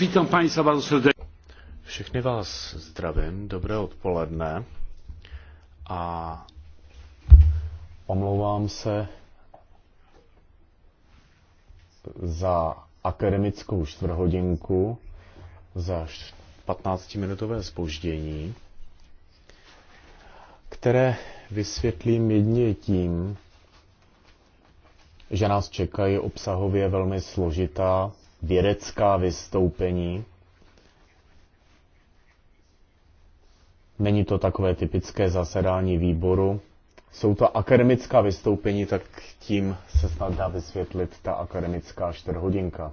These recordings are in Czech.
Vítám Państwa bardzo serdecznie. Všechny vás zdravím, dobré odpoledne a omlouvám se za akademickou čtvrhodinku, za 15-minutové spoždění, které vysvětlím jedně tím, že nás čekají obsahově velmi složitá vědecká vystoupení. Není to takové typické zasedání výboru. Jsou to akademická vystoupení, tak tím se snad dá vysvětlit ta akademická čtvrthodinka,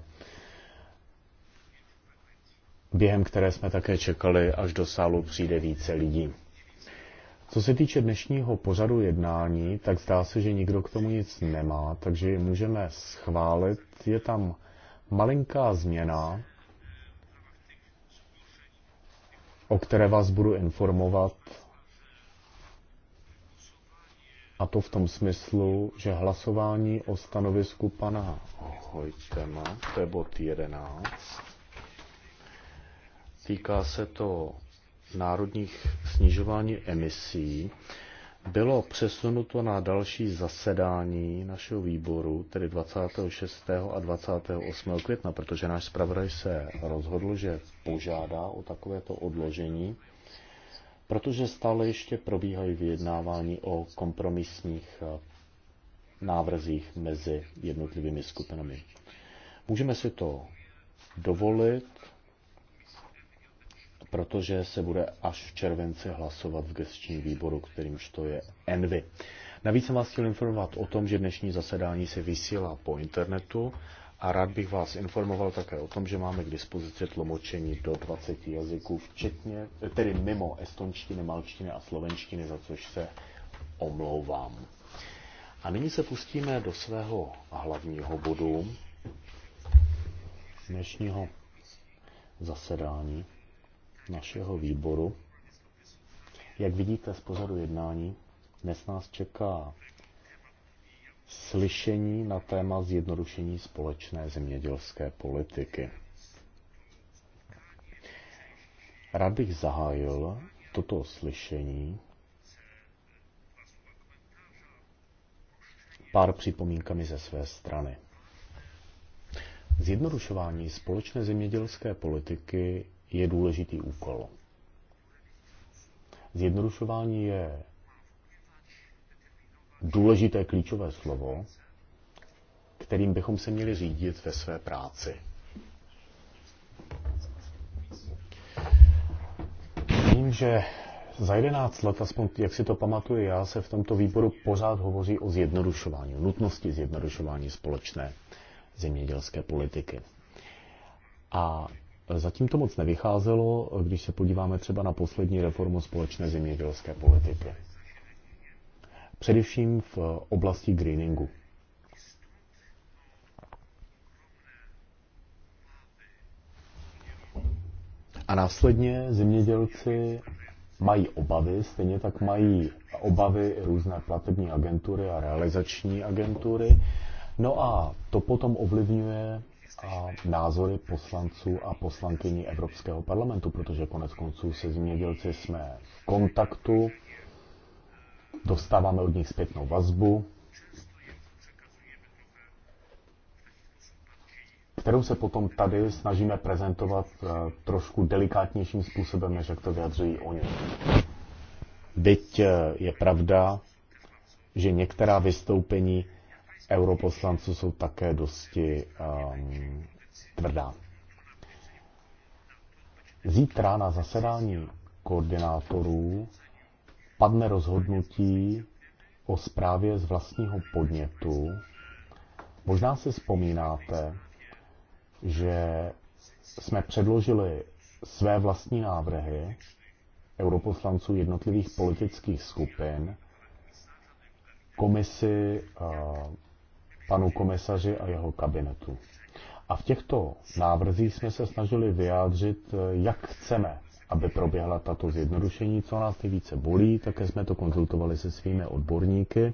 během které jsme také čekali, až do sálu přijde více lidí. Co se týče dnešního pořadu jednání, tak zdá se, že nikdo k tomu nic nemá, takže můžeme schválit. Je tam malinká změna, o které vás budu informovat, a to v tom smyslu, že hlasování o stanovisku pana Hojtema, to je bod 11, týká se to národních snižování emisí bylo přesunuto na další zasedání našeho výboru, tedy 26. a 28. května, protože náš zpravodaj se rozhodl, že požádá o takovéto odložení, protože stále ještě probíhají vyjednávání o kompromisních eh, návrzích mezi jednotlivými skupinami. Můžeme si to dovolit, protože se bude až v červenci hlasovat v gestčním výboru, kterýmž to je Envy. Navíc jsem vás chtěl informovat o tom, že dnešní zasedání se vysílá po internetu a rád bych vás informoval také o tom, že máme k dispozici tlumočení do 20 jazyků, včetně, tedy mimo estonštiny, malčtiny a slovenštiny, za což se omlouvám. A nyní se pustíme do svého hlavního bodu dnešního zasedání našeho výboru. Jak vidíte z pozadu jednání, dnes nás čeká slyšení na téma zjednodušení společné zemědělské politiky. Rád bych zahájil toto slyšení pár připomínkami ze své strany. Zjednodušování společné zemědělské politiky je důležitý úkol. Zjednodušování je důležité klíčové slovo, kterým bychom se měli řídit ve své práci. Vím, že za jedenáct let, aspoň jak si to pamatuju já, se v tomto výboru pořád hovoří o zjednodušování, o nutnosti zjednodušování společné zemědělské politiky. A Zatím to moc nevycházelo, když se podíváme třeba na poslední reformu společné zemědělské politiky. Především v oblasti greeningu. A následně zemědělci mají obavy, stejně tak mají obavy různé platební agentury a realizační agentury. No a to potom ovlivňuje a názory poslanců a poslankyní Evropského parlamentu, protože konec konců se zemědělci jsme v kontaktu, dostáváme od nich zpětnou vazbu, kterou se potom tady snažíme prezentovat eh, trošku delikátnějším způsobem, než jak to vyjadřují oni. Byť eh, je pravda, že některá vystoupení europoslanců jsou také dosti um, tvrdá. Zítra na zasedání koordinátorů padne rozhodnutí o zprávě z vlastního podnětu. Možná si vzpomínáte, že jsme předložili své vlastní návrhy europoslanců jednotlivých politických skupin komisi uh, panu komisaři a jeho kabinetu. A v těchto návrzích jsme se snažili vyjádřit, eh, jak chceme, aby proběhla tato zjednodušení, co nás nejvíce bolí, také jsme to konzultovali se svými odborníky.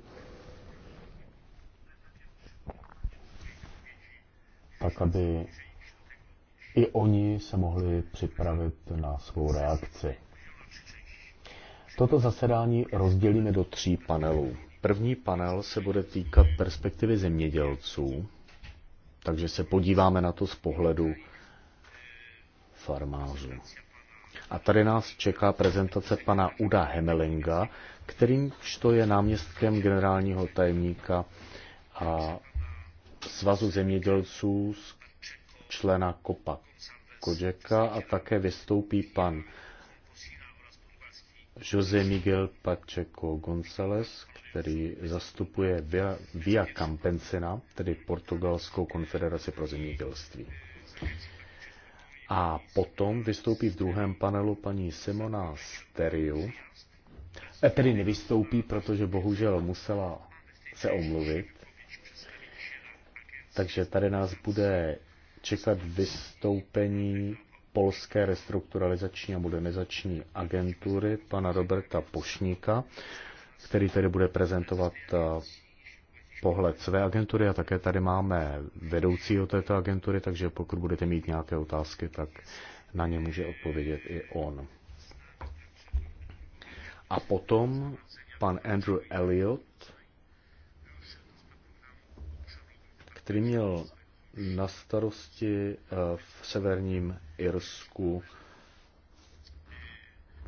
tak aby i oni se mohli připravit na svou reakci. Toto zasedání rozdělíme do tří panelů. První panel se bude týkat perspektivy zemědělců, takže se podíváme na to z pohledu farmářů. A tady nás čeká prezentace pana Uda Hemelinga, kterýmž to je náměstkem generálního tajemníka a Svazu zemědělců, člena Kopa Kodžeka a také vystoupí pan José Miguel Pacheco González, který zastupuje Via, Via Campensena, tedy Portugalskou konfederaci pro zemědělství. A potom vystoupí v druhém panelu paní Simona Steriu, e, tedy nevystoupí, protože bohužel musela se omluvit. Takže tady nás bude čekat vystoupení Polské restrukturalizační a modernizační agentury pana Roberta Pošníka, který tedy bude prezentovat eh, pohled své agentury a také tady máme vedoucího této agentury, takže pokud budete mít nějaké otázky, tak na ně může odpovědět i on. A potom pan Andrew Elliot, který měl na starosti eh, v severním Irsku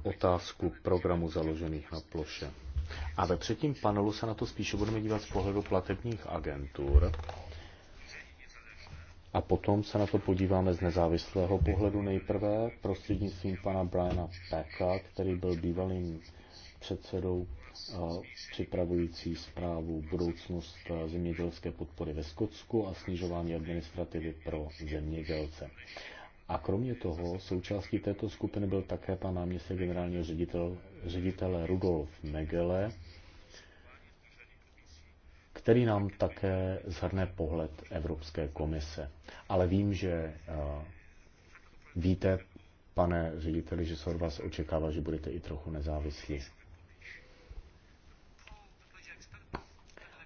otázku programu založených na ploše. A ve třetím panelu se na to spíše budeme dívat z pohledu platebních agentur. A potom se na to podíváme z nezávislého pohledu nejprve prostřednictvím pana Briana Pecka, který byl bývalým předsedou připravující zprávu budoucnost zemědělské podpory ve Skotsku a snižování administrativy pro zemědělce. A kromě toho součástí této skupiny byl také pan náměstek generálního ředitel, ředitele Rudolf Megele, který nám také zhrne pohled Evropské komise. Ale vím, že víte, pane řediteli, že se od vás očekává, že budete i trochu nezávislí.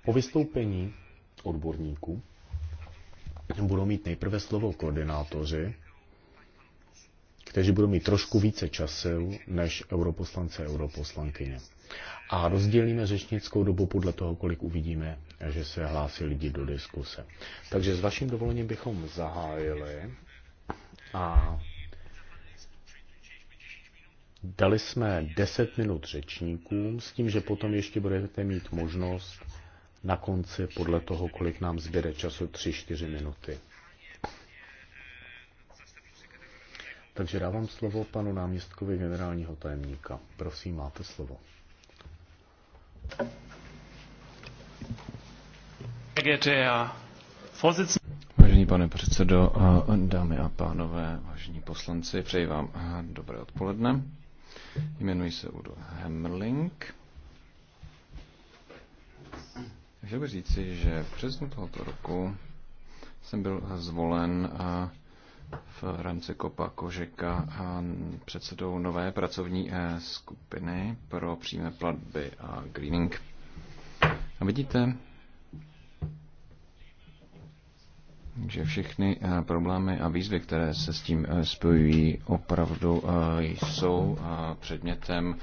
Po vystoupení odborníků budou mít nejprve slovo koordinátoři, kteří budou mít trošku více času než europoslance a europoslankyně. A rozdělíme řečnickou dobu podle toho, kolik uvidíme, že se hlásí lidi do diskuse. Takže s vaším dovolením bychom zahájili a dali jsme 10 minut řečníkům s tím, že potom ještě budete mít možnost na konci podle toho, kolik nám zběde času 3-4 minuty. Takže dávám slovo panu náměstkovi generálního tajemníka. Prosím, máte slovo. Vážený pane předsedo, dámy a pánové, vážení poslanci, přeji vám dobré odpoledne. Jmenuji se Udo Hemling. Chtěl bych říci, že v březnu tohoto roku jsem byl zvolen a v rámci Kopa Kožeka a předsedou nové pracovní e, skupiny pro přímé platby a greening. A vidíte, že všechny e, problémy a výzvy, které se s tím e, spojují, opravdu jsou předmětem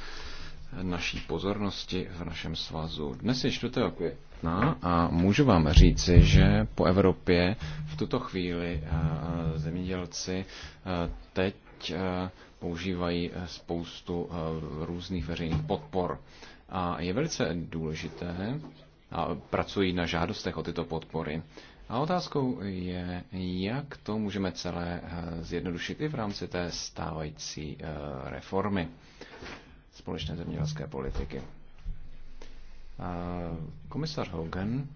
naší pozornosti v našem svazu. Dnes je 4. května a můžu vám říci, že po Evropě v tuto chvíli eh, zemědělci eh, teď eh, používají spoustu různých veřejných podpor. A je velice důležité, a pracují na žádostech o tyto podpory. A otázkou je, jak to můžeme celé zjednodušit i v rámci té stávající reformy společné zemědělské politiky. Komisař Hogan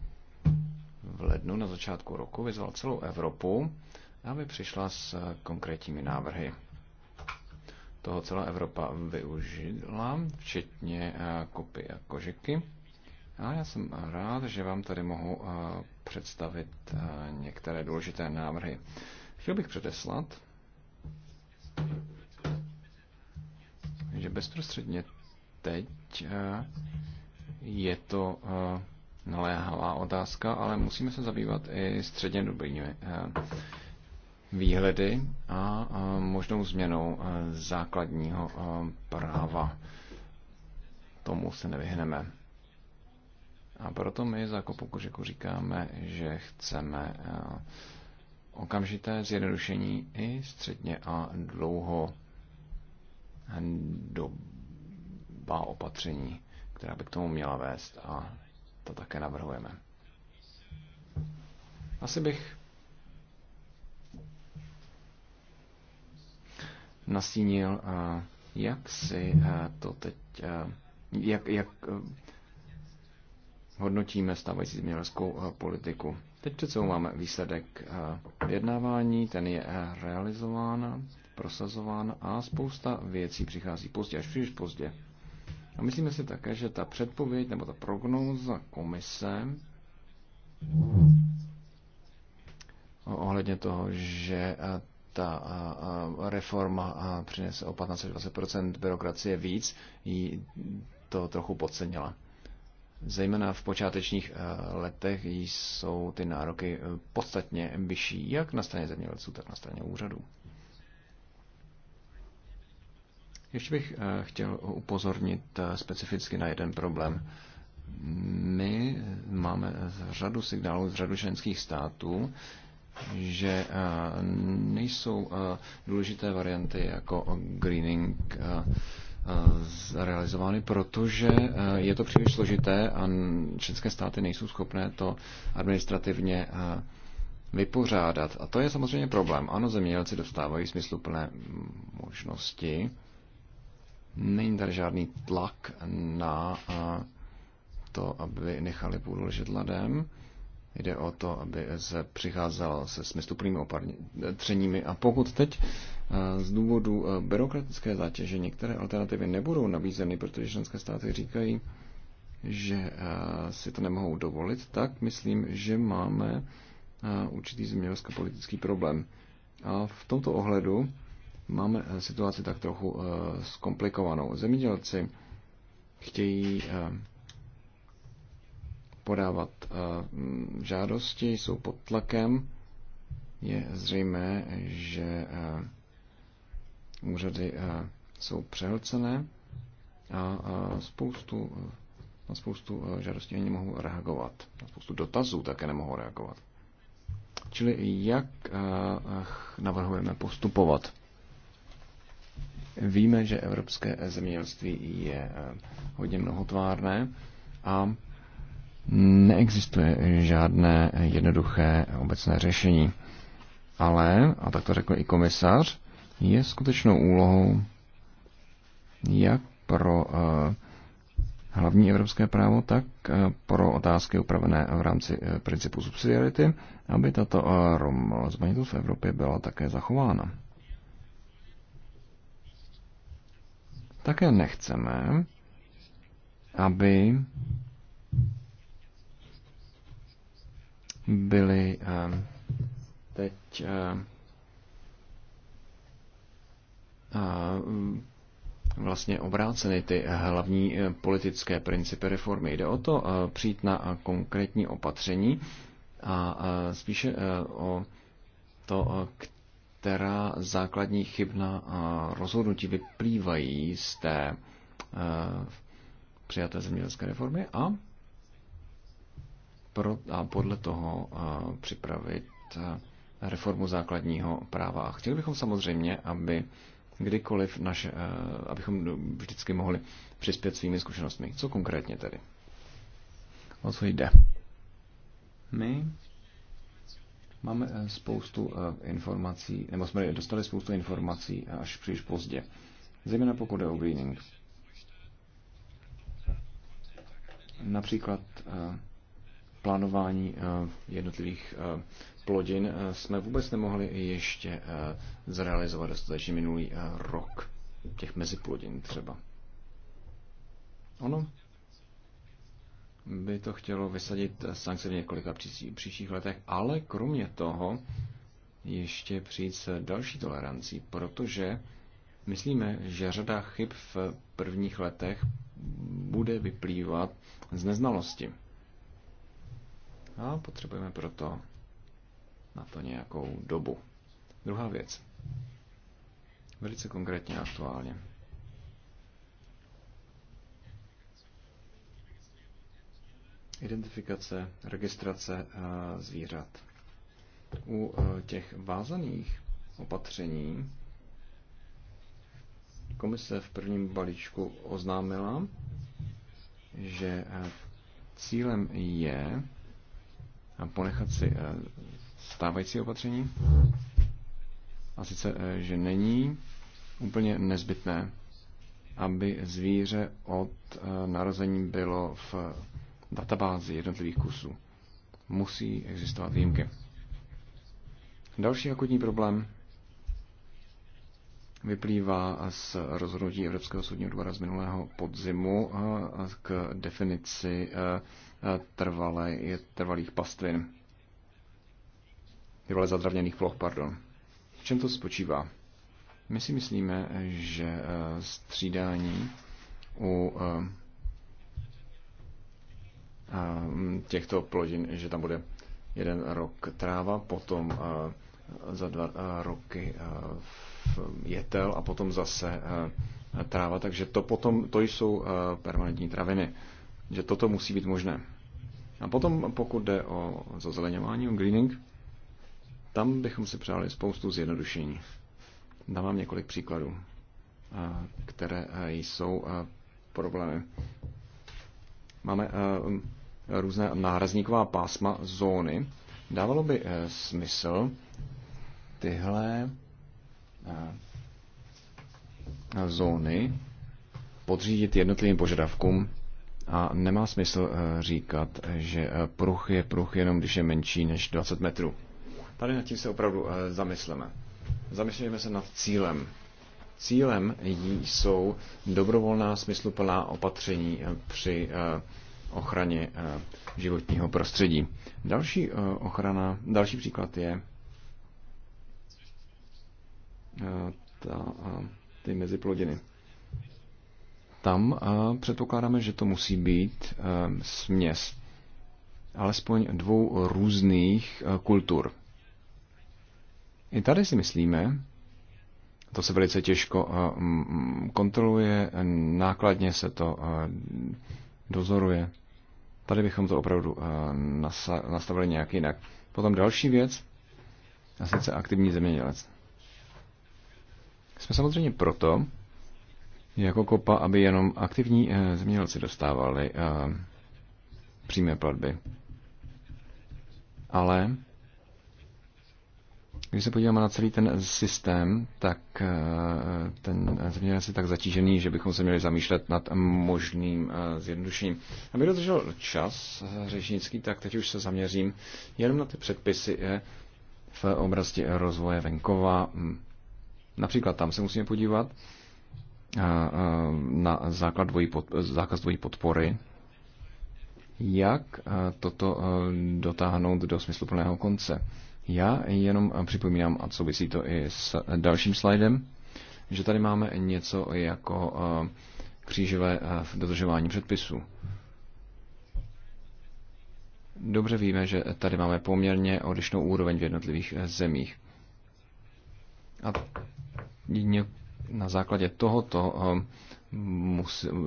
v lednu na začátku roku vyzval celou Evropu, aby přišla s konkrétními návrhy. Toho celá Evropa využila, včetně eh, kopy a kožiky. A já jsem rád, že vám tady mohu eh, představit eh, některé důležité návrhy. Chtěl bych předeslat, že bezprostředně teď eh, je to eh, naléhavá otázka, ale musíme se zabývat i dobrými eh, výhledy a možnou změnou základního práva. Tomu se nevyhneme. A proto my za Kopokuřeku říkáme, že chceme okamžité zjednodušení i středně a dlouho doba opatření, která by k tomu měla vést a to také navrhujeme. Asi bych nastínil, eh, jak si eh, to teď, eh, jak, jak hodnotíme stávající zemědělskou politiku. Teď přece máme výsledek vyjednávání, ten je realizován prosazován a spousta věcí přichází pozdě, až příliš pozdě. A myslíme si také, že ta předpověď nebo ta prognóza komise ohledně toho, že eh, ta eh, eh, reforma přinese o 15-20 byrokracie víc, ji to trochu podcenila. Zejména v počátečních letech jsou ty nároky podstatně vyšší, jak na straně zemědělců, tak na straně úřadů. Ještě bych eh, chtěl upozornit eh, specificky na jeden problém. My eh, máme řadu signálů z řadu členských států, že nejsou důležité varianty jako greening realizovány, protože je to příliš složité a české státy nejsou schopné to administrativně vypořádat. A to je samozřejmě problém. Ano, zemědělci dostávají smysluplné mm, možnosti, Není tady žádný tlak na eh, to, aby nechali půdu ležet ladem. Jde o to, aby se přicházelo se smysluplnými opatřeními. A pokud teď eh, z důvodu eh, byrokratické zátěže některé alternativy nebudou nabízeny, protože členské státy říkají, že si to nemohou dovolit, tak myslím, že máme určitý zemědělsko-politický problém. A v tomto ohledu máme eh, situaci tak trochu eh, zkomplikovanou. Zemědělci chtějí eh, podávat žádosti, jsou pod tlakem. Je zřejmé, že úřady jsou přehlcené a spoustu, na spoustu žádostí ani nemohou reagovat. Na spoustu dotazů také nemohou reagovat. Čili jak navrhujeme postupovat? Víme, že evropské zemědělství je eh, hodně mnohotvárné a neexistuje žádné jednoduché obecné řešení. Ale, a tak to řekl i komisař, je skutečnou úlohou jak pro eh, hlavní evropské právo, tak eh, pro otázky upravené v rámci principu subsidiarity, aby tato rozmanitost v Evropě byla také zachována. Také nechceme, aby byly eh, teď eh, eh, vlastně obráceny ty hlavní politické principy reformy. Jde o to přijít na konkrétní opatření a spíše o to, která základní chybná eh, rozhodnutí vyplývají z té eh, přijaté zemědělské reformy a, pro, a podle toho eh, připravit reformu základního práva. A chtěli bychom samozřejmě, aby kdykoliv naše, abychom vždycky mohli přispět svými zkušenostmi. Co konkrétně tedy? O co jde? My Máme eh, spoustu eh, informací, nebo jsme dostali spoustu informací eh, až příliš pozdě, zejména pokud je o greening. Například plánování jednotlivých plodin jsme vůbec nemohli ještě zrealizovat dostatečně minulý rok těch meziplodin třeba. Ono by to chtělo vysadit sankce v několika příští, příštích letech, ale kromě toho ještě přijít s další tolerancí, protože myslíme, že řada chyb v prvních letech bude vyplývat z neznalosti. A potřebujeme proto na to nějakou dobu. Druhá věc. Velice konkrétně aktuálně. identifikace, registrace eh, zvířat. U eh, těch vázaných opatření komise v prvním balíčku oznámila, že eh, cílem je ponechat si stávající opatření, a sice, že není úplně nezbytné, aby zvíře od narození bylo v databázi jednotlivých kusů. Musí existovat výjimky. Další akutní problém vyplývá z rozhodnutí Evropského soudního dvora z minulého podzimu k definici trvalé, trvalých pastvin. Trvalé zadravněných ploch, pardon. V čem to spočívá? My si myslíme, že střídání u Mm, těchto plodin, že tam bude jeden rok tráva, potom za dva roky jetel a potom zase tráva, takže to potom, to jsou permanentní traviny, že toto musí být možné. A potom, pokud jde o zazeleňování, o greening, tam bychom si přáli spoustu zjednodušení. Dám vám několik příkladů, které jsou problémy. Máme různé nárazníková pásma, zóny, dávalo by eh, smysl tyhle eh, zóny podřídit jednotlivým požadavkům a nemá smysl eh, říkat, že pruh je pruh jenom když je menší než 20 metrů. Tady nad tím se opravdu zamysleme. Zamyslíme se nad cílem. Cílem jí jsou dobrovolná smysluplná opatření při ochraně eh, životního prostředí. Další eh, ochrana, další příklad je eh, ta, ty meziplodiny. Tam předpokládáme, že to musí být směs alespoň dvou různých kultur. I tady si myslíme, to se velice těžko kontroluje, nákladně se to dozoruje. Tady bychom to opravdu eh, nastavili nějak jinak. Potom další věc, a sice aktivní zemědělec. Jsme samozřejmě proto, jako kopa, aby jenom aktivní eh, zemědělci dostávali eh, přímé platby. Ale když se podíváme na celý ten systém, tak eh, ten země je tak zatížený, že bychom se měli zamýšlet nad možným eh, zjednodušením. Aby dodržel čas eh, řečnický, tak teď už se zaměřím jenom na ty předpisy v oblasti rozvoje venkova. Hm. Například tam se musíme podívat na základ dvojí zákaz dvojí podpory, jak toto dotáhnout do smysluplného konce. Já jenom připomínám, a souvisí to i s dalším slajdem, že tady máme něco jako eh, křížové eh, dodržování předpisů. Dobře víme, že tady máme poměrně odlišnou úroveň v jednotlivých eh, zemích. A na základě tohoto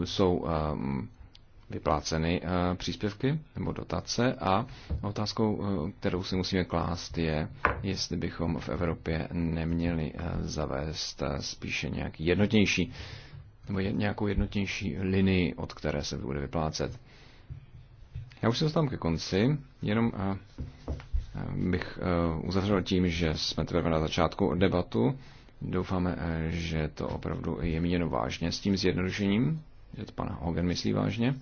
jsou vypláceny eh, příspěvky nebo dotace a otázkou, eh, kterou si musíme klást, je, jestli bychom v Evropě neměli eh, zavést spíše nějaký jednotnější nebo nějakou jednotnější linii, od které se bude vyplácet. Já už se dostávám ke konci, jenom bych uzavřel tím, že jsme teprve na začátku debatu. Doufáme, že to opravdu je míněno vážně s tím zjednodušením, že to pan Hogan myslí vážně.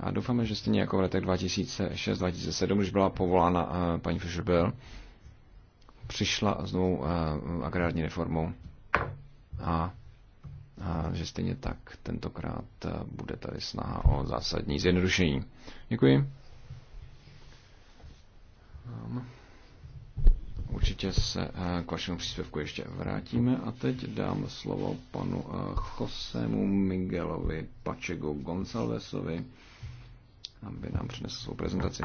A doufáme, že stejně jako v letech 2006-2007, když byla povolána eh, paní fischer přišla s novou eh, agrární reformou a, a že stejně tak tentokrát eh, bude tady snaha o zásadní zjednodušení. Děkuji. Hm. Určitě se k vašemu příspěvku ještě vrátíme a teď dám slovo panu Josemu Miguelovi Pačego Gonzalvesovi aby nám přinesl svou prezentaci.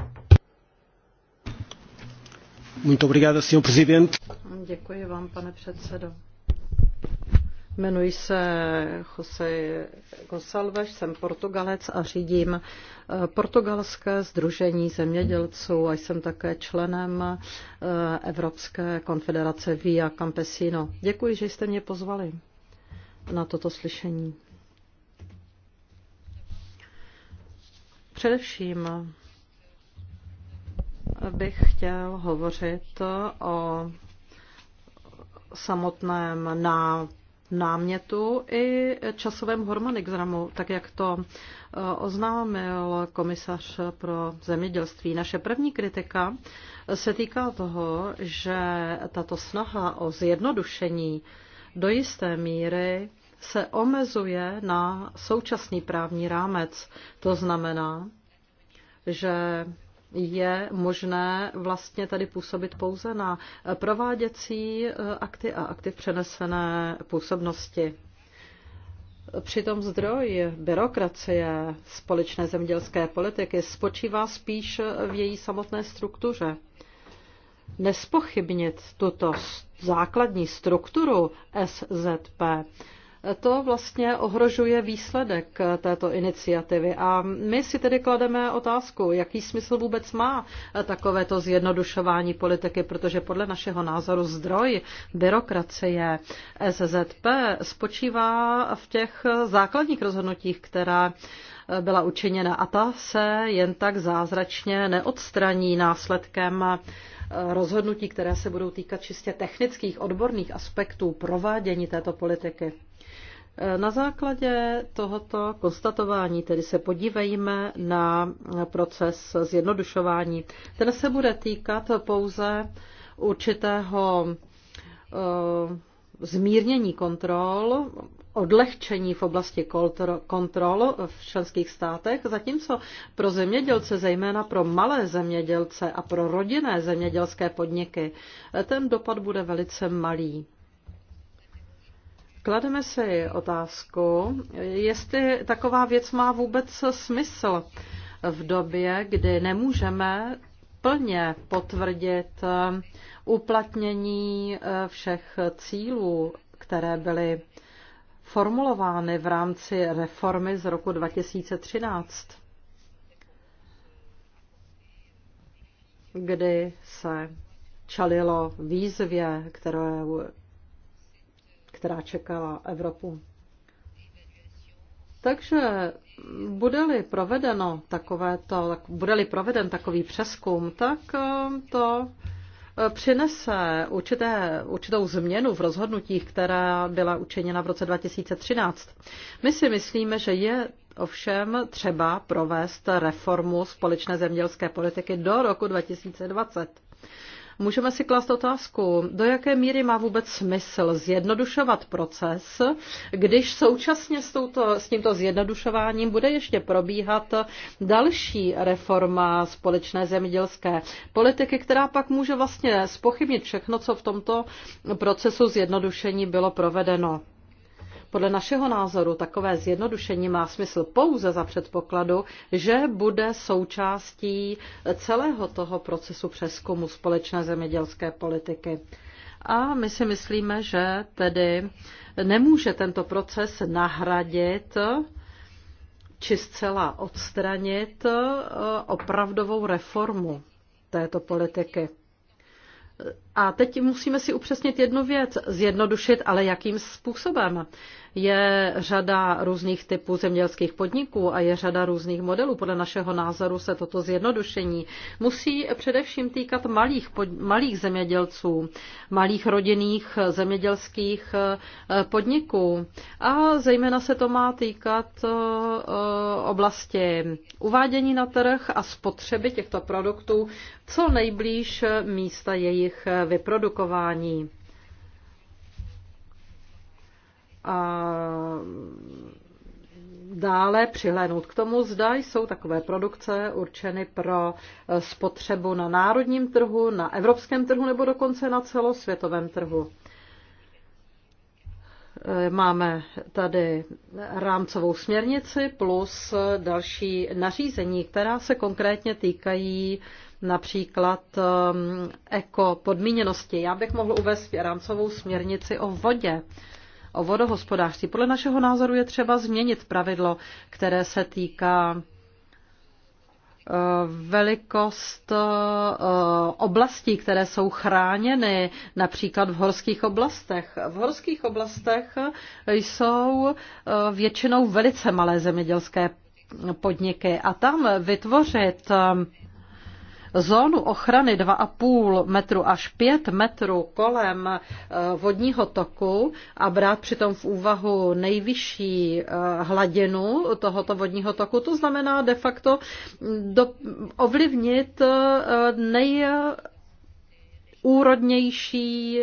Muito obrigado, senhor presidente. Děkuji vám, pane předsedo. Jmenuji se Jose Gosalves, jsem Portugalec a řídím eh, Portugalské združení zemědělců a jsem také členem eh, Evropské konfederace Via Campesino. Děkuji, že jste mě pozvali na toto slyšení. Především bych chtěl hovořit o samotném námětu i časovém harmonogramu, tak jak to eh, oznámil komisař pro zemědělství. Naše první kritika se týká toho, že tato snaha o zjednodušení do jisté míry se omezuje na současný právní rámec. To znamená, že je možné vlastně tady působit pouze na prováděcí eh, akty a akty přenesené působnosti. Přitom zdroj byrokracie společné zemědělské politiky spočívá spíš v její samotné struktuře. Nespochybnit tuto základní strukturu SZP to vlastně ohrožuje výsledek této iniciativy. A my si tedy klademe otázku, jaký smysl vůbec má takovéto zjednodušování politiky, protože podle našeho názoru zdroj byrokracie SZP spočívá v těch základních rozhodnutích, která byla učiněna a ta se jen tak zázračně neodstraní následkem rozhodnutí, které se budou týkat čistě technických, odborných aspektů provádění této politiky. Na základě tohoto konstatování tedy se podívejme na proces zjednodušování. Ten se bude týkat pouze určitého eh, zmírnění kontrol, odlehčení v oblasti kontrol v členských státech, zatímco pro zemědělce, zejména pro malé zemědělce a pro rodinné zemědělské podniky, ten dopad bude velice malý. Klademe si otázku, jestli taková věc má vůbec smysl v době, kdy nemůžeme plně potvrdit eh, uplatnění eh, všech cílů, které byly formulovány v rámci reformy z roku 2013, kdy se čalilo výzvě, kterou která čekala Evropu. Takže bude-li provedeno takovéto, bude-li proveden takový přeskum, tak eh, to eh, přinese určité, určitou změnu v rozhodnutích, která byla učiněna v roce 2013. My si myslíme, že je ovšem třeba provést reformu společné zemědělské politiky do roku 2020. Můžeme si klást otázku, do jaké míry má vůbec smysl zjednodušovat proces, když současně s, touto, s tímto zjednodušováním bude ještě probíhat další reforma společné zemědělské politiky, která pak může vlastně spochybnit všechno, co v tomto procesu zjednodušení bylo provedeno. Podle našeho názoru takové zjednodušení má smysl pouze za předpokladu, že bude součástí celého toho procesu přeskumu společné zemědělské politiky. A my si myslíme, že tedy nemůže tento proces nahradit či zcela odstranit eh, opravdovou reformu této politiky. A teď musíme si upřesnit jednu věc, zjednodušit, ale jakým způsobem. Je řada různých typů zemědělských podniků a je řada různých modelů. Podle našeho názoru se toto zjednodušení musí především týkat malých, pod, malých zemědělců, malých rodinných zemědělských eh, podniků. A zejména se to má týkat eh, oblasti uvádění na trh a spotřeby těchto produktů co nejblíž místa jejich vyprodukování. A dále přihlédnout k tomu, zda jsou takové produkce určeny pro spotřebu na národním trhu, na evropském trhu nebo dokonce na celosvětovém trhu. Máme tady rámcovou směrnici plus další nařízení, která se konkrétně týkají například ehm, eko podmíněnosti. Já bych mohl uvést rámcovou směrnici o vodě o vodohospodářství. Podle našeho názoru je třeba změnit pravidlo, které se týká eh, velikost eh, oblastí, které jsou chráněny, například v horských oblastech. V horských oblastech jsou eh, většinou velice malé zemědělské podniky a tam vytvořit ehm, zónu ochrany 2,5 metru až 5 metrů kolem eh, vodního toku a brát přitom v úvahu nejvyšší eh, hladinu tohoto vodního toku, to znamená de facto mm, do, ovlivnit eh, nejúrodnější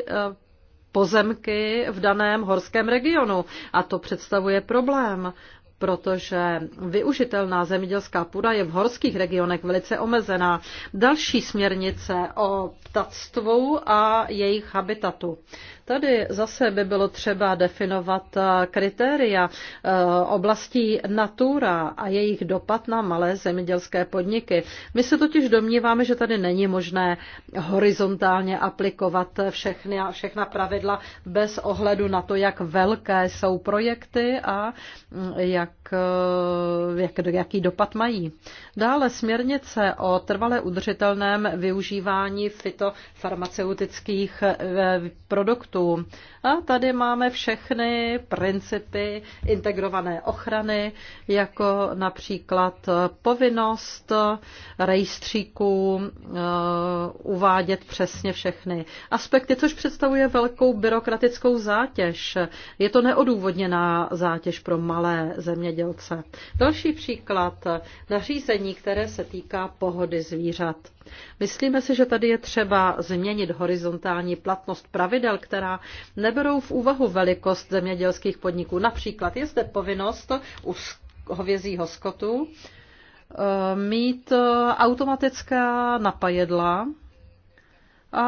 pozemky v daném horském regionu. A to představuje problém protože využitelná zemědělská půda je v horských regionech velice omezená. Další směrnice o ptactvu a jejich habitatu. Tady zase by bylo třeba definovat eh, kritéria eh, oblastí Natura a jejich dopad na malé zemědělské podniky. My se totiž domníváme, že tady není možné horizontálně aplikovat všechny, všechna pravidla bez ohledu na to, jak velké jsou projekty a mm, jak, eh, jak, jaký dopad mají. Dále směrnice o trvale udržitelném využívání fytofarmaceutických produktů konfliktů a tady máme všechny principy integrované ochrany, jako například povinnost rejstříků eh, uvádět přesně všechny aspekty, což představuje velkou byrokratickou zátěž. Je to neodůvodněná zátěž pro malé zemědělce. Další příklad nařízení, které se týká pohody zvířat. Myslíme si, že tady je třeba změnit horizontální platnost pravidel, která nebyla neberou v úvahu velikost zemědělských podniků. Například je zde povinnost u hovězího skotu eh, mít eh, automatická napajedla a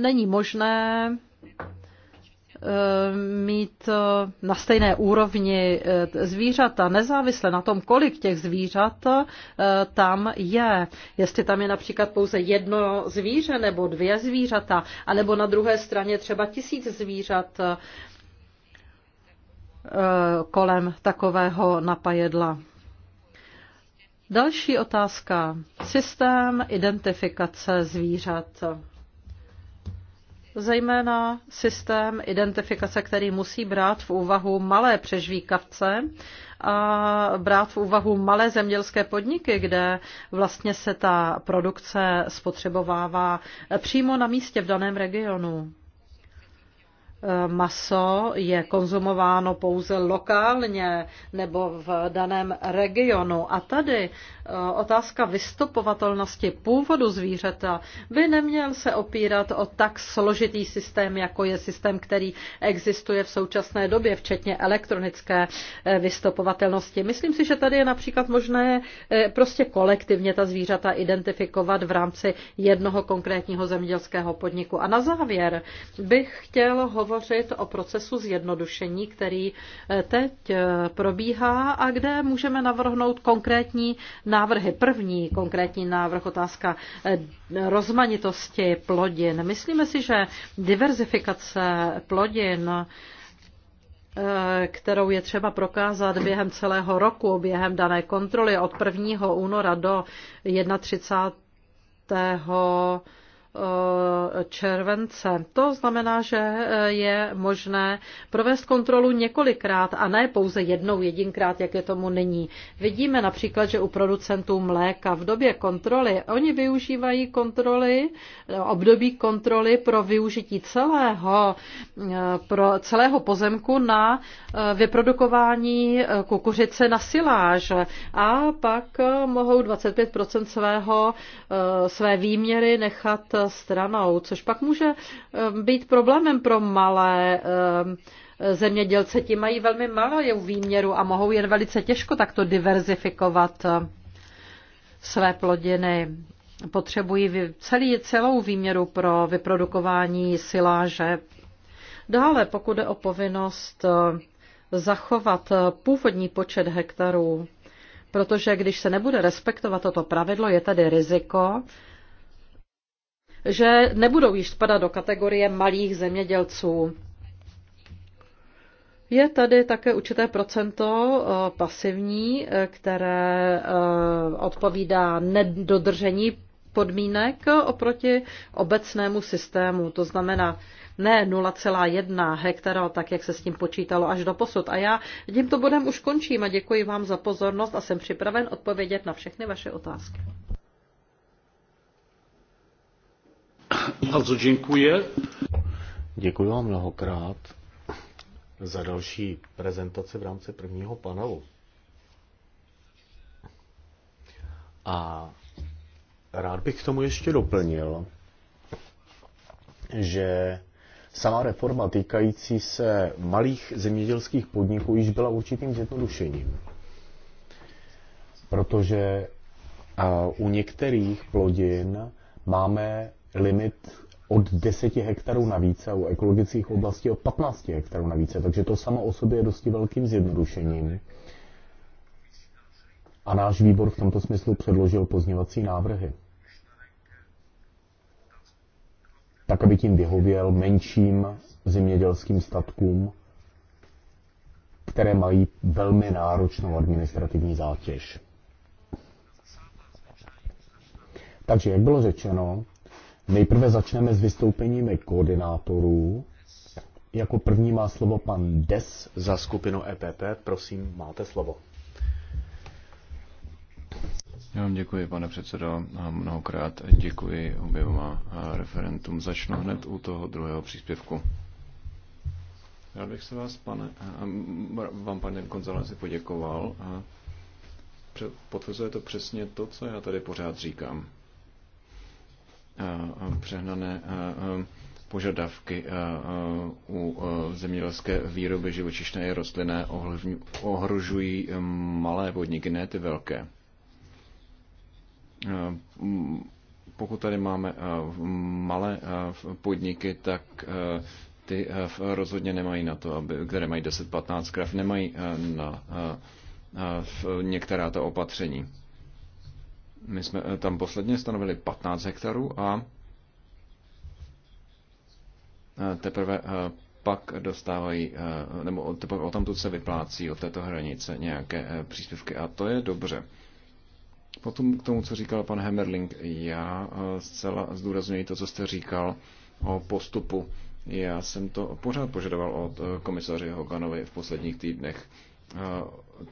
není možné mít na stejné úrovni eh, zvířata, nezávisle na tom, kolik těch zvířat eh, tam je. Jestli tam je například pouze jedno zvíře nebo dvě zvířata, anebo na druhé straně třeba tisíc zvířat eh, kolem takového napajedla. Další otázka. Systém identifikace zvířat zejména systém identifikace, který musí brát v úvahu malé přežvíkavce a brát v úvahu malé zemědělské podniky, kde vlastně se ta produkce spotřebovává přímo na místě v daném regionu maso je konzumováno pouze lokálně nebo v daném regionu. A tady e, otázka vystupovatelnosti původu zvířata by neměl se opírat o tak složitý systém, jako je systém, který existuje v současné době, včetně elektronické e, vystupovatelnosti Myslím si, že tady je například možné e, prostě kolektivně ta zvířata identifikovat v rámci jednoho konkrétního zemědělského podniku. A na závěr bych chtěl hovořit hovořit o procesu zjednodušení, který eh, teď eh, probíhá a kde můžeme navrhnout konkrétní návrhy. První konkrétní návrh, otázka eh, rozmanitosti plodin. Myslíme si, že diverzifikace plodin kterou je třeba prokázat během celého roku, během dané kontroly od 1. února do 31. Eh, července. To znamená, že eh, je možné provést kontrolu několikrát a ne pouze jednou jedinkrát, jak je tomu není. Vidíme například, že u producentů mléka v době kontroly oni využívají kontroly, eh, období kontroly pro využití celého, pro celého pozemku na vyprodukování kukuřice na siláž a pak mohou 25% svého, své výměry nechat stranou, což pak může eh, být problémem pro malé eh, zemědělce. Ti mají velmi malou výměru a mohou jen velice těžko takto diverzifikovat eh, své plodiny. Potřebují celý, celou výměru pro vyprodukování siláže. Dále, pokud jde o povinnost zachovat původní počet hektarů, protože když se nebude respektovat toto pravidlo, je tady riziko, že nebudou již spadat do kategorie malých zemědělců. Je tady také určité procento eh, pasivní, eh, které eh, odpovídá nedodržení podmínek oproti obecnému systému. To znamená ne 0,1 hektara, tak jak se s tím počítalo až do posud. A já tímto bodem už končím a děkuji vám za pozornost a jsem připraven odpovědět na všechny vaše otázky. Bardzo děkuji. Děkuji vám mnohokrát za další prezentaci v rámci prvního panelu. A rád bych k tomu ještě doplnil, že sama reforma týkající se malých zemědělských podniků již byla určitým zjednodušením. Protože u některých plodin máme limit od 10 hektarů na více a u ekologických oblastí od 15 hektarů na více. Takže to samo o sobě je dosti velkým zjednodušením. A náš výbor v tomto smyslu předložil pozněvací návrhy. Tak, aby tím vyhověl menším zemědělským statkům, které mají velmi náročnou administrativní zátěž. Takže, jak bylo řečeno, Nejprve začneme s vystoupeními koordinátorů. Jako první má slovo pan Des za skupinu EPP. Prosím, máte slovo. Já vám děkuji, pane předsedo, a mnohokrát děkuji oběma referentům. Začnu hned u toho druhého příspěvku. Rád bych se vás, pane, vám, pane Konzalesi, poděkoval. A potvrzuje to přesně to, co já tady pořád říkám. Eh, přehnané eh, požadavky eh, u zemědělské výroby živočišné i rostlinné ohrožují malé podniky, ne ty velké. Mm, pokud tady máme malé podniky, tak ty rozhodně nemají na to, aby, které mají 10-15 krav, nemají na, na, na některá ta opatření. My jsme eh, tam posledně stanovili 15 hektarů a eh, teprve eh, pak dostávají, nebo teprve o tamtud se vyplácí od této hranice nějaké příspěvky a to je dobře. Potom k tomu, co říkal pan Hemerling, já zcela zdůraznuju to, co jste říkal o postupu. Já jsem to pořád požadoval od komisaře Hoganovi v posledních týdnech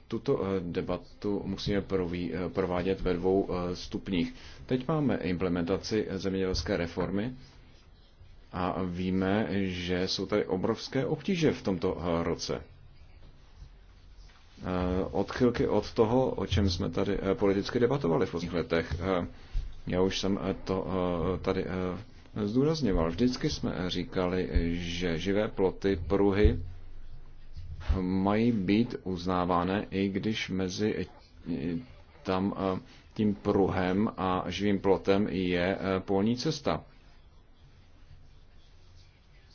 tuto eh, debatu musíme proví, eh, provádět ve dvou eh, stupních. Teď máme implementaci zemědělské reformy a víme, že jsou tady obrovské obtíže v tomto roce. Odchylky od toho, o čem jsme tady politicky debatovali v posledních letech. Já už jsem to tady zdůrazněval. Vždycky jsme říkali, že živé ploty, pruhy, mají být uznávány, i když mezi tam eh, tím pruhem a živým plotem je eh, polní cesta.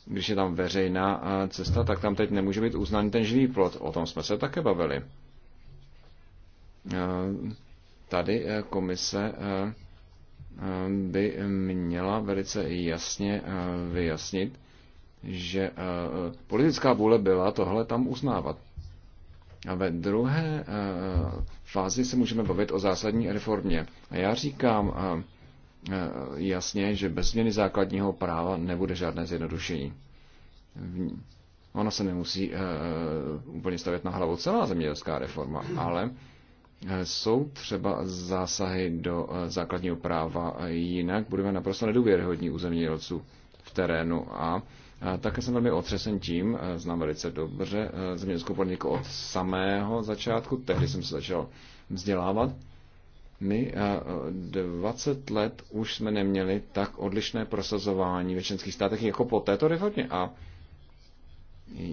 Když je tam veřejná eh, cesta, tak tam teď nemůže být uznán ten živý plot. O tom jsme se také bavili. Tady komise by měla velice jasně vyjasnit, že eh, politická vůle byla tohle tam uznávat. A ve druhé eh, fázi se můžeme bavit o zásadní reformě. A já říkám eh, jasně, že bez změny základního práva nebude žádné zjednodušení. Ona se nemusí úplně stavět na hlavu celá zemědělská reforma, ale jsou třeba zásahy do základního práva, jinak budeme naprosto nedůvěryhodní u zemědělců v terénu a také jsem velmi otřesen tím, znám velice dobře zemědělskou politiku od samého začátku, tehdy jsem se začal vzdělávat. My 20 let už jsme neměli tak odlišné prosazování ve členských státech jako po této reformě. A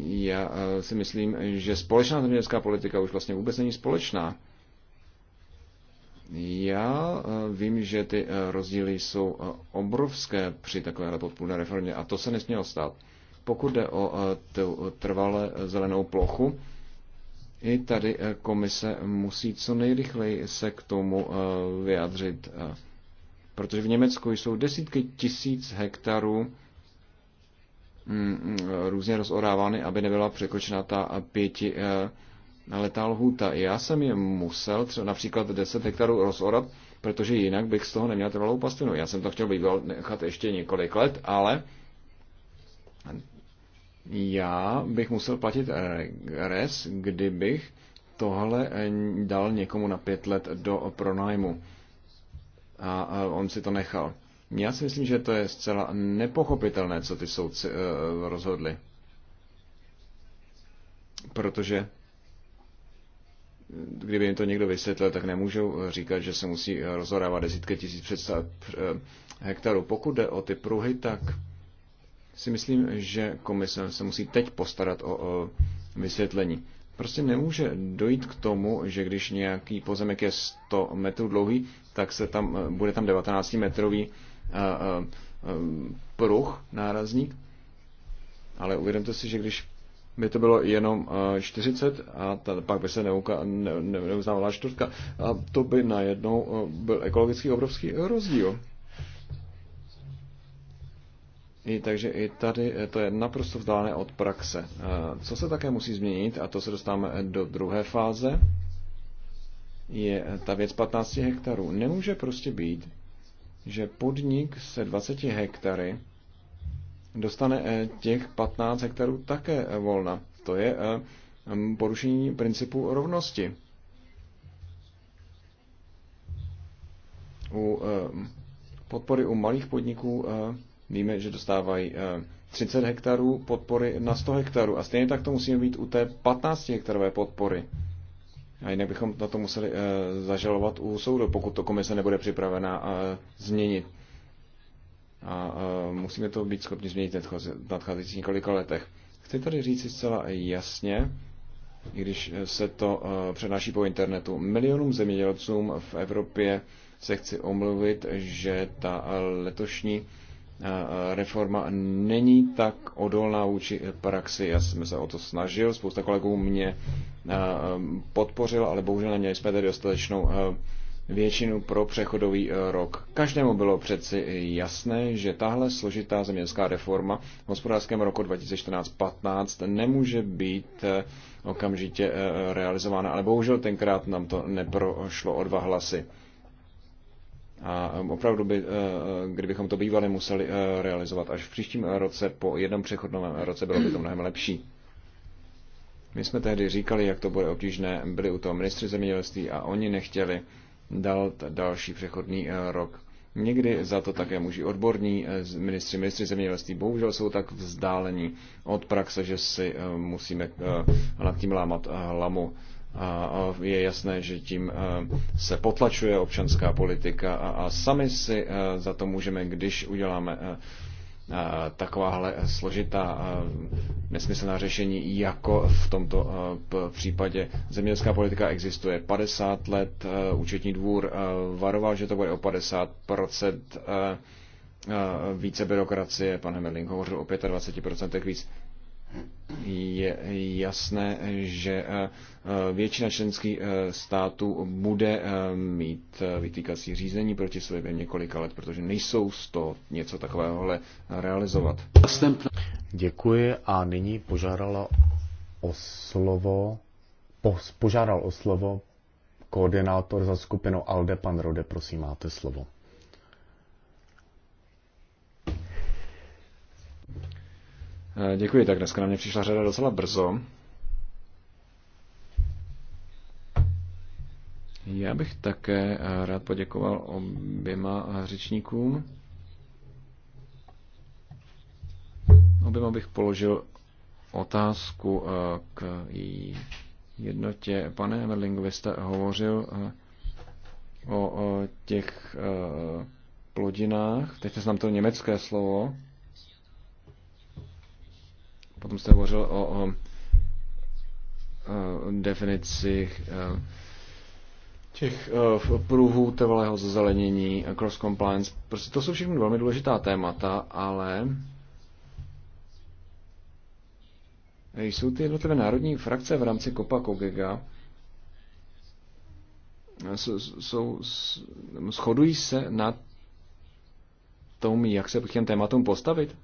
já si myslím, že společná zemědělská politika už vlastně vůbec není společná. Já eh, vím, že ty eh, rozdíly jsou eh, obrovské při takové podpůrné reformě a to se nesmělo stát. Pokud jde o trvalé zelenou plochu, i tady komise musí co nejrychleji se k tomu vyjádřit, protože v Německu jsou desítky tisíc hektarů mm, mm, různě rozorávány, aby nebyla překročena ta pěti ta lhůta. Já jsem je musel třeba například 10 hektarů rozorat, protože jinak bych z toho neměl trvalou pastvinu. Já jsem to chtěl býval nechat ještě několik let, ale já bych musel platit res, kdybych tohle eh, dal někomu na pět let do pronájmu. A on si to nechal. Já si myslím, že to je zcela nepochopitelné, co ty soudci eh, rozhodli. Protože kdyby jim to někdo vysvětlil, tak nemůžou eh, říkat, že se musí eh, rozhorávat desítky tisíc představ, eh, hektarů. Pokud jde o ty pruhy, tak si myslím, že komise se musí teď postarat o, o vysvětlení. Prostě nemůže dojít k tomu, že když nějaký pozemek je 100 metrů dlouhý, tak se tam, bude tam 19-metrový pruh, nárazník. Ale uvědomte si, že když by to bylo jenom 40 eh, a ta, pak by se neuka, ne, ne, neuznávala čtvrtka. A to by najednou eh, byl ekologický obrovský rozdíl. I, takže i tady eh, to je naprosto vzdálené od praxe. Co se také musí změnit, a to se dostáváme do druhé fáze, je ta věc 15 hektarů. Nemůže prostě být, že podnik se 20 hektary dostane eh, těch 15 hektarů také eh, volna. To je eh, porušení principu rovnosti. U podpory u malých podniků víme, že dostávají 30 hektarů podpory na 100 hektarů. A stejně tak to musíme být u té 15 hektarové podpory. A jinak bychom na to museli zažalovat u soudu, pokud to komise nebude připravená změnit a musíme to být schopni změnit v nadcházejících několika letech. Chci tady říct zcela jasně, i když se to přenáší po internetu, milionům zemědělcům v Evropě se chci omluvit, že ta letošní reforma není tak odolná vůči praxi. Já jsem se o to snažil, spousta kolegů mě podpořila, ale bohužel neměli jsme tedy dostatečnou většinu pro přechodový eh, rok. Každému bylo přeci jasné, že tahle složitá zemědělská reforma v hospodářském roku 2014-15 nemůže být eh, okamžitě eh, realizována, ale bohužel tenkrát nám to neprošlo o dva hlasy. A opravdu by, kdybychom to bývali museli realizovat až v příštím roce, po jednom přechodném roce bylo by to mnohem lepší. My jsme tehdy říkali, jak to bude obtížné, byli u toho ministři zemědělství a oni nechtěli dal další přechodný eh, rok. Někdy za to také muži odborní eh, ministři, ministři zemědělství bohužel jsou tak vzdálení od praxe, že si eh, musíme nad tím lámat hlamu. A je jasné, že tím se potlačuje občanská politika a sami si za to můžeme, když uděláme takováhle složitá nesmyslná řešení, jako v tomto případě. Zemědělská politika existuje 50 let, účetní dvůr varoval, že to bude o 50% více byrokracie, pan Hemerling hovořil o 25% víc je jasné, že eh, eh, většina členských eh, států bude mít vytýkací řízení proti sobě několika let, protože nejsou z toho něco takovéhohle realizovat. Děkuji a nyní požádala o slovo, požádal o slovo koordinátor za skupinu ALDE, pan Rode, prosím, máte slovo. Eh, děkuji, tak dneska na mě přišla řada docela brzo. Já bych také eh, rád poděkoval oběma eh, řečníkům. Oběma bych položil otázku k jednotě. Pane Merlingu, vy jste hovořil o těch plodinách, teď se znám to německé slovo, Potom jste hovořil o, o, o definici o, eh, těch o, eh, pruhů trvalého zazelenění, eh, cross compliance. Prostě to jsou všechno velmi důležitá témata, ale jsou ty jednotlivé národní frakce v rámci COPA COGEGA jsou, shodují se na tom, jak se k těm tématům postavit?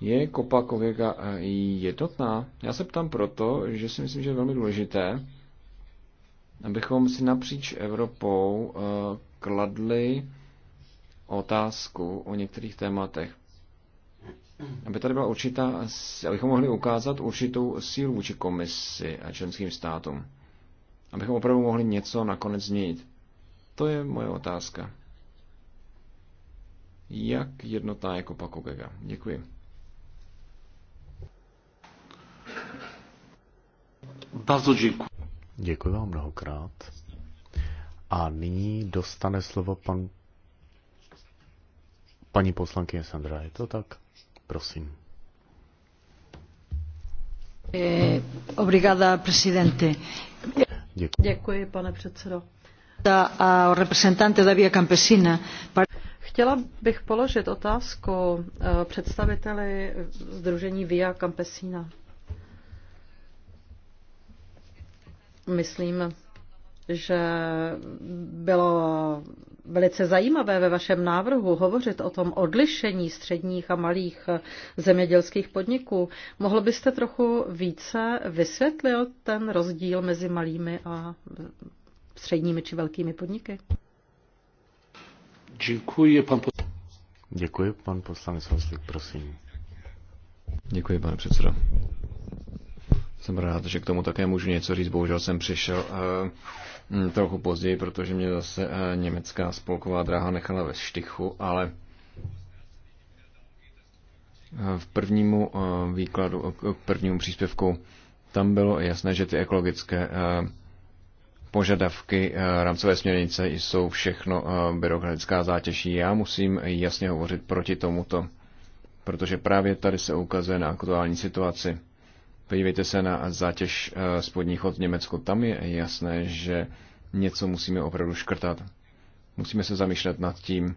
Je kopa Kověka eh, jednotná? Já se ptám proto, že si myslím, že je velmi důležité, abychom si napříč Evropou eh, kladli otázku o některých tématech. Aby tady byla určitá, abychom mohli ukázat určitou sílu vůči komisi a členským státům. Abychom opravdu mohli něco nakonec změnit. To je moje otázka. Jak jednotná je Kopa kověka? Děkuji. Bardzo děkuji. Děkuji vám mnohokrát. A nyní dostane slovo pan... paní poslankyně Sandra. Je to tak? Prosím. Eh, obrigada, presidente. Děkuji. Děkuji, pane předsedo. A reprezentante Davia Campesina. Chtěla bych položit otázku eh, představiteli Združení Via Campesina. Myslím, že bylo velice zajímavé ve vašem návrhu hovořit o tom odlišení středních a malých zemědělských podniků. Mohl byste trochu více vysvětlit ten rozdíl mezi malými a středními či velkými podniky? Děkuji, pan poslanec. Děkuji, pan poslanec Hoslík, prosím. Děkuji, pane předsedo. Jsem rád, že k tomu také můžu něco říct. Bohužel jsem přišel uh, trochu později, protože mě zase uh, německá spolková dráha nechala ve štychu, ale eh, v prvnímu výkladu, k prvnímu příspěvku, tam bylo jasné, že ty ekologické požadavky rámcové směrnice jsou všechno byrokratická zátěží. Já musím jasně hovořit proti tomuto, protože právě tady se ukazuje na aktuální situaci. Podívejte se na zátěž eh, spodních od v Německu. Tam je jasné, že něco musíme opravdu škrtat. Musíme se zamýšlet nad tím,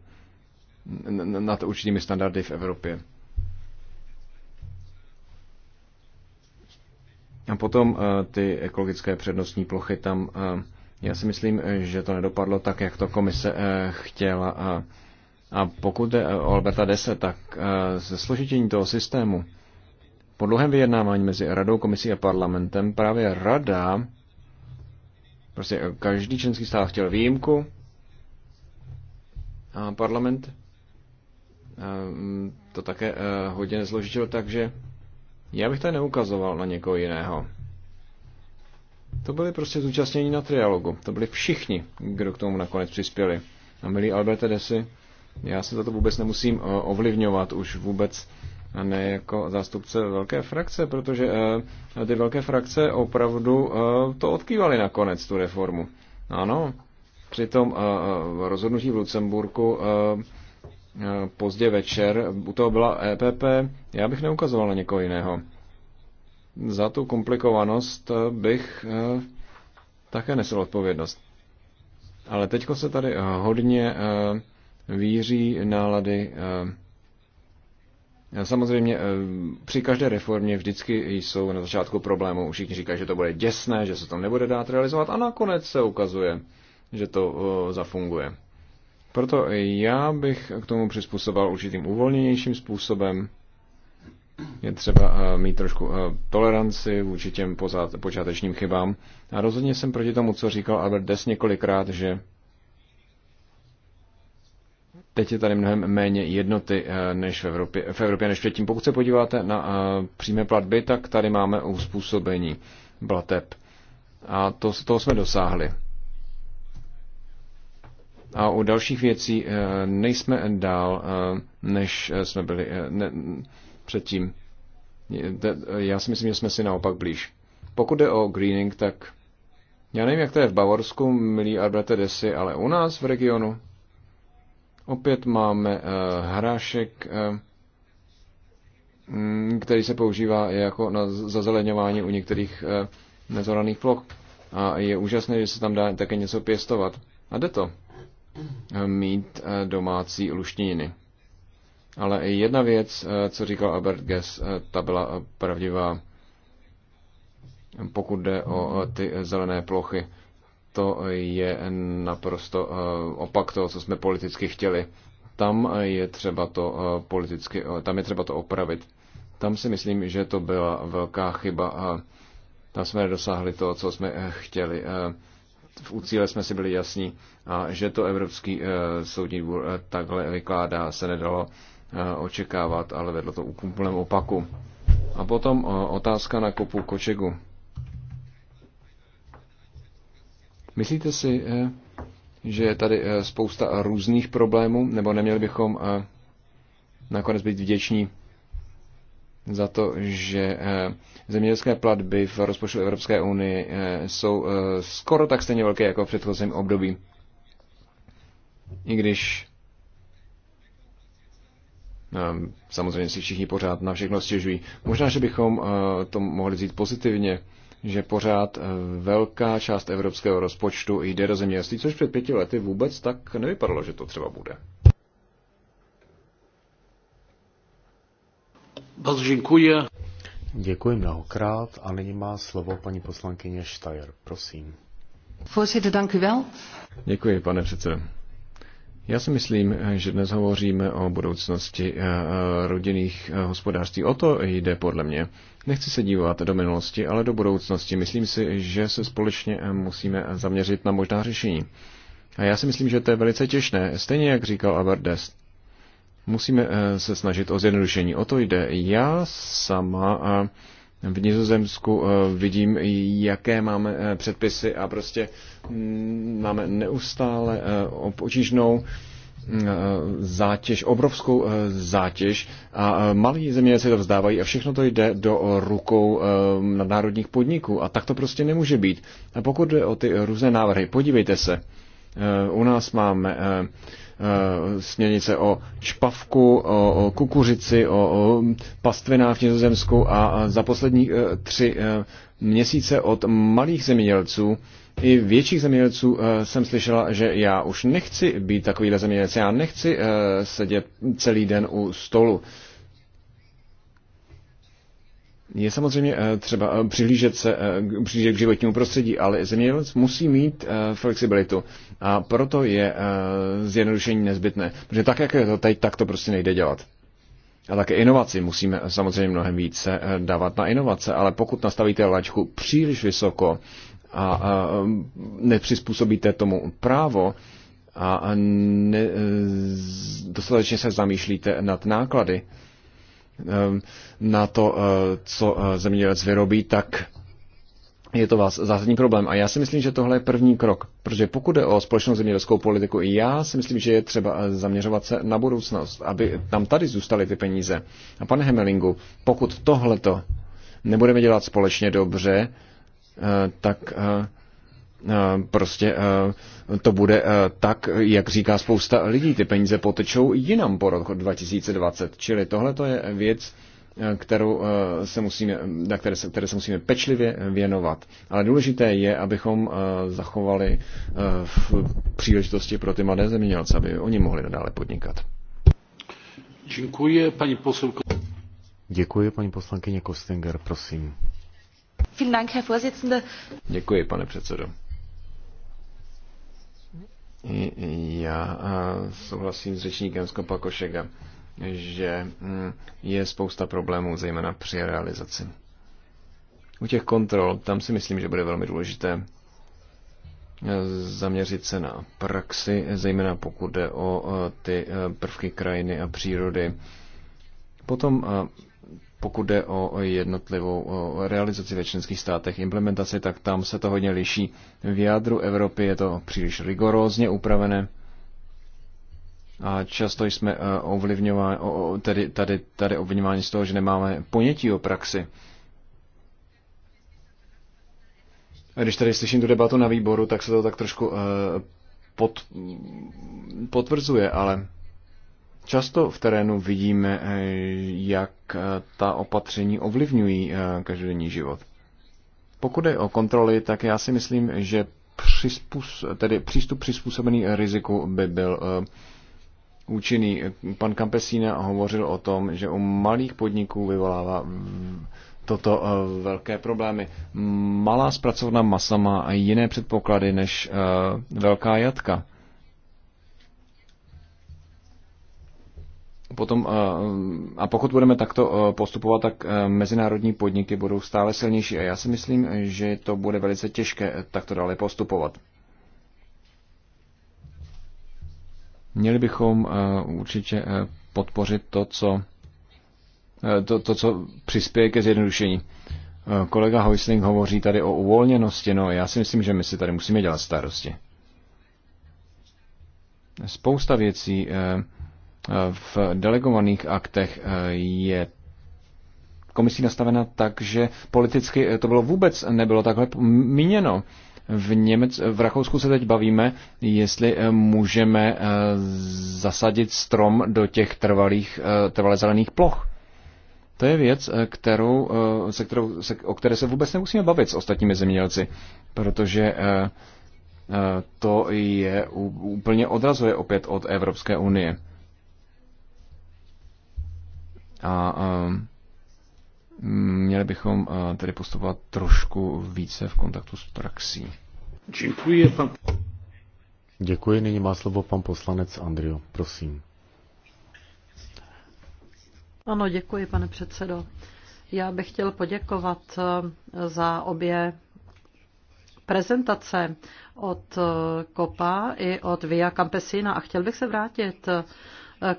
nad určitými standardy v Evropě. A potom eh, ty ekologické přednostní plochy tam, eh, já si myslím, že to nedopadlo tak, jak to komise chtěla. A pokud jde o Alberta 10, tak ze složitění toho systému, po dlouhém vyjednávání mezi Radou, Komisí a parlamentem právě Rada, prostě každý členský stát chtěl výjimku a parlament eh, to také eh, hodně nezložitil, takže já bych tady neukazoval na někoho jiného. To byli prostě zúčastnění na trialogu. To byli všichni, kdo k tomu nakonec přispěli. A milý Alberte Desi, já se za to vůbec nemusím eh, ovlivňovat, už vůbec a ne jako zástupce velké frakce, protože eh, ty velké frakce opravdu eh, to odkývaly nakonec, tu reformu. Ano, při tom eh, rozhodnutí v Lucemburku pozdě večer, u toho byla EPP, já bych neukazoval na někoho jiného. Za tu komplikovanost bych také nesl odpovědnost. Ale teďko se tady hodně víří nálady Samozřejmě eh, při každé reformě vždycky jsou na začátku problémů. Všichni říkají, že to bude děsné, že se to nebude dát realizovat a nakonec se ukazuje, že to eh, zafunguje. Proto já bych k tomu přizpůsoboval určitým uvolněnějším způsobem. Je třeba eh, mít trošku toleranci vůči těm počátečním chybám. A rozhodně jsem proti tomu, co říkal Albert Des několikrát, že Teď je tady mnohem méně jednoty eh, než v Evropě, v Evropě než předtím. Pokud se podíváte na eh, přímé platby, tak tady máme uspůsobení plateb. A to, toho jsme dosáhli. A u dalších věcí eh, nejsme dál, než jsme byli ne, předtím. Já si myslím, že jsme si naopak blíž. Pokud jde o greening, tak já nevím, jak to je v Bavorsku, milí Arbete Desi, ale u nás v regionu Opět máme eh, hrášek, eh, který se používá jako na zazeleňování u některých eh, nezoraných ploch. A je úžasné, že se tam dá také něco pěstovat. A jde to. Mít domácí luštěniny. Ale i jedna věc, co říkal Albert Gess, ta byla pravdivá, pokud jde o ty zelené plochy to je naprosto eh, opak toho, co jsme politicky chtěli. Tam je třeba to eh, politicky, eh, tam je třeba to opravit. Tam si myslím, že to byla velká chyba a tam jsme nedosáhli to, co jsme chtěli. V úcíle jsme si byli jasní a že to Evropský soudní dvůr takhle vykládá, se nedalo očekávat, ale vedlo to k úplnému opaku. A potom otázka na kopu Kočegu Myslíte si, eh, že je tady eh, spousta různých problémů, nebo neměli bychom eh, nakonec být vděční za to, že zemědělské platby v rozpočtu Evropské unie jsou skoro tak stejně velké jako v předchozím období. I když samozřejmě si všichni pořád na všechno stěžují. Možná, že bychom to mohli vzít pozitivně že pořád eh, velká část evropského rozpočtu jde do zemědělství, což před pěti lety vůbec tak nevypadalo, že to třeba bude. děkuji. Děkuji mnohokrát a nyní má slovo paní poslankyně Štajer. Prosím. Děkuji, pane předsedo. Já si myslím, že dnes hovoříme o budoucnosti eh, eh, rodinných hospodářství. O to jde podle mě. Nechci se dívat do minulosti, ale do budoucnosti. Myslím si, že se společně musíme zaměřit na možná řešení. A já si myslím, že to je velice těžné, stejně jak říkal Aberdes. Musíme eh, se snažit o zjednodušení. O to jde. Já sama eh, v Nizozemsku eh, vidím, jaké máme předpisy a prostě mm, máme neustále obtížnou Eh, zátěž, obrovskou eh, zátěž a eh, malí země se to vzdávají a všechno to jde do rukou nadnárodních podniků a tak to prostě nemůže být. A pokud jde o ty různé návrhy, podívejte se, u nás máme směrnice o čpavku, o kukuřici, o pastvinách v Nizozemsku a za poslední tři měsíce od malých zemědělců i větších zemědělců eh, jsem slyšela, že já už nechci být takovýhle zemědělec, já nechci eh, sedět celý den u stolu. Je samozřejmě eh, třeba přihlížet se přihlížet k životnímu prostředí, ale zemědělec musí mít flexibilitu a proto je zjednodušení nezbytné, protože tak, jak je to teď, tak to prostě nejde dělat. A také inovaci musíme samozřejmě mnohem více dávat na inovace, ale pokud nastavíte lačku příliš vysoko, a, a um, nepřizpůsobíte tomu právo a ne, dostatečně se zamýšlíte nad náklady um, na to, uh, co uh, zemědělec vyrobí, tak je to vás zásadní problém. A já si myslím, že tohle je první krok, protože pokud jde o společnou zemědělskou politiku, já si myslím, že je třeba uh, zaměřovat se na budoucnost, aby tam tady zůstaly ty peníze. A pane Hemelingu, pokud tohleto nebudeme dělat společně dobře, Eh, tak eh, eh, prostě to bude tak, jak říká spousta lidí. Ty peníze potečou jinam po roku 2020. Čili tohle to je věc, kterou se musíme, na které se, které se musíme pečlivě věnovat. Ale důležité je, abychom zachovali v příležitosti pro ty mladé zemědělce, aby oni mohli nadále podnikat. Děkuji, paní poslankyně. Děkuji, paní poslankyně Kostinger, prosím. Děkuji, pane předsedo. Já eh, souhlasím s řečníkem z Kopakošega, že hm, je spousta problémů, zejména při realizaci. U těch kontrol, tam si myslím, že bude velmi důležité eh, zaměřit se na praxi, zejména pokud jde o eh, ty prvky krajiny a přírody. Potom pokud jde o jednotlivou o realizaci ve členských státech implementaci, tak tam se to hodně liší. V jádru Evropy je to příliš rigorózně upravené a často jsme eh, ovlivňováni, tady, tady, tady obvinováni z toho, že nemáme ponětí o praxi. Když tady slyším tu debatu na výboru, tak se to tak trošku eh, pod, potvrzuje, ale Často v terénu vidíme, eh, jak eh, ta opatření ovlivňují eh, každodenní život. Pokud je o kontroly, tak já si myslím, že přizpůs, tedy přístup přizpůsobený riziku by byl účinný. Pan Campesina hovořil o tom, že u malých podniků vyvolává toto velké problémy. Malá zpracovna masa má jiné předpoklady než velká jatka. potom, a pokud budeme takto postupovat, tak mezinárodní podniky budou stále silnější a já si myslím, že to bude velice těžké eh, takto dále postupovat. Měli bychom eh, určitě eh, podpořit to, co, to, to, co přispěje ke zjednodušení. Kolega Hoisling hovoří tady o uvolněnosti, no já si myslím, že my si tady musíme dělat starosti. Spousta věcí eh, v delegovaných aktech eh, je komisí nastavena tak, že politicky eh, to bylo vůbec nebylo takhle míněno. V, Němec, v Rakousku se teď bavíme, jestli eh, můžeme zasadit strom do těch trvalých, trvale zelených ploch. To je věc, kterou, se kterou, se, o které se vůbec nemusíme bavit s ostatními zemědělci, protože to je úplně odrazuje opět od Evropské unie. A měli bychom tedy postupovat trošku více v kontaktu s praxí. Děkuji. Pan... Děkuji, nyní má slovo pan poslanec Andrio, prosím. Ano, děkuji, pane předsedo. Já bych chtěl poděkovat e, za obě prezentace od e, Kopa i od Via Campesina a chtěl bych se vrátit e,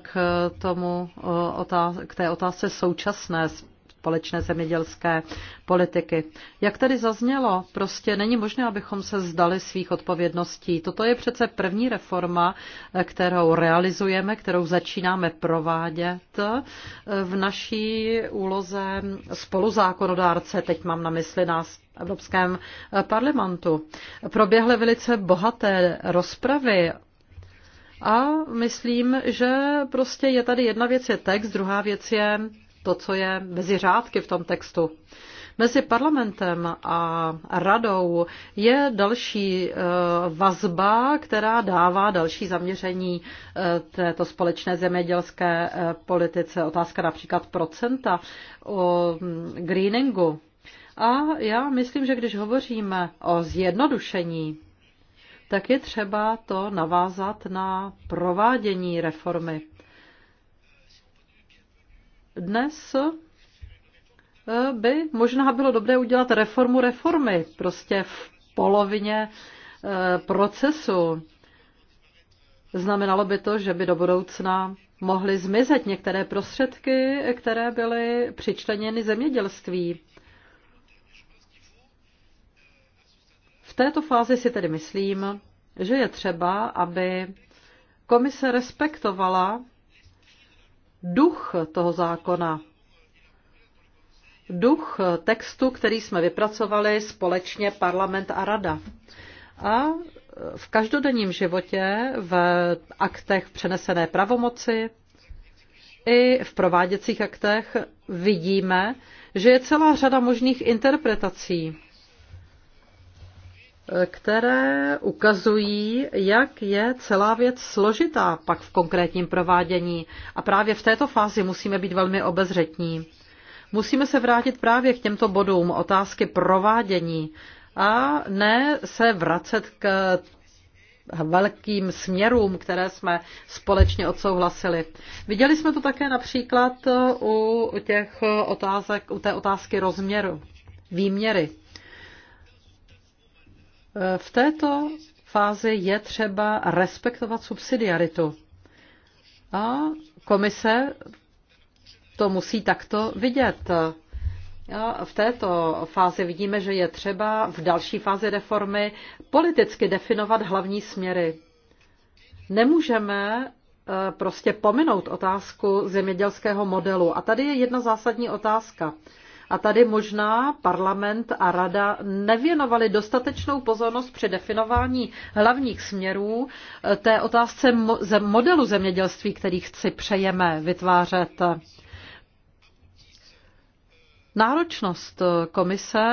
k, tomu, k té otázce současné společné zemědělské politiky. Jak tady zaznělo, prostě není možné, abychom se zdali svých odpovědností. Toto je přece první reforma, kterou realizujeme, kterou začínáme provádět v naší úloze spoluzákonodárce. Teď mám na mysli nás Evropském parlamentu. Proběhly velice bohaté rozpravy a myslím, že prostě je tady jedna věc je text, druhá věc je to, co je mezi řádky v tom textu. Mezi parlamentem a radou je další eh, vazba, která dává další zaměření eh, této společné zemědělské eh, politice. Otázka například procenta o mm, greeningu. A já myslím, že když hovoříme o zjednodušení tak je třeba to navázat na provádění reformy. Dnes eh, by možná bylo dobré udělat reformu reformy, prostě v polovině eh, procesu. Znamenalo by to, že by do budoucna mohly zmizet některé prostředky, které byly přičleněny zemědělství. této fázi si tedy myslím, že je třeba, aby komise respektovala duch toho zákona, duch textu, který jsme vypracovali společně parlament a rada. A v každodenním životě, v aktech přenesené pravomoci i v prováděcích aktech vidíme, že je celá řada možných interpretací které ukazují, jak je celá věc složitá pak v konkrétním provádění. A právě v této fázi musíme být velmi obezřetní. Musíme se vrátit právě k těmto bodům otázky provádění a ne se vracet k velkým směrům, které jsme společně odsouhlasili. Viděli jsme to také například u těch otázek, u té otázky rozměru, výměry. V této fázi je třeba respektovat subsidiaritu. A komise to musí takto vidět. A v této fázi vidíme, že je třeba v další fázi reformy politicky definovat hlavní směry. Nemůžeme eh, prostě pominout otázku zemědělského modelu. A tady je jedna zásadní otázka. A tady možná parlament a rada nevěnovali dostatečnou pozornost při definování hlavních směrů eh, té otázce modelu zemědělství, který chci přejeme vytvářet. Náročnost eh, komise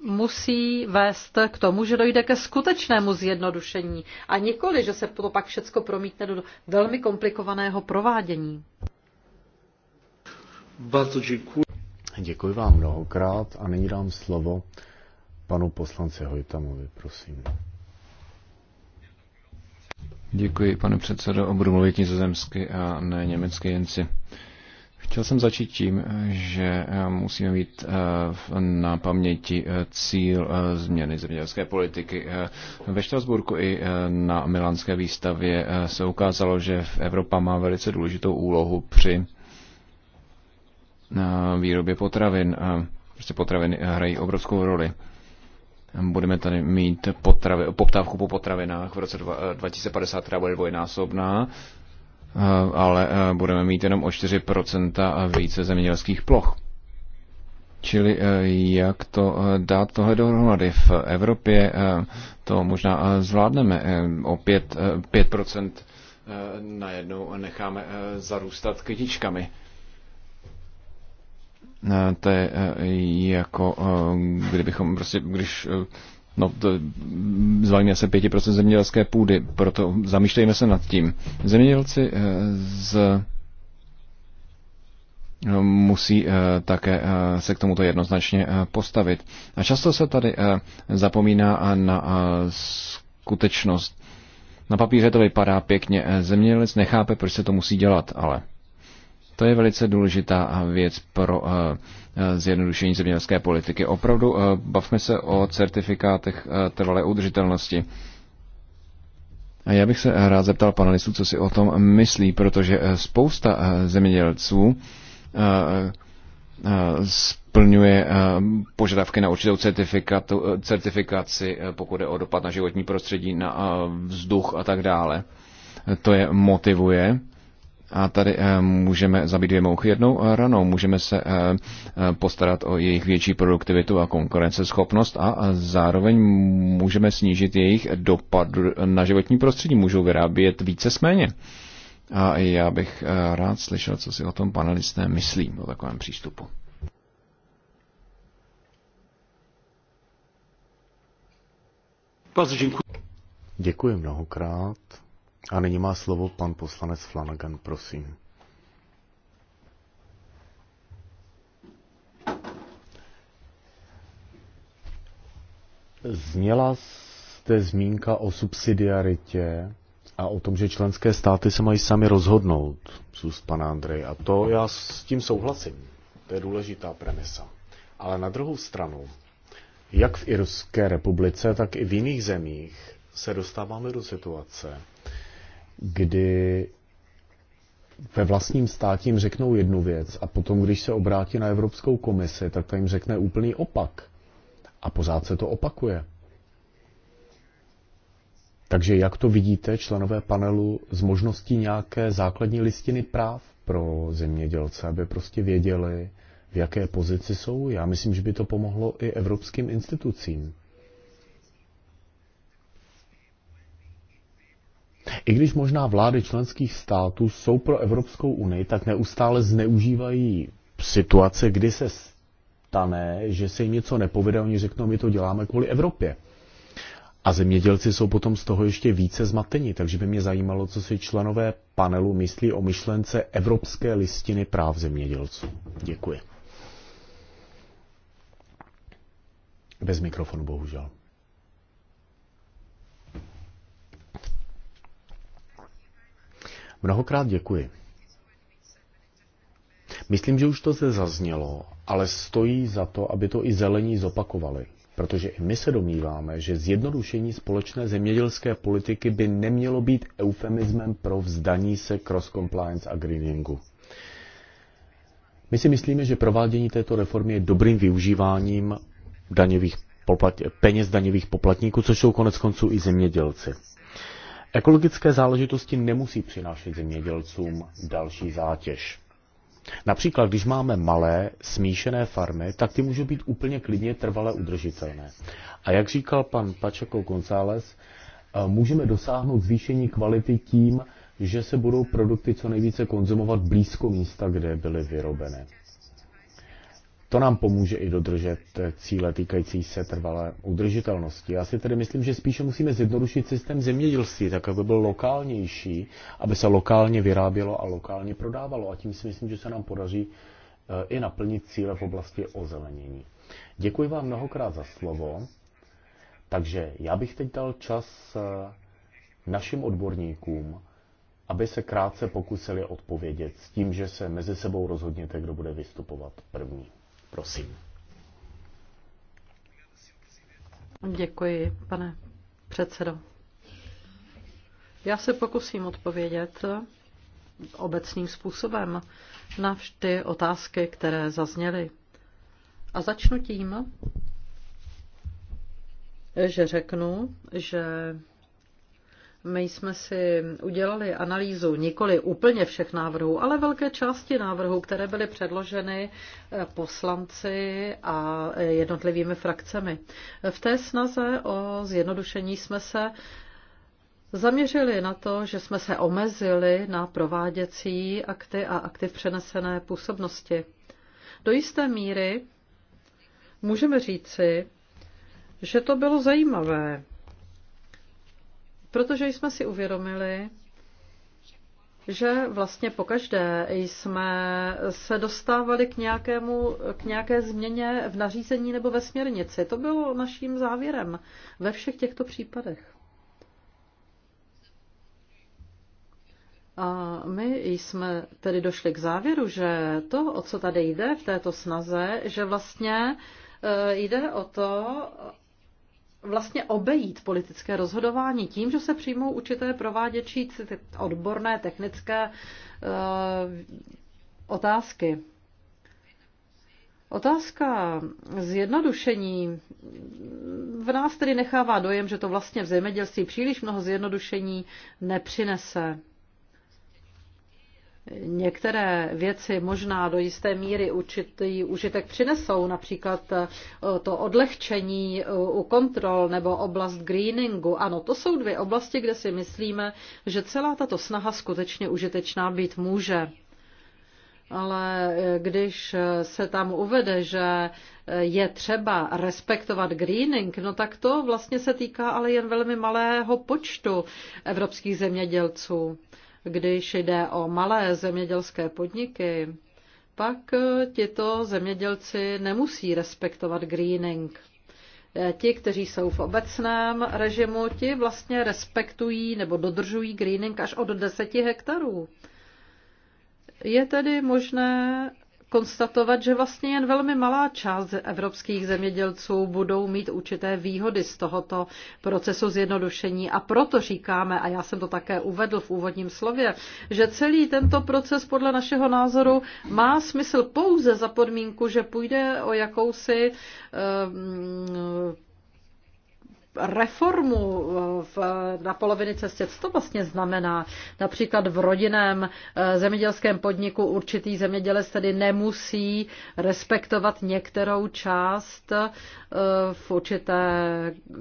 musí vést k tomu, že dojde ke skutečnému zjednodušení a nikoli, že se to pak všechno promítne do velmi komplikovaného provádění. Bardzo děkuji. Děkuji vám mnohokrát a nyní dám slovo panu poslanci Hojtamovi, prosím. Děkuji, pane předsedo, a budu mluvit nizozemsky a ne německy jenci. Chtěl jsem začít tím, že eh, musíme mít eh, na paměti eh, cíl změny zemědělské politiky. Ve Štrasburku i na milánské výstavě se ukázalo, že Evropa má velice důležitou úlohu při výrobě potravin. Prostě potraviny hrají obrovskou roli. Budeme tady mít potravi, poptávku po potravinách v roce 2050, eh, která bude dvojnásobná, eh, ale eh, budeme mít jenom o 4% více zemědělských ploch. Čili jak to dát tohle dohromady v Evropě, to možná zvládneme. O 5, 5% najednou necháme zarůstat kytičkami. Eh, to je eh, jako, eh, kdybychom prostě, když No, to mm, se 5% zemědělské půdy, proto zamýšlejme se nad tím. Zemědělci z musí také se k tomuto jednoznačně postavit. A často se tady zapomíná na skutečnost. Na papíře to vypadá pěkně. Zemědělec nechápe, proč se to musí dělat, ale to je velice důležitá věc pro eh, eh, zjednodušení zemědělské politiky. Opravdu eh, bavme se o certifikátech trvalé udržitelnosti. A já bych se rád zeptal panelistů, co si o tom myslí, protože spousta zemědělců splňuje požadavky na určitou certifikaci, pokud je o dopad na životní prostředí, na vzduch a tak dále. To je motivuje a tady eh, můžeme zabít dvě mouchy jednou eh, ranou. Můžeme se eh, postarat o jejich větší produktivitu a konkurenceschopnost a zároveň můžeme snížit jejich dopad na životní prostředí. Můžou vyrábět více sméně. A já bych rád slyšel, co si o tom panelisté myslí, o takovém přístupu. Děkuji mnohokrát. A nyní má slovo pan poslanec Flanagan, prosím. Zněla jste zmínka o subsidiaritě a o tom, že členské státy se mají sami rozhodnout, z Pan Andrej. A to já s tím souhlasím. To je důležitá premisa. Ale na druhou stranu, jak v Irské republice, tak i v jiných zemích se dostáváme do situace, kdy ve vlastním státě jim řeknou jednu věc a potom, když se obrátí na Evropskou komisi, tak ta jim řekne úplný opak. A pořád se to opakuje. Takže jak to vidíte, členové panelu, z možností nějaké základní listiny práv pro zemědělce, aby prostě věděli, v jaké pozici jsou? Já myslím, že by to pomohlo i evropským institucím. I když možná vlády členských států jsou pro Evropskou unii, tak neustále zneužívají situace, kdy se stane, že se jim něco nepovede, oni řeknou, my to děláme kvůli Evropě. A zemědělci jsou potom z toho ještě více zmateni, takže by mě zajímalo, co si členové panelu myslí o myšlence Evropské listiny práv zemědělců. Děkuji. Bez mikrofonu, bohužel. Mnohokrát děkuji. Myslím, že už to se zaznělo, ale stojí za to, aby to i zelení zopakovali. Protože i my se domníváme, že zjednodušení společné zemědělské politiky by nemělo být eufemismem pro vzdaní se cross-compliance a greeningu. My si myslíme, že provádění této reformy je dobrým využíváním daněvých poplat- peněz daněvých poplatníků, což jsou konec konců i zemědělci. Ekologické záležitosti nemusí přinášet zemědělcům další zátěž. Například, když máme malé smíšené farmy, tak ty můžou být úplně klidně trvale udržitelné. A jak říkal pan Pačeko González, eh, můžeme dosáhnout zvýšení kvality tím, že se budou produkty co nejvíce konzumovat blízko místa, kde byly vyrobené. To nám pomůže i dodržet eh, cíle týkající se trvalé udržitelnosti. Já si tedy myslím, že spíše musíme zjednodušit systém zemědělství, tak aby byl lokálnější, aby se lokálně vyrábělo a lokálně prodávalo. A tím si myslím, že se nám podaří eh, i naplnit cíle v oblasti ozelenění. Děkuji vám mnohokrát za slovo. Takže já bych teď dal čas eh, našim odborníkům, aby se krátce pokusili odpovědět s tím, že se mezi sebou rozhodněte, kdo bude vystupovat první. Prosím. Děkuji, pane předsedo. Já se pokusím odpovědět obecným způsobem na ty otázky, které zazněly. A začnu tím, že řeknu, že my jsme si udělali analýzu nikoli úplně všech návrhů, ale velké části návrhů, které byly předloženy eh, poslanci a eh, jednotlivými frakcemi. V té snaze o zjednodušení jsme se zaměřili na to, že jsme se omezili na prováděcí akty a akty v přenesené působnosti. Do jisté míry můžeme říci, že to bylo zajímavé protože jsme si uvědomili, že vlastně pokaždé jsme se dostávali k, nějakému, k nějaké změně v nařízení nebo ve směrnici. To bylo naším závěrem ve všech těchto případech. A my jsme tedy došli k závěru, že to, o co tady jde v této snaze, že vlastně eh, jde o to, vlastně obejít politické rozhodování tím, že se přijmou určité prováděčí odborné technické eh, otázky. Otázka zjednodušení v nás tedy nechává dojem, že to vlastně v zemědělství příliš mnoho zjednodušení nepřinese. Některé věci možná do jisté míry určitý užitek přinesou, například eh, to odlehčení eh, u kontrol nebo oblast greeningu. Ano, to jsou dvě oblasti, kde si myslíme, že celá tato snaha skutečně užitečná být může ale eh, když se tam uvede, že je třeba respektovat greening, no tak to vlastně se týká ale jen velmi malého počtu evropských zemědělců. Když jde o malé zemědělské podniky, pak eh, tito zemědělci nemusí respektovat greening. Eh, ti, kteří jsou v obecném režimu, ti vlastně respektují nebo dodržují greening až od 10 hektarů. Je tedy možné konstatovat, že vlastně jen velmi malá část evropských zemědělců budou mít určité výhody z tohoto procesu zjednodušení. A proto říkáme, a já jsem to také uvedl v úvodním slově, že celý tento proces podle našeho názoru má smysl pouze za podmínku, že půjde o jakousi reformu eh, v, na poloviny cestě. Co to vlastně znamená? Například v rodinném eh, zemědělském podniku určitý zemědělec tedy nemusí respektovat některou část eh, v určité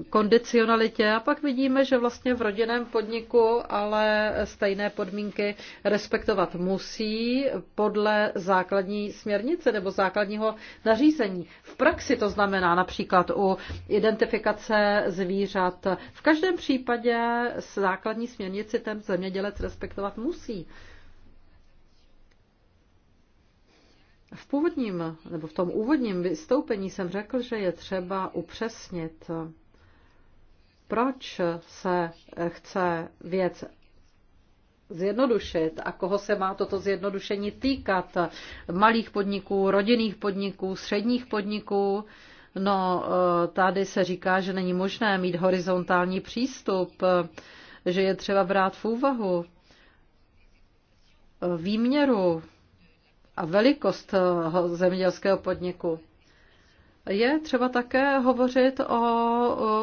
kondicionalitě a pak vidíme, že vlastně v rodinném podniku ale stejné podmínky respektovat musí podle základní směrnice nebo základního nařízení. V praxi to znamená například u identifikace z zvířat. V každém případě základní směrnici ten zemědělec respektovat musí. V původním, nebo v tom úvodním vystoupení jsem řekl, že je třeba upřesnit, proč se chce věc zjednodušit a koho se má toto zjednodušení týkat. Malých podniků, rodinných podniků, středních podniků. No, eh, tady se říká, že není možné mít horizontální přístup, eh, že je třeba brát v úvahu eh, výměru a velikost zemědělského podniku. Je třeba také hovořit o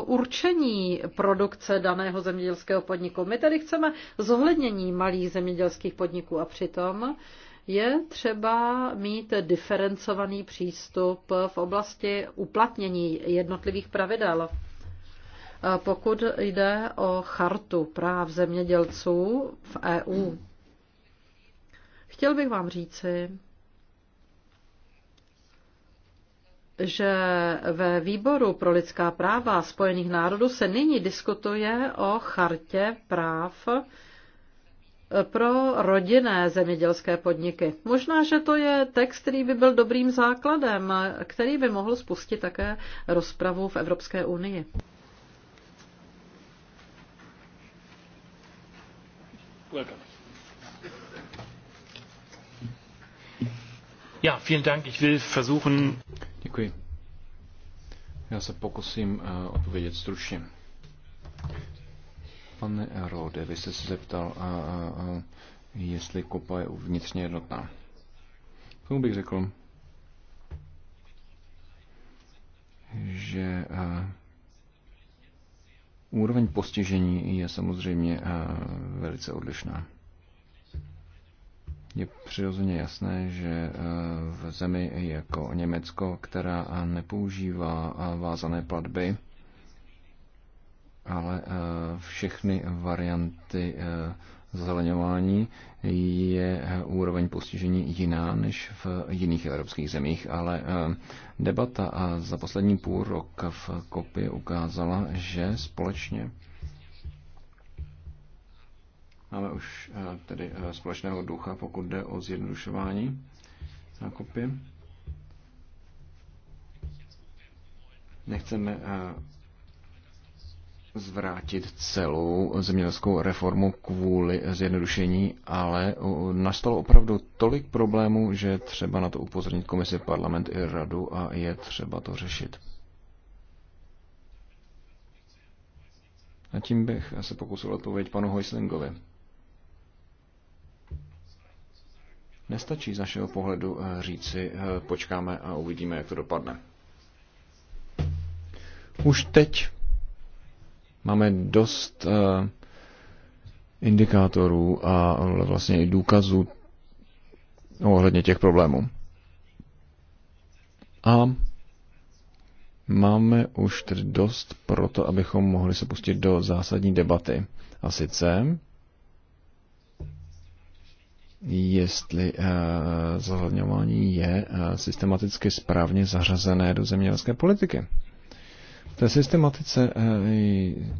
určení produkce daného zemědělského podniku. My tedy chceme zohlednění malých zemědělských podniků a přitom je třeba mít diferencovaný přístup v oblasti uplatnění jednotlivých pravidel. Pokud jde o chartu práv zemědělců v EU, chtěl bych vám říci, že ve výboru pro lidská práva Spojených národů se nyní diskutuje o chartě práv pro rodinné zemědělské podniky. Možná, že to je text, který by byl dobrým základem, který by mohl spustit také rozpravu v Evropské unii. Ja, vielen Dank. Ich will versuchen. Děkuji. Já se pokusím eh, odpovědět stručně. Pane Erode, vy jste se zeptal, a, a, a, jestli kopa je vnitřně jednotná. Tomu bych řekl, že a, úroveň postižení je samozřejmě a, velice odlišná. Je přirozeně jasné, že v zemi jako Německo, která nepoužívá vázané platby, ale eh, všechny varianty eh, zeleňování je eh, úroveň postižení jiná než v jiných evropských zemích, ale debata za poslední půl rok v kopii ukázala, že společně máme už tedy společného ducha, pokud jde o zjednodušování na kopii. Nechceme zvrátit celou zemědělskou reformu kvůli zjednodušení, ale nastalo opravdu tolik problémů, že třeba na to upozornit komisi, parlament i radu a je třeba to řešit. A tím bych se pokusil odpovědět panu Hojslingovi. Nestačí z našeho pohledu eh, říci, eh, počkáme a uvidíme, jak to dopadne. Už teď Máme dost eh, indikátorů a vlastně i důkazů ohledně těch problémů. A máme už tedy dost pro to, abychom mohli se pustit do zásadní debaty. A sice, jestli uh, je uh, systematicky správně zařazené do zemědělské politiky té systematice eh,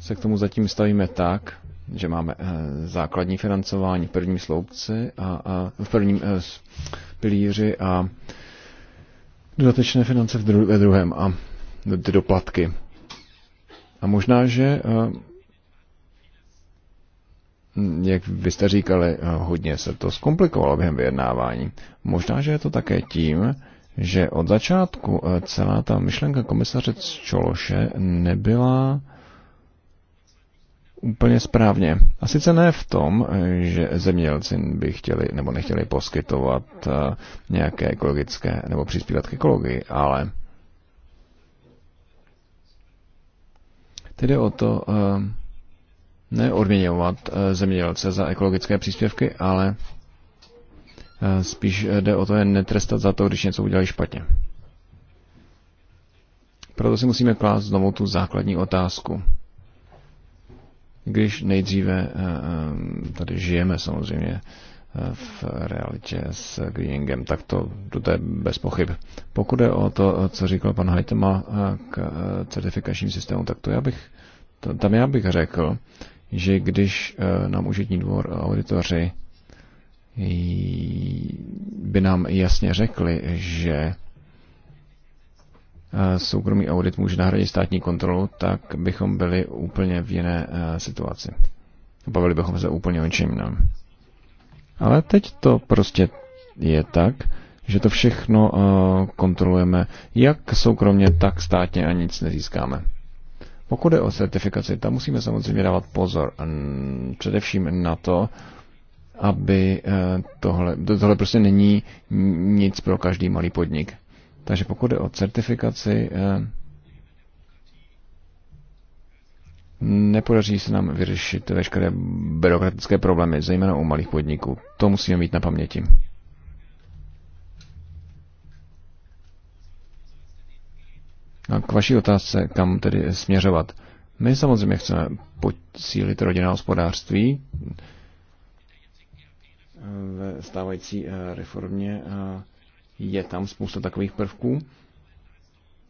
se k tomu zatím stavíme tak, že máme eh, základní financování v prvním sloupci a, a v prvním eh, pilíři a dodatečné finance v ve druhém a ty doplatky. A možná, že jak vy jste říkali, hodně se to zkomplikovalo během vyjednávání. Možná, že je to také tím, že od začátku eh, celá ta myšlenka komisaře Čološe nebyla úplně správně. A sice ne v tom, eh, že zemědělci by chtěli nebo nechtěli poskytovat eh, nějaké ekologické nebo přispívat k ekologii, ale tedy o to neodměňovat zemědělce za ekologické příspěvky, ale Eh, spíš eh, jde o to je netrestat za to, když něco udělali špatně. Proto si musíme klást znovu tu základní otázku. Když nejdříve eh, tady žijeme samozřejmě v realitě s greeningem, tak to, to je bez pochyb. Pokud je o to, co říkal pan Heitema k certifikačním systému, tak to já bych, tam já bych řekl, že když nám užitní dvor auditoři by nám jasně řekli, že eh, soukromý audit může nahradit státní kontrolu, tak bychom byli úplně v jiné eh, situaci. Bavili bychom se úplně o něčem jiném. Ale teď to prostě je tak, že to všechno eh, kontrolujeme jak soukromně, tak státně a nic nezískáme. Pokud je o certifikaci, tam musíme samozřejmě dávat pozor především na to, aby eh, tohle, tohle prostě není nic pro každý malý podnik. Takže pokud jde o certifikaci, eh, nepodaří se nám vyřešit veškeré byrokratické problémy, zejména u malých podniků. To musíme mít na paměti. A k vaší otázce, kam tedy směřovat. My samozřejmě chceme posílit rodinné hospodářství, ve stávající eh, reformě eh, je tam spousta takových prvků.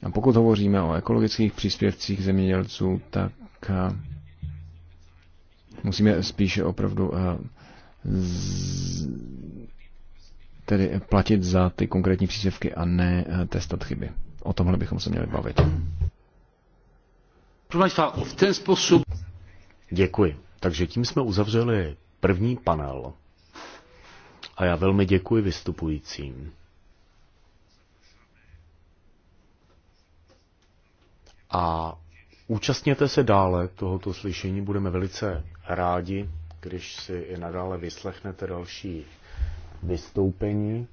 A pokud hovoříme o ekologických příspěvcích zemědělců, tak eh, musíme spíše opravdu tedy platit za ty konkrétní příspěvky a ne testat chyby. O tomhle bychom se měli bavit. V ten způsob... Děkuji. Takže tím jsme uzavřeli první panel. A já velmi děkuji vystupujícím. A účastněte se dále tohoto slyšení, budeme velice rádi, když si i nadále vyslechnete další vystoupení.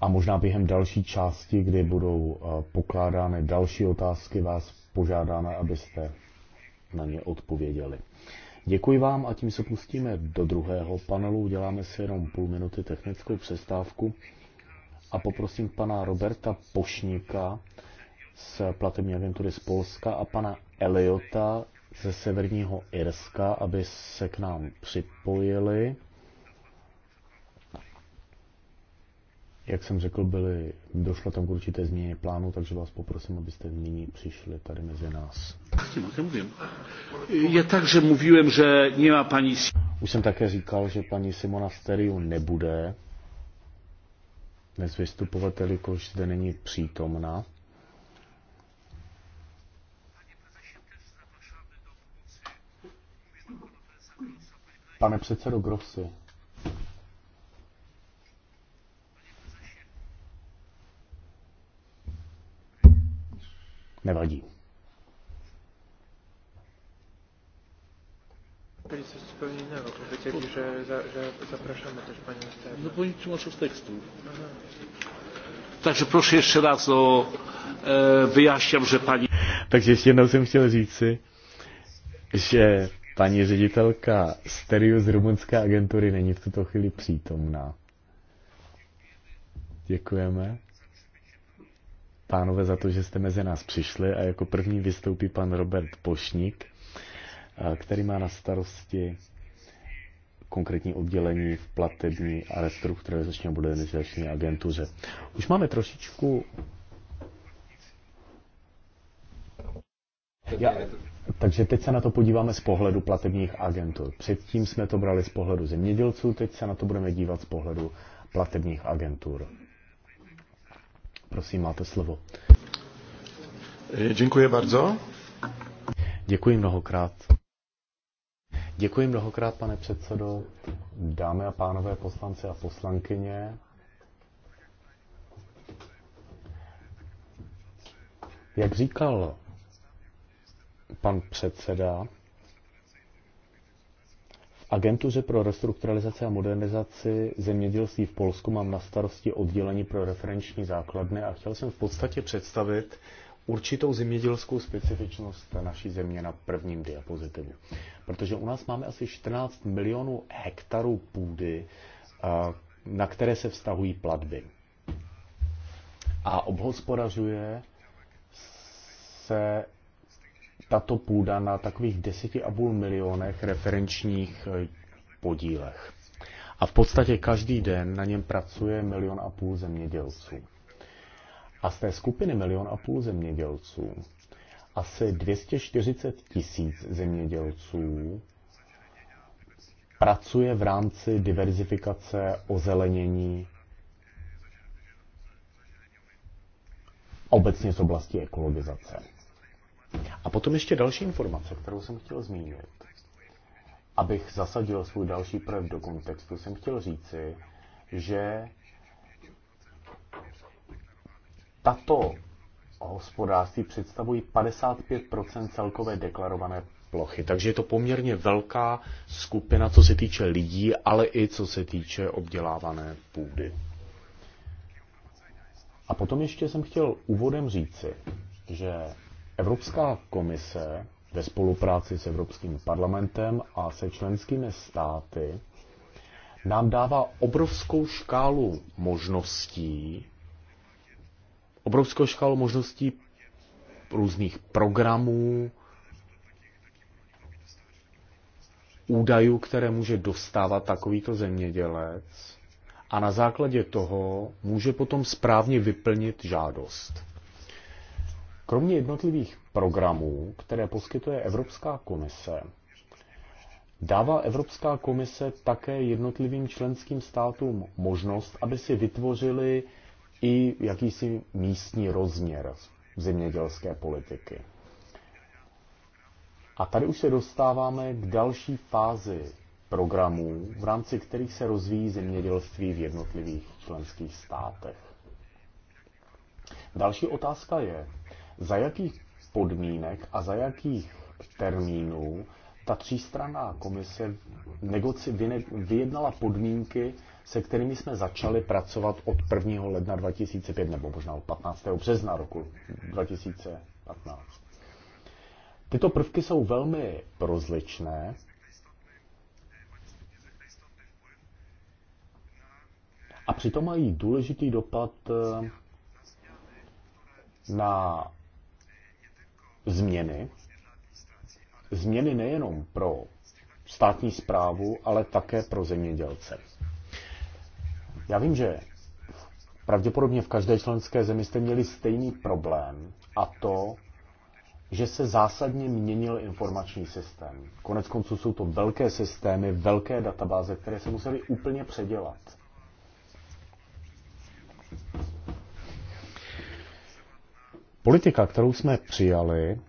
A možná během další části, kdy budou eh, pokládány další otázky, vás požádáme, abyste na ně odpověděli. Děkuji vám a tím se pustíme do druhého panelu. Uděláme si jenom půl minuty technickou přestávku a poprosím pana Roberta Pošníka z platební agentury z Polska a pana Eliota ze Severního Irska, aby se k nám připojili. Jak jsem řekl, byly, došlo tam k určité změně plánu, takže vás poprosím, abyste nyní přišli tady mezi nás. Já že mluvím, že nemá paní... Už jsem také říkal, že paní Simona Steriu nebude dnes vystupovat, jelikož zde není přítomna. Pane předsedo Grossi, Nevadí. za, zapraszamy też No z Aha. Takže prosím ještě raz o e, vyjaštěm, že paní... Takže ještě jednou jsem chtěl říci, že paní ředitelka Stereo z rumunské agentury není v tuto chvíli přítomná. Děkujeme pánové, za to, že jste mezi nás přišli a jako první vystoupí pan Robert Pošník, který má na starosti konkrétní oddělení v platební a restrukturalizační a modernizační agentuře. Už máme trošičku... Já, takže teď se na to podíváme z pohledu platebních agentur. Předtím jsme to brali z pohledu zemědělců, teď se na to budeme dívat z pohledu platebních agentur. Prosím, máte slovo. Eh, děkuji bardzo. Děkuji mnohokrát. Děkuji mnohokrát, pane předsedo, dámy a pánové poslanci a poslankyně. Jak říkal pan předseda, agentuře pro restrukturalizaci a modernizaci zemědělství v Polsku mám na starosti oddělení pro referenční základny a chtěl jsem v podstatě představit určitou zemědělskou specifičnost naší země na prvním diapozitivu. Protože u nás máme asi 14 milionů hektarů půdy, eh, na které se vztahují platby. A obhospodařuje se tato půda na takových 10,5 milionech referenčních eh, podílech. A v podstatě každý den na něm pracuje milion a půl zemědělců. A z té skupiny milion a půl zemědělců asi 240 tisíc zemědělců pracuje v rámci diverzifikace ozelenění obecně z oblasti ekologizace. A potom ještě další informace, kterou jsem chtěl zmínit. Abych zasadil svůj další projev do kontextu, jsem chtěl říci, že tato hospodářství představují 55 celkové deklarované plochy. Takže je to poměrně velká skupina, co se týče lidí, ale i co se týče obdělávané půdy. A potom ještě jsem chtěl úvodem říci, že Evropská komise ve spolupráci s Evropským parlamentem a se členskými státy nám dává obrovskou škálu možností, obrovskou škálu možností různých programů, údajů, které může dostávat takovýto zemědělec a na základě toho může potom správně vyplnit žádost. Kromě jednotlivých programů, které poskytuje Evropská komise, dává Evropská komise také jednotlivým členským státům možnost, aby si vytvořili i jakýsi místní rozměr zemědělské politiky. A tady už se dostáváme k další fázi programů, v rámci kterých se rozvíjí zemědělství v jednotlivých členských státech. Další otázka je, za jakých podmínek a za jakých termínů ta třístranná komise negoci, vyjednala podmínky, se kterými jsme začali pracovat od 1. ledna 2005, nebo možná od 15. března roku 2015. Tyto prvky jsou velmi rozličné. A přitom mají důležitý dopad eh, na změny, změny nejenom pro státní zprávu, ale také pro zemědělce. Já vím, že pravděpodobně v každé členské zemi jste měli stejný problém a to, že se zásadně měnil informační systém. Konec konců jsou to velké systémy, velké databáze, které se musely úplně předělat. Politika, kterou jsme přijali,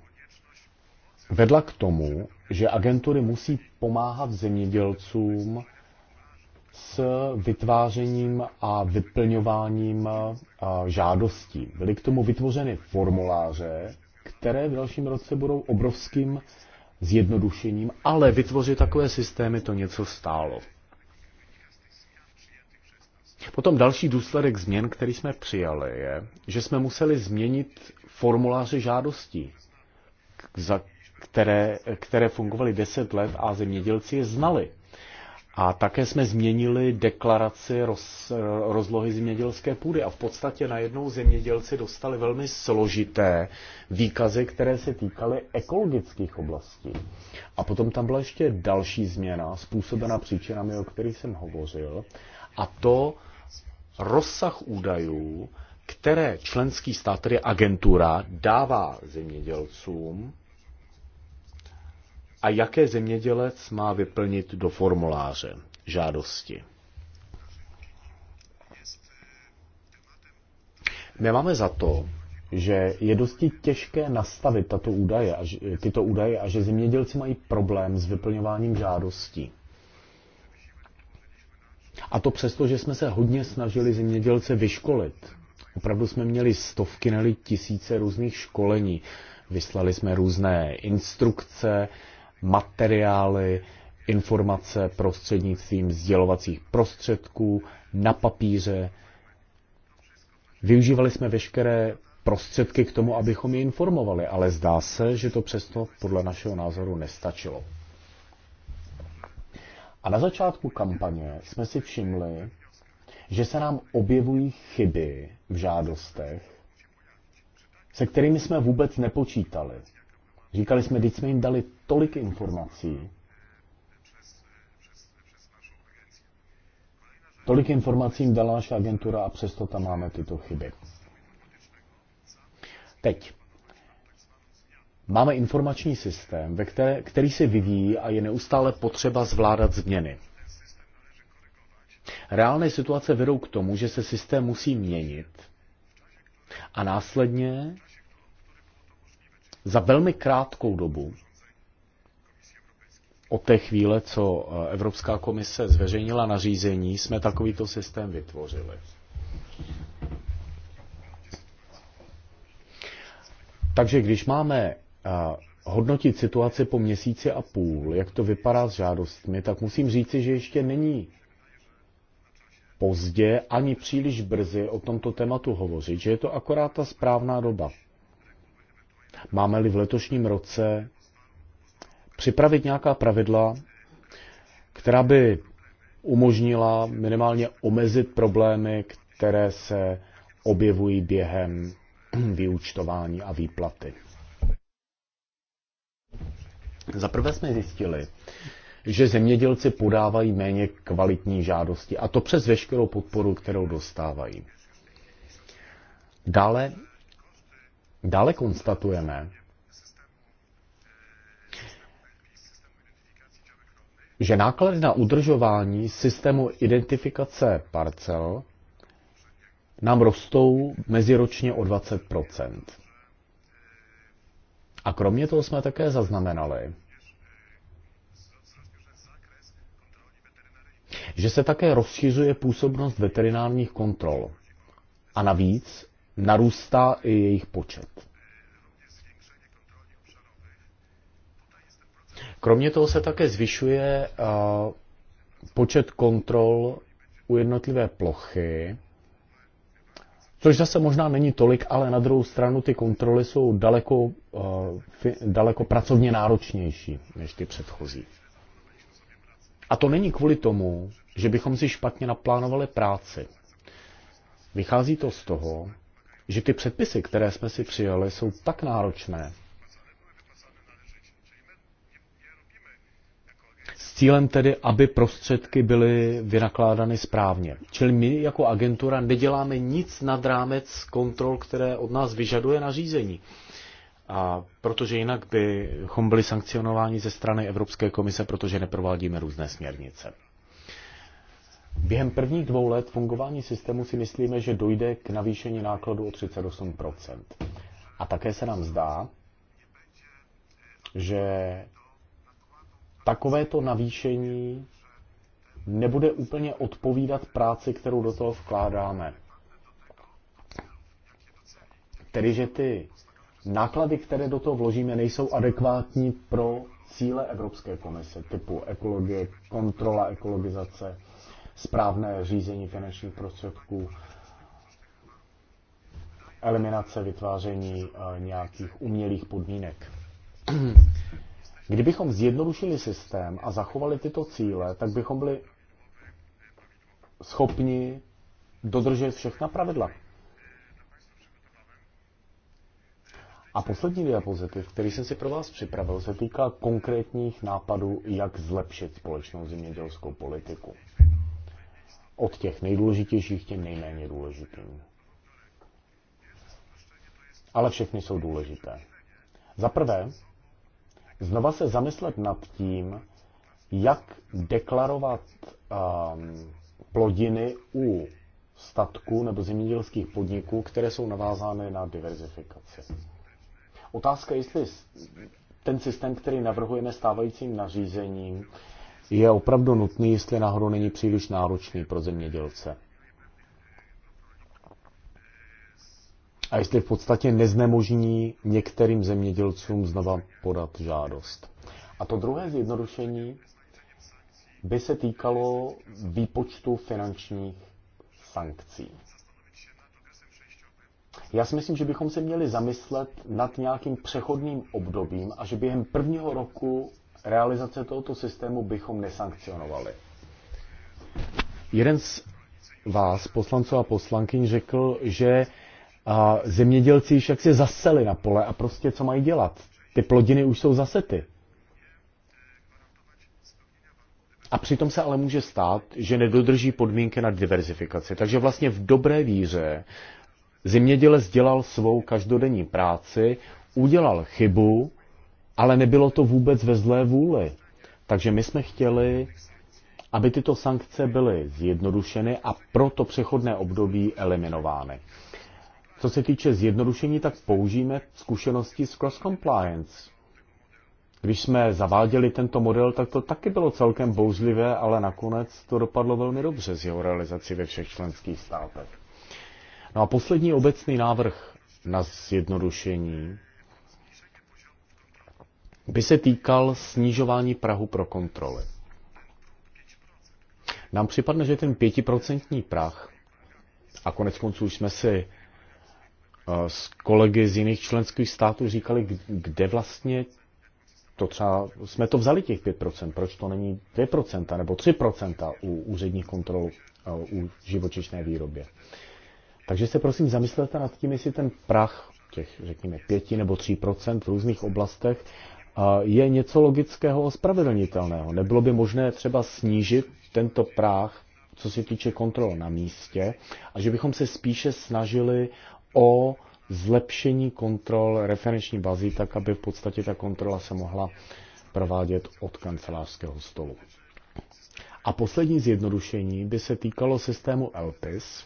vedla k tomu, že agentury musí pomáhat zemědělcům s vytvářením a vyplňováním žádostí. Byly k tomu vytvořeny formuláře, které v dalším roce budou obrovským zjednodušením, ale vytvořit takové systémy to něco stálo. Potom další důsledek změn, který jsme přijali, je, že jsme museli změnit formuláře žádostí, za které, které fungovaly 10 let a zemědělci je znali. A také jsme změnili deklaraci roz, rozlohy zemědělské půdy a v podstatě najednou zemědělci dostali velmi složité výkazy, které se týkaly ekologických oblastí. A potom tam byla ještě další změna, způsobená příčinami, o kterých jsem hovořil, a to rozsah údajů, které členský stát, tedy agentura, dává zemědělcům a jaké zemědělec má vyplnit do formuláře žádosti. My máme za to, že je dosti těžké nastavit tato údaje, a tyto údaje a že zemědělci mají problém s vyplňováním žádostí. A to přesto, že jsme se hodně snažili zemědělce vyškolit. Opravdu jsme měli stovky, neli tisíce různých školení. Vyslali jsme různé instrukce, materiály, informace prostřednictvím sdělovacích prostředků, na papíře. Využívali jsme veškeré prostředky k tomu, abychom je informovali, ale zdá se, že to přesto podle našeho názoru nestačilo. A na začátku kampaně jsme si všimli, že se nám objevují chyby v žádostech, se kterými jsme vůbec nepočítali. Říkali jsme, když jsme jim dali tolik informací, tolik informací jim dala naše agentura a přesto tam máme tyto chyby. Teď. Máme informační systém, ve které, který se vyvíjí a je neustále potřeba zvládat změny. Reálné situace vedou k tomu, že se systém musí měnit a následně za velmi krátkou dobu od té chvíle, co eh, Evropská komise zveřejnila nařízení, jsme takovýto systém vytvořili. Takže když máme eh, hodnotit situaci po měsíci a půl, jak to vypadá s žádostmi, tak musím říci, že ještě není pozdě ani příliš brzy o tomto tématu hovořit, že je to akorát ta správná doba. Máme-li v letošním roce připravit nějaká pravidla, která by umožnila minimálně omezit problémy, které se objevují během vyúčtování a výplaty. Za prvé jsme zjistili, že zemědělci podávají méně kvalitní žádosti. A to přes veškerou podporu, kterou dostávají. Dále, dále konstatujeme, že náklady na udržování systému identifikace parcel nám rostou meziročně o 20 A kromě toho jsme také zaznamenali, že se také rozšiřuje působnost veterinárních kontrol a navíc narůstá i jejich počet. Kromě toho se také zvyšuje počet kontrol u jednotlivé plochy, což zase možná není tolik, ale na druhou stranu ty kontroly jsou daleko, daleko pracovně náročnější než ty předchozí. A to není kvůli tomu, že bychom si špatně naplánovali práci. Vychází to z toho, že ty předpisy, které jsme si přijali, jsou tak náročné, s cílem tedy, aby prostředky byly vynakládány správně. Čili my jako agentura neděláme nic nad rámec kontrol, které od nás vyžaduje nařízení a protože jinak bychom byli sankcionováni ze strany Evropské komise, protože neprovádíme různé směrnice. Během prvních dvou let fungování systému si myslíme, že dojde k navýšení nákladů o 38 A také se nám zdá, že takovéto navýšení nebude úplně odpovídat práci, kterou do toho vkládáme. Tedy, že ty náklady, které do toho vložíme, nejsou adekvátní pro cíle Evropské komise, typu ekologie, kontrola ekologizace, správné řízení finančních prostředků, eliminace vytváření eh, nějakých umělých podmínek. Kdybychom zjednodušili systém a zachovali tyto cíle, tak bychom byli schopni dodržet všechna pravidla. A poslední diapozitiv, který jsem si pro vás připravil, se týká konkrétních nápadů, jak zlepšit společnou zemědělskou politiku. Od těch nejdůležitějších těm nejméně důležitým. Ale všechny jsou důležité. Za prvé, znova se zamyslet nad tím, jak deklarovat um, plodiny u statků nebo zemědělských podniků, které jsou navázány na diverzifikaci. Otázka, jestli ten systém, který navrhujeme stávajícím nařízením, je opravdu nutný, jestli náhodou není příliš náročný pro zemědělce. A jestli v podstatě neznemožní některým zemědělcům znova podat žádost. A to druhé zjednodušení by se týkalo výpočtu finančních sankcí. Já si myslím, že bychom se měli zamyslet nad nějakým přechodným obdobím a že během prvního roku realizace tohoto systému bychom nesankcionovali. Jeden z vás, poslanců a poslankyň, řekl, že a zemědělci již se zaseli na pole a prostě co mají dělat. Ty plodiny už jsou zasety. A přitom se ale může stát, že nedodrží podmínky na diverzifikaci. Takže vlastně v dobré víře Zimědělec dělal svou každodenní práci, udělal chybu, ale nebylo to vůbec ve zlé vůli. Takže my jsme chtěli, aby tyto sankce byly zjednodušeny a proto přechodné období eliminovány. Co se týče zjednodušení, tak použijeme zkušenosti z cross compliance. Když jsme zaváděli tento model, tak to taky bylo celkem bouzlivé, ale nakonec to dopadlo velmi dobře s jeho realizací ve všech členských státech. No a poslední obecný návrh na zjednodušení by se týkal snižování Prahu pro kontroly. Nám připadne, že ten pětiprocentní prach, a konec konců jsme si eh, s kolegy z jiných členských států říkali, kde vlastně to třeba, jsme to vzali těch 5%, proč to není 2% nebo 3% u úředních kontrol eh, u živočišné výrobě. Takže se prosím zamyslete nad tím, jestli ten prach těch, řekněme, pěti nebo tří procent v různých oblastech je něco logického ospravedlnitelného. Nebylo by možné třeba snížit tento práh, co se týče kontrol na místě, a že bychom se spíše snažili o zlepšení kontrol referenční bazí, tak aby v podstatě ta kontrola se mohla provádět od kancelářského stolu. A poslední zjednodušení by se týkalo systému LPIS,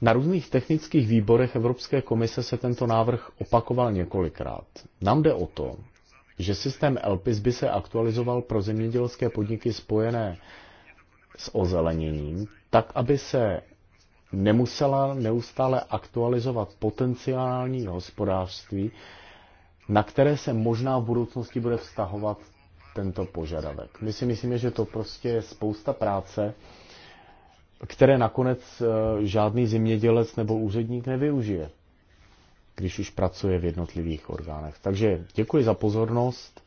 Na různých technických výborech Evropské komise se tento návrh opakoval několikrát. Nám jde o to, že systém LPIS by se aktualizoval pro zemědělské podniky spojené s ozeleněním, tak aby se nemusela neustále aktualizovat potenciální hospodářství, na které se možná v budoucnosti bude vztahovat tento požadavek. My si myslíme, že to prostě je spousta práce, které nakonec eh, žádný zemědělec nebo úředník nevyužije, když už pracuje v jednotlivých orgánech. Takže děkuji za pozornost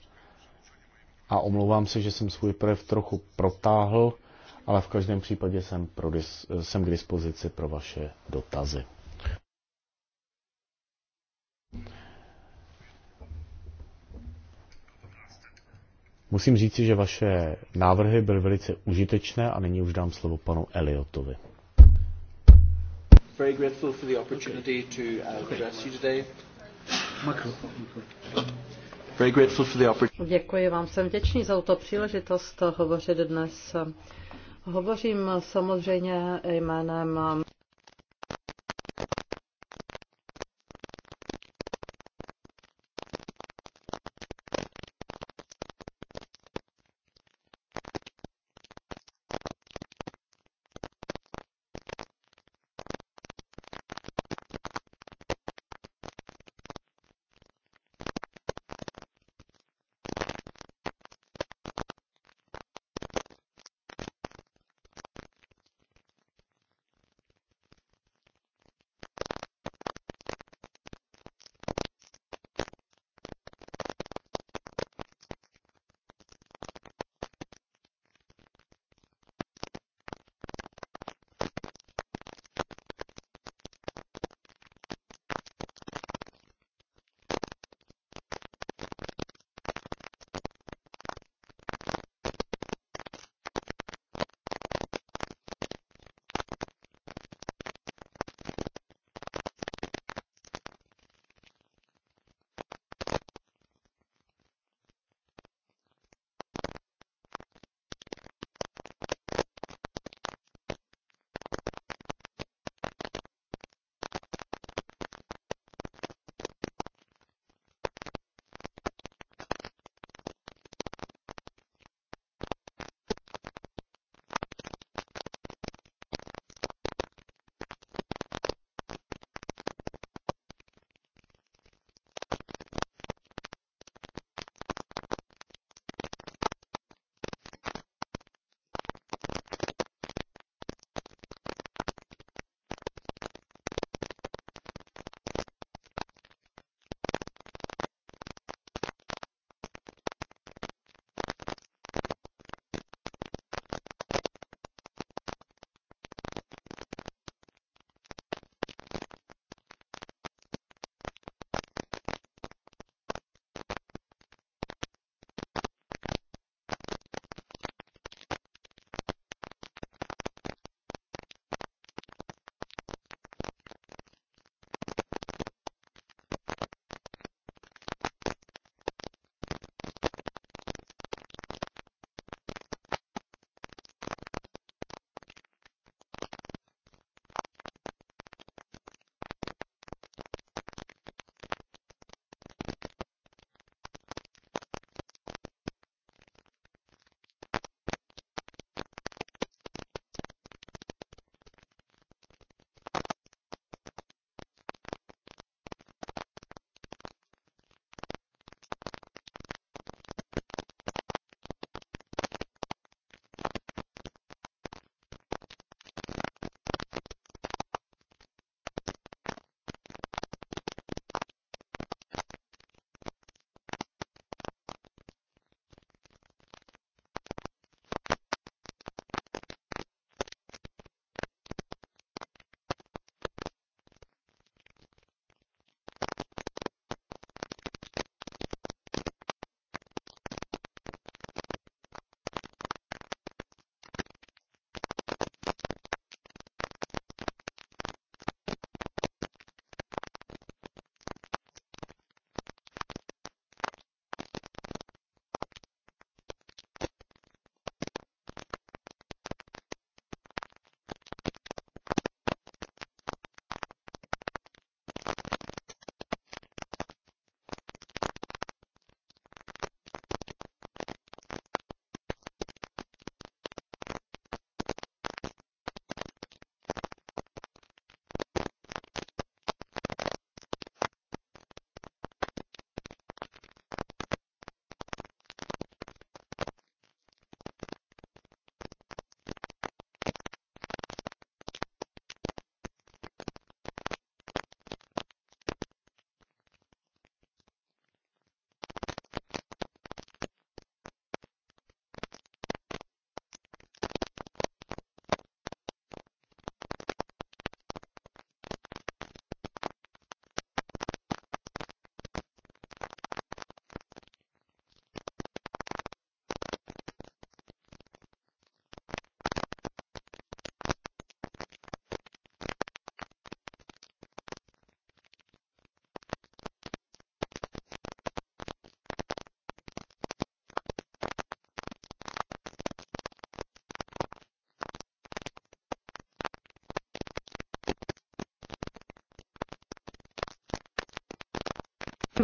a omlouvám se, že jsem svůj projev trochu protáhl, ale v každém případě jsem, pro, eh, jsem k dispozici pro vaše dotazy. Musím říci, že vaše návrhy byly velice užitečné a nyní už dám slovo panu Eliotovi. Very grateful for the opportunity to uh, address you today. Very grateful for the opportunity. Děkuji vám, jsem vděčný za tuto příležitost hovořit dnes. Hovořím samozřejmě jménem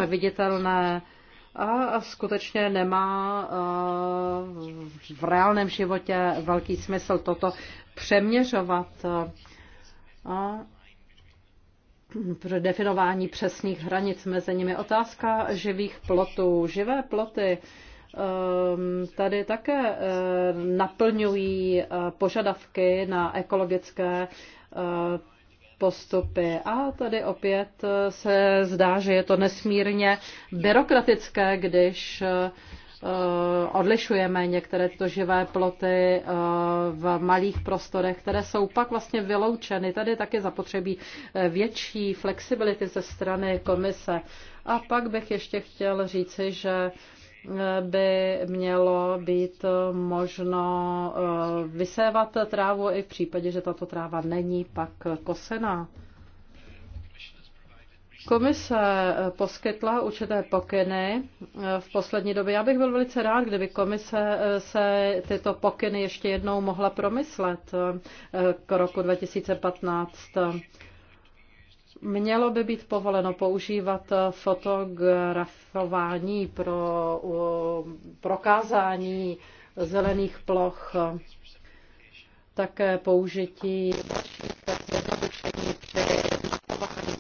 neviditelné a skutečně nemá v reálném životě velký smysl toto přeměřovat a pro definování přesných hranic mezi nimi. Otázka živých plotů. Živé ploty ehm, tady také eh, naplňují eh, požadavky na ekologické eh, postupy. A tady opět se zdá, že je to nesmírně byrokratické, když eh, odlišujeme některé tyto živé ploty eh, v malých prostorech, které jsou pak vlastně vyloučeny. Tady také zapotřebí eh, větší flexibility ze strany komise. A pak bych ještě chtěl říci, že by mělo být možno eh, vysévat trávu i v případě, že tato tráva není pak kosená. Komise eh, poskytla určité pokyny eh, v poslední době. Já bych byl velice rád, kdyby komise se tyto pokyny ještě jednou mohla promyslet k roku 2015. Mělo by být povoleno používat fotografování pro prokázání zelených ploch, také použití dalších při mapování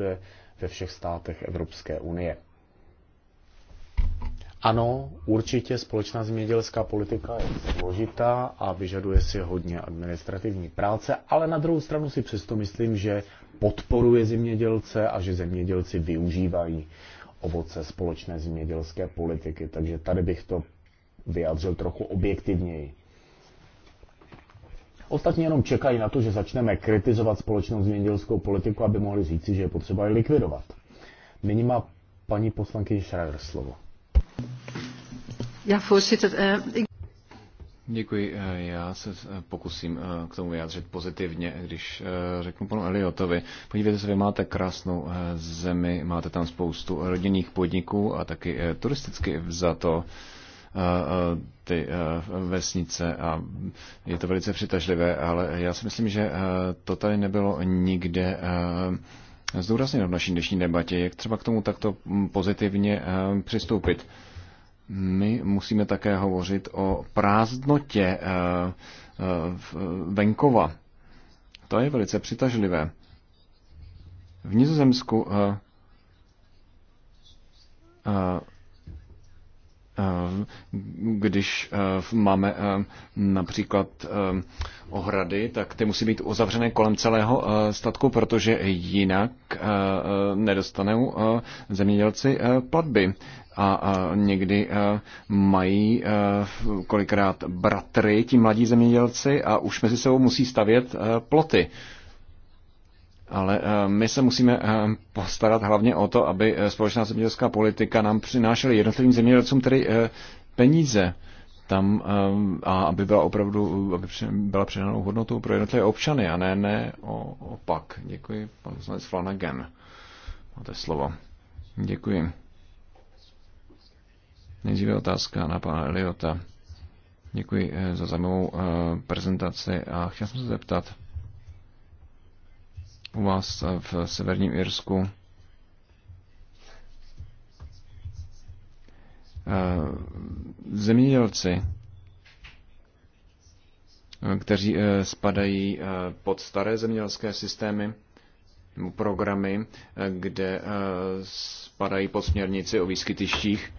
všude ve všech státech Evropské unie. Ano, určitě společná zemědělská politika je složitá a vyžaduje si hodně administrativní práce, ale na druhou stranu si přesto myslím, že podporuje zemědělce a že zemědělci využívají ovoce společné zemědělské politiky, takže tady bych to vyjádřil trochu objektivněji. Ostatní jenom čekají na to, že začneme kritizovat společnou zemědělskou politiku, aby mohli říci, že je potřeba ji likvidovat. Nyní má paní poslankyně Schreier slovo. Já eh, Děkuji. Eh, já se eh, pokusím k tomu vyjádřit pozitivně, když řeknu panu Eliotovi. Podívejte se, vy máte krásnou zemi, máte tam spoustu rodinných podniků a taky turisticky za to Eh, eh, ty eh, vesnice a je to velice přitažlivé, ale já si myslím, že to tady nebylo nikde zdůrazněno v naší dnešní debatě, jak třeba k tomu takto pozitivně přistoupit. My musíme také hovořit o prázdnotě venkova. To je velice přitažlivé. V Nizozemsku Eh, když eh, máme eh, například ohrady, tak ty musí být uzavřené kolem celého statku, protože jinak nedostanou zemědělci platby. A někdy mají kolikrát bratry, ti mladí zemědělci, a už mezi sebou musí stavět ploty. Ale eh, my se musíme eh, postarat hlavně o to, aby eh, společná zemědělská politika nám přinášela jednotlivým zemědělcům tedy peníze tam a aby byla opravdu aby byla přidanou hodnotou pro jednotlivé občany a ne, ne o, opak. Děkuji, pan poslanec Flanagan. Máte slovo. Děkuji. Nejdříve otázka na pana Eliota. Děkuji za zajímavou prezentaci a chtěl jsem se zeptat, u vás eh, v severním Irsku. Eh, zemědělci, eh, kteří spadají pod staré zemědělské systémy, programy, kde spadají pod směrnici o výskytištích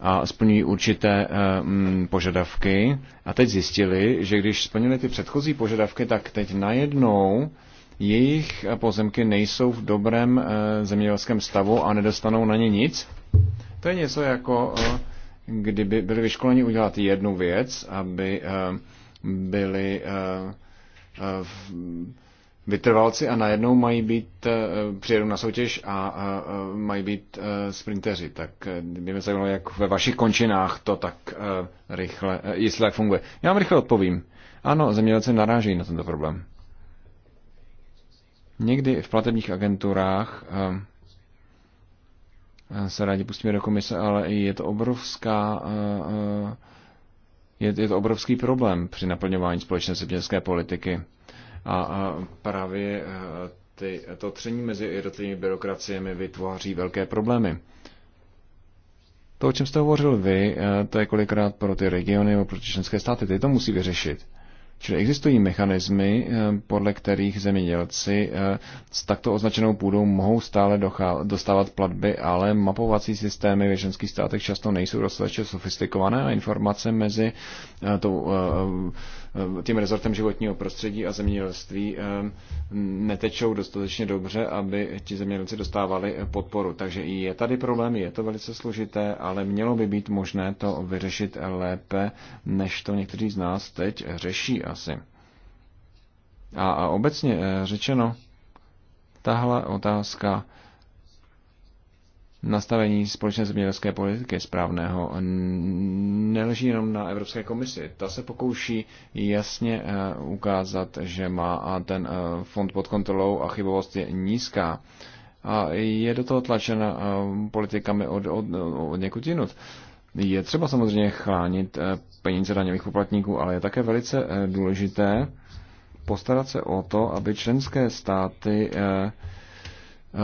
a splňují určité mm, požadavky. A teď zjistili, že když splnili ty předchozí požadavky, tak teď najednou jejich pozemky nejsou v dobrém eh, zemědělském stavu a nedostanou na ně nic? To je něco jako, eh, kdyby byli vyškoleni udělat jednu věc, aby eh, byli vytrvalci a najednou mají být, přijedou na soutěž a mají být sprinteři. Tak by mě zajímalo, jak ve vašich končinách to tak rychle, jestli tak funguje. Já vám rychle odpovím. Ano, zemědělci naráží na tento problém. Někdy v platebních agenturách eh, eh, se rádi pustíme do komise, ale je to obrovská eh, je, je to obrovský problém při naplňování společné zemědělské politiky. A, a právě ty, to tření mezi jednotlivými byrokraciemi vytváří velké problémy. To, o čem jste hovořil vy, to je kolikrát pro ty regiony nebo pro ty členské státy. Ty to musí vyřešit. Čili existují mechanismy, eh, podle kterých zemědělci eh, s takto označenou půdou mohou stále dostávat platby, ale mapovací systémy v členských státech často nejsou dostatečně sofistikované a informace mezi eh, tou Eh, tím rezortem životního prostředí a zemědělství eh, netečou dostatečně dobře, aby ti zemědělci dostávali eh, podporu. Takže i je tady problém, je to velice složité, ale mělo by být možné to vyřešit lépe, než to někteří z nás teď řeší asi. A, a obecně řečeno, tahle otázka nastavení společné zemědělské politiky správného neleží jenom na Evropské komisi. Ta se pokouší jasně eh, ukázat, že má ten eh, fond pod kontrolou a chybovost je nízká. A je do toho tlačena eh, politikami od, od, od někud jinut. Je třeba samozřejmě chránit peníze daňových poplatníků, ale je také velice důležité postarat se o to, aby členské státy eh, Eh,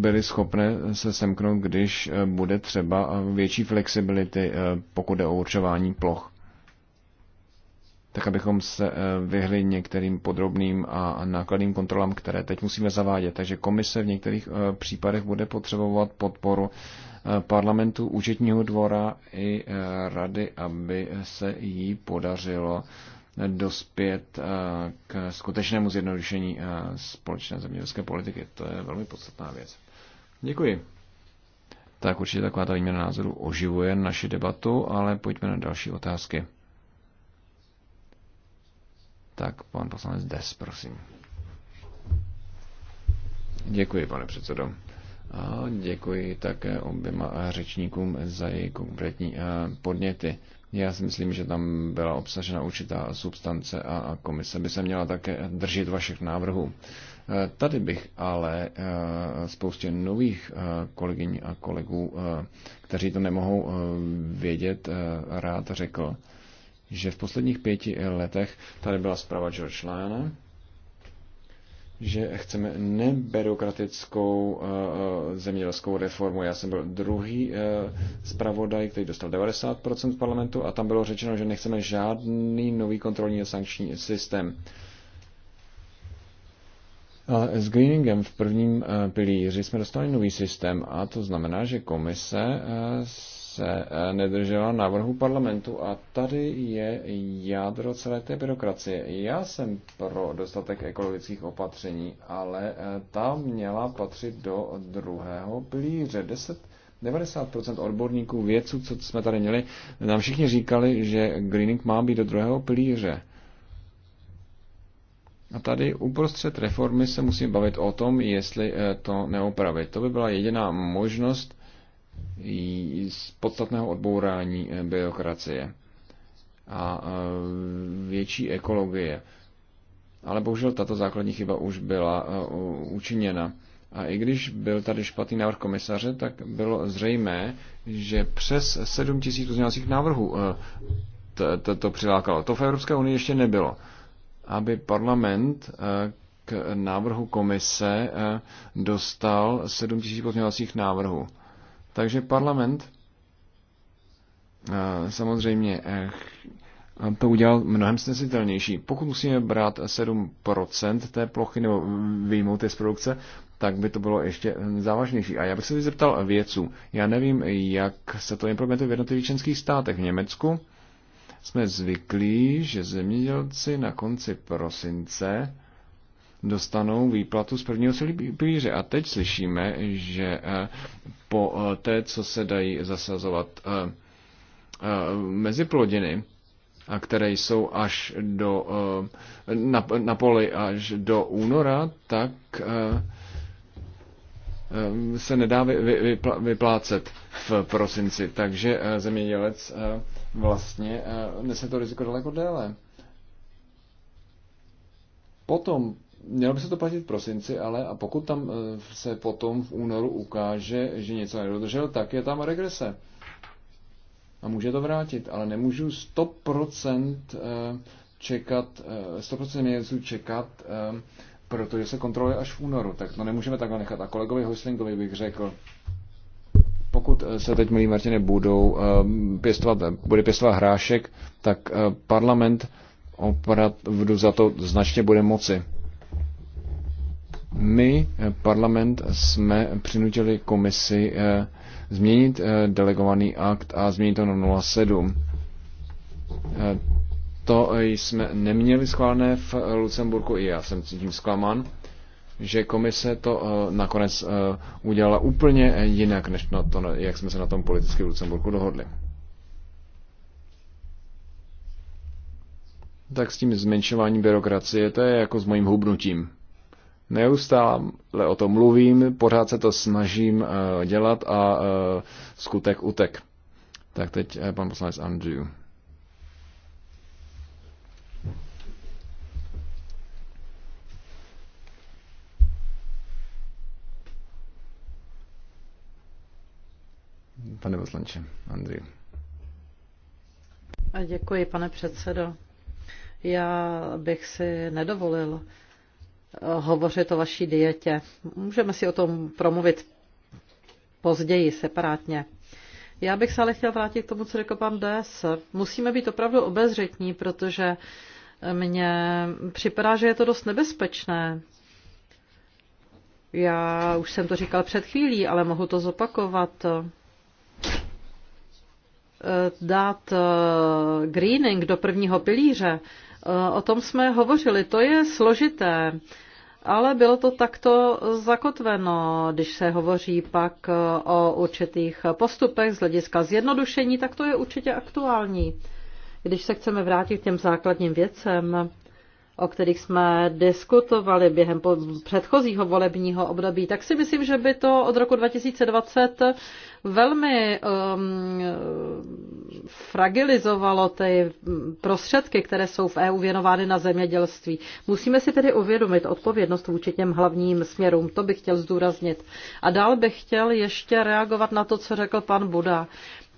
byly schopné se semknout, když eh, bude třeba eh, větší flexibility, pokud jde o určování ploch. Tak abychom se vyhli některým podrobným a nákladným kontrolám, které teď musíme zavádět. Takže komise v některých případech bude potřebovat podporu parlamentu, účetního dvora i rady, aby se jí podařilo dospět eh, k skutečnému zjednodušení eh, společné zemědělské politiky. To je velmi podstatná věc. Děkuji. Tak určitě taková ta výměna názoru oživuje naši debatu, ale pojďme na další otázky. Tak pan poslanec Des, prosím. Děkuji, pane předsedo. A děkuji také oběma řečníkům za jejich konkrétní eh, podněty. Já si myslím, že tam byla obsažena určitá substance a komise by se měla také držet vašich návrhů. E, tady bych ale e, spoustě nových e, kolegyň a kolegů, kteří to nemohou vědět, rád řekl, že v posledních pěti letech tady byla zpráva George Lyona, že chceme nebyrokratickou eh, eh, zemědělskou reformu. Já jsem byl druhý eh, zpravodaj, který dostal 90% parlamentu a tam bylo řečeno, že nechceme žádný nový kontrolní a sankční systém. Ale s greeningem v prvním pilíři jsme dostali nový systém a to znamená, že komise se eh, nedržela návrhu parlamentu a tady je jádro celé té byrokracie. Já jsem pro dostatek ekologických opatření, ale eh, ta měla patřit do druhého pilíře. 10 90% odborníků, vědců, co jsme tady měli, nám všichni říkali, že greening má být do druhého pilíře. A tady uprostřed reformy se musím bavit o tom, jestli eh, to neopravit. To by byla jediná možnost, z podstatného odbourání eh, byrokracie a eh, větší ekologie. Ale bohužel tato základní chyba už byla eh, učiněna. A i když byl tady špatný návrh komisaře, tak bylo zřejmé, že přes 7 tisíc pozměňovacích návrhů to přilákalo. To v Evropské unii ještě nebylo. Aby parlament k návrhu komise dostal 7 tisíc pozměňovacích návrhů. Takže parlament eh, samozřejmě eh, to udělal mnohem snesitelnější. Pokud musíme brát 7% té plochy nebo vyjmout je z produkce, tak by to bylo ještě závažnější. A já bych se zeptal věců. Já nevím, jak se to implementuje v jednotlivých členských státech. V Německu jsme zvyklí, že zemědělci na konci prosince dostanou výplatu z prvního pilíře. A teď slyšíme, že eh, po eh, té, co se dají zasazovat eh, mezi plodiny, a které jsou až do, na, na poli až do února, tak se nedá vy, vy, vyplácet v prosinci. Takže zemědělec vlastně nese to riziko daleko déle. Potom Mělo by se to platit v prosinci, ale a pokud tam e, se potom v únoru ukáže, že něco nedodržel, tak je tam regrese. A může to vrátit, ale nemůžu 100% e, čekat, 100% e, měsíců čekat, protože se kontroluje až v únoru. Tak to nemůžeme takhle nechat. A kolegovi Hoslingovi bych řekl, pokud se teď, milí Martine, budou pěstovat, bude pěstovat hrášek, tak parlament opravdu za to značně bude moci. My, eh, parlament, jsme přinutili komisi eh, změnit eh, delegovaný akt a změnit to na 07. To jsme neměli schválené v Lucemburku, i já jsem tím zklaman, že komise to nakonec udělala úplně jinak, než na to, jak jsme se na tom politicky v Lucemburku dohodli. Tak s tím zmenšováním byrokracie, to je jako s mojím hubnutím. Neustále o tom mluvím, pořád se to snažím eh, dělat a eh, skutek utek. Tak teď eh, pan poslanec Andrew. Pane poslanče, Andrew. Děkuji, pane předsedo. Já bych si nedovolil hovořit o vaší dietě. Můžeme si o tom promluvit později, separátně. Já bych se ale chtěl vrátit k tomu, co řekl pan DS. Musíme být opravdu obezřetní, protože mně připadá, že je to dost nebezpečné. Já už jsem to říkal před chvílí, ale mohu to zopakovat. Dát eh, greening do prvního pilíře, eh, o tom jsme hovořili, to je složité ale bylo to takto zakotveno. Když se hovoří pak eh, o určitých postupech z hlediska zjednodušení, tak to je určitě aktuální. Když se chceme vrátit k těm základním věcem, o kterých jsme diskutovali během předchozího volebního období, tak si myslím, že by to od roku 2020 velmi um, fragilizovalo ty prostředky, které jsou v EU věnovány na zemědělství. Musíme si tedy uvědomit odpovědnost vůči těm hlavním směrům. To bych chtěl zdůraznit. A dál bych chtěl ještě reagovat na to, co řekl pan Buda.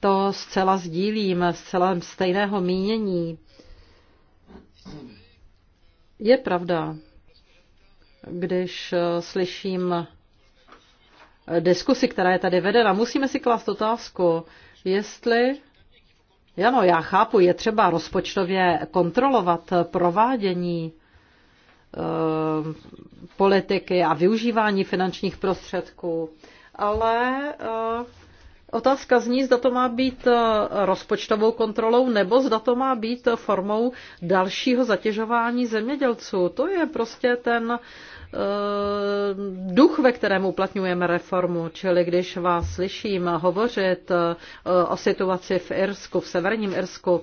To zcela sdílím, zcela stejného mínění. Je pravda, když eh, slyším eh, diskusi, která je tady vedena, musíme si klást otázku, jestli Jano, já chápu, je třeba rozpočtově kontrolovat provádění eh, politiky a využívání finančních prostředků, ale eh, otázka zní, zda to má být eh, rozpočtovou kontrolou nebo zda to má být formou dalšího zatěžování zemědělců. To je prostě ten Eh, duch, ve kterém uplatňujeme reformu, čili když vás slyším hovořit eh, o situaci v Irsku, v severním Irsku,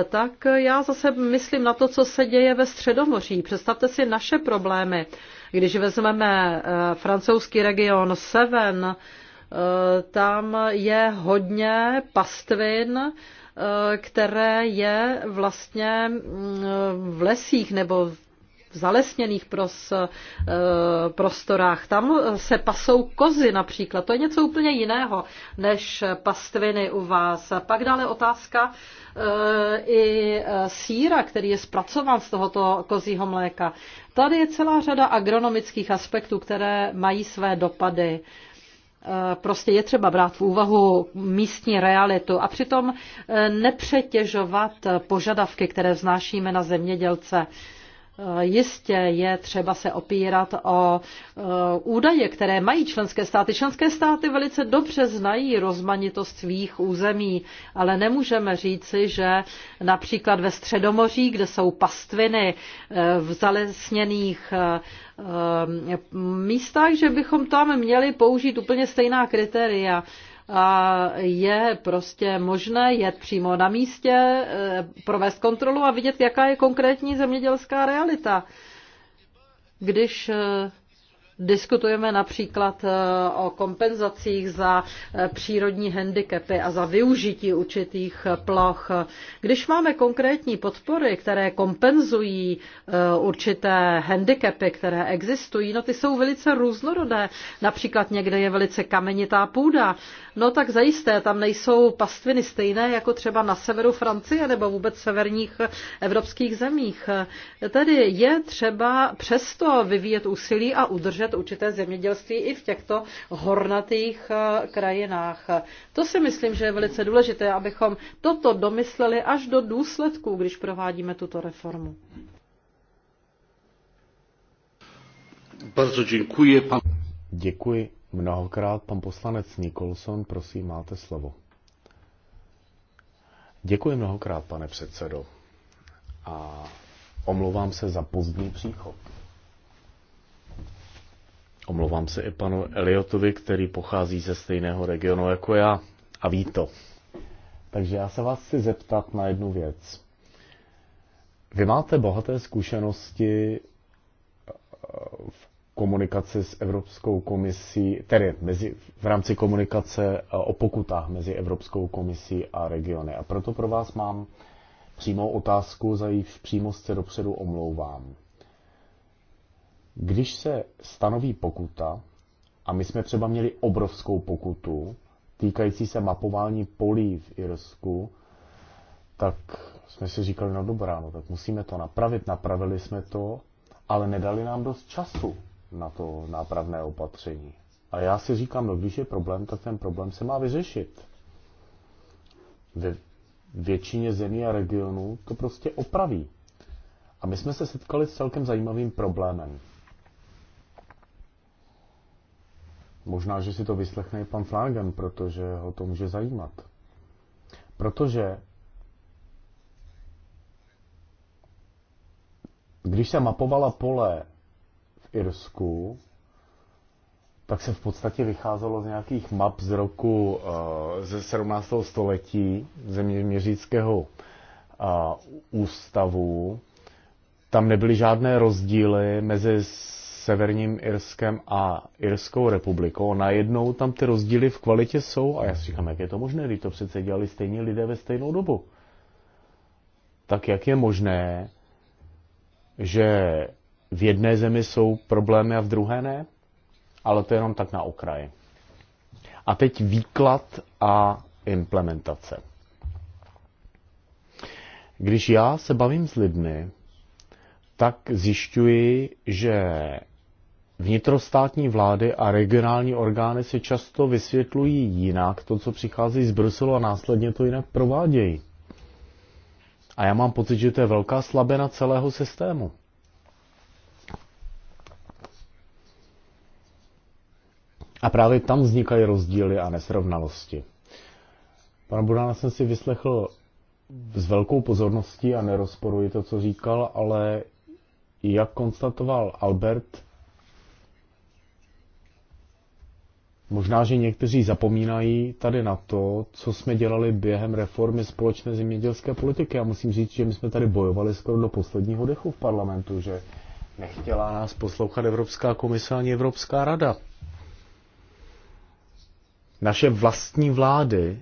eh, tak já zase myslím na to, co se děje ve Středomoří. Představte si naše problémy. Když vezmeme francouzský region Seven, tam je hodně pastvin, které je vlastně mm, v lesích nebo v zalesněných pros, eh, prostorách. Tam se pasou kozy například. To je něco úplně jiného než pastviny u vás. Pak dále otázka eh, i eh, síra, který je zpracován z tohoto kozího mléka. Tady je celá řada agronomických aspektů, které mají své dopady prostě je třeba brát v úvahu místní realitu a přitom nepřetěžovat požadavky, které vznášíme na zemědělce. Eh, jistě je třeba se opírat o eh, údaje, které mají členské státy. Členské státy velice dobře znají rozmanitost svých území, ale nemůžeme říci, že například ve Středomoří, kde jsou pastviny eh, v zalesněných místách, že bychom tam měli použít úplně stejná kritéria a je prostě možné jet přímo na místě, eh, provést kontrolu a vidět, jaká je konkrétní zemědělská realita. Když eh, Diskutujeme například eh, o kompenzacích za eh, přírodní handicapy a za využití určitých ploch. Když máme konkrétní podpory, které kompenzují eh, určité handicapy, které existují, no ty jsou velice různorodé. Například někde je velice kamenitá půda. No tak zajisté, tam nejsou pastviny stejné jako třeba na severu Francie nebo vůbec severních evropských zemích. Tedy je třeba přesto vyvíjet úsilí a udržet udržet určité zemědělství i v těchto hornatých eh, krajinách. To si myslím, že je velice důležité, abychom toto domysleli až do důsledků, když provádíme tuto reformu. Bardzo děkuji. Pan... Děkuji mnohokrát. Pan poslanec Nikolson, prosím, máte slovo. Děkuji mnohokrát, pane předsedo. A omlouvám se za pozdní příchod. Omlouvám se i panu Eliotovi, který pochází ze stejného regionu jako já a ví to. Takže já se vás chci zeptat na jednu věc. Vy máte bohaté zkušenosti eh, v komunikaci s Evropskou komisí, tedy mezi, v rámci komunikace o pokutách mezi Evropskou komisí a regiony. A proto pro vás mám přímou otázku, za již přímo se dopředu omlouvám. Když se stanoví pokuta, a my jsme třeba měli obrovskou pokutu týkající se mapování polí v Irsku, tak jsme si říkali, no dobrá, no tak musíme to napravit, napravili jsme to, ale nedali nám dost času na to nápravné opatření. A já si říkám, no když je problém, tak ten problém se má vyřešit. Ve většině zemí a regionů to prostě opraví. A my jsme se setkali s celkem zajímavým problémem. Možná, že si to vyslechne i pan Flanagan, protože ho to může zajímat. Protože když se mapovala pole v Irsku, tak se v podstatě vycházelo z nějakých map z roku eh, ze 17. století zeměměřického eh, ústavu. Tam nebyly žádné rozdíly mezi Severním Irskem a Irskou republikou, najednou tam ty rozdíly v kvalitě jsou a já si říkám, jak je to možné, když to přece dělali stejní lidé ve stejnou dobu. Tak jak je možné, že v jedné zemi jsou problémy a v druhé ne? Ale to je jenom tak na okraji. A teď výklad a implementace. Když já se bavím s lidmi, tak zjišťuji, že Vnitrostátní vlády a regionální orgány si často vysvětlují jinak to, co přichází z Bruselu a následně to jinak provádějí. A já mám pocit, že to je velká slabina celého systému. A právě tam vznikají rozdíly a nesrovnalosti. Pana Budána jsem si vyslechl s velkou pozorností a nerozporuji to, co říkal, ale jak konstatoval Albert, Možná, že někteří zapomínají tady na to, co jsme dělali během reformy společné zemědělské politiky. Já musím říct, že my jsme tady bojovali skoro do posledního dechu v parlamentu, že nechtěla nás poslouchat Evropská komise ani Evropská rada. Naše vlastní vlády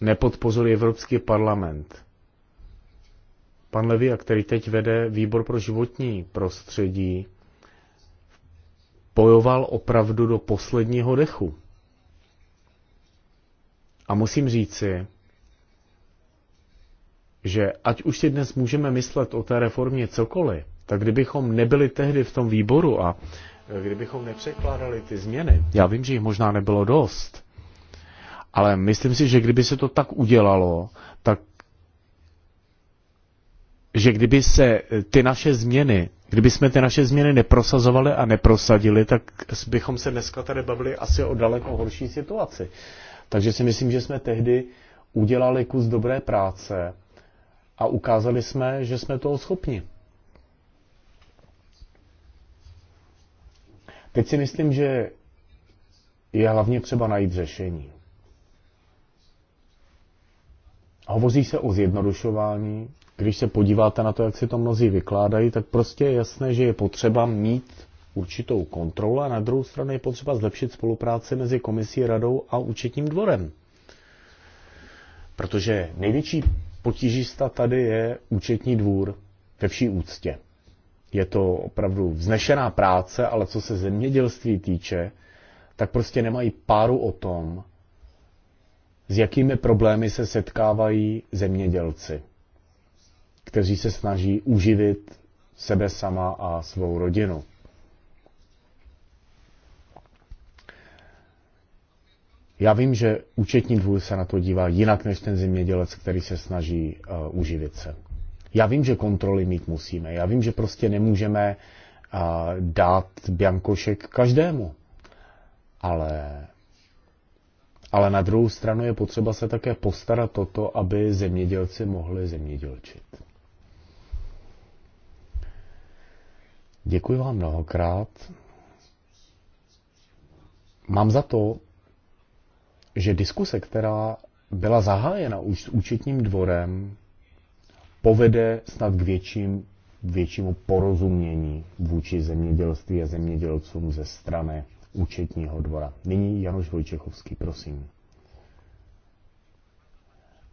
nepodpořily Evropský parlament. Pan Levia, který teď vede výbor pro životní prostředí, bojoval opravdu do posledního dechu. A musím říci, že ať už si dnes můžeme myslet o té reformě cokoliv, tak kdybychom nebyli tehdy v tom výboru a eh, kdybychom nepřekládali ty změny, já vím, že jich možná nebylo dost, ale myslím si, že kdyby se to tak udělalo, tak že kdyby se eh, ty naše změny Kdyby jsme ty naše změny neprosazovali a neprosadili, tak bychom se dneska tady bavili asi o daleko horší situaci. Takže si myslím, že jsme tehdy udělali kus dobré práce a ukázali jsme, že jsme toho schopni. Teď si myslím, že je hlavně třeba najít řešení. Hovoří se o zjednodušování, když se podíváte na to, jak si to mnozí vykládají, tak prostě je jasné, že je potřeba mít určitou kontrolu a na druhou stranu je potřeba zlepšit spolupráci mezi komisí, radou a účetním dvorem. Protože největší potížista tady je účetní dvůr ve vší úctě. Je to opravdu vznešená práce, ale co se zemědělství týče, tak prostě nemají páru o tom, s jakými problémy se setkávají zemědělci kteří se snaží uživit sebe sama a svou rodinu. Já vím, že účetní dvůr se na to dívá jinak než ten zemědělec, který se snaží uh, uživit se. Já vím, že kontroly mít musíme. Já vím, že prostě nemůžeme uh, dát biankošek každému. Ale, ale na druhou stranu je potřeba se také postarat o to, aby zemědělci mohli zemědělčit. Děkuji vám mnohokrát. Mám za to, že diskuse, která byla zahájena už s účetním dvorem, povede snad k větším, většímu porozumění vůči zemědělství a zemědělcům ze strany účetního dvora. Nyní Janoš Vojčechovský, prosím.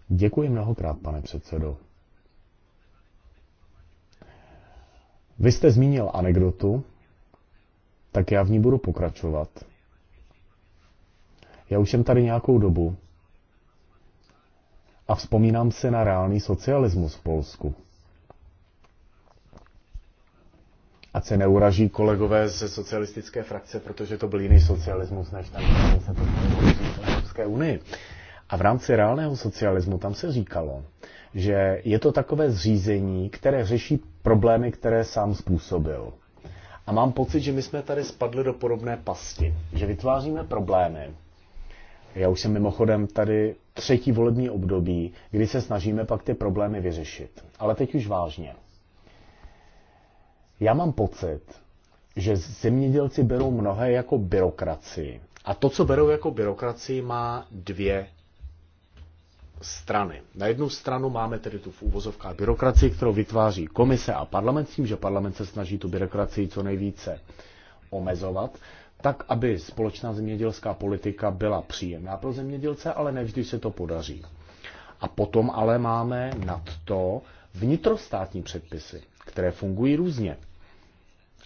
Děkuji mnohokrát, pane předsedo. Vy jste zmínil anekdotu, tak já v ní budu pokračovat. Já už jsem tady nějakou dobu a vzpomínám se na reálný socialismus v Polsku. A se neuraží kolegové ze socialistické frakce, protože to byl jiný socialismus než tam, se to v Evropské unii. A v rámci reálného socialismu tam se říkalo, že je to takové zřízení, které řeší problémy, které sám způsobil. A mám pocit, že my jsme tady spadli do podobné pasti, že vytváříme problémy. Já už jsem mimochodem tady třetí volební období, kdy se snažíme pak ty problémy vyřešit. Ale teď už vážně. Já mám pocit, že zemědělci berou mnohé jako byrokracii. A to, co berou jako byrokracii, má dvě strany. Na jednu stranu máme tedy tu v úvozovkách byrokracii, kterou vytváří komise a parlament s tím, že parlament se snaží tu byrokracii co nejvíce omezovat, tak aby společná zemědělská politika byla příjemná pro zemědělce, ale nevždy se to podaří. A potom ale máme nad to vnitrostátní předpisy, které fungují různě.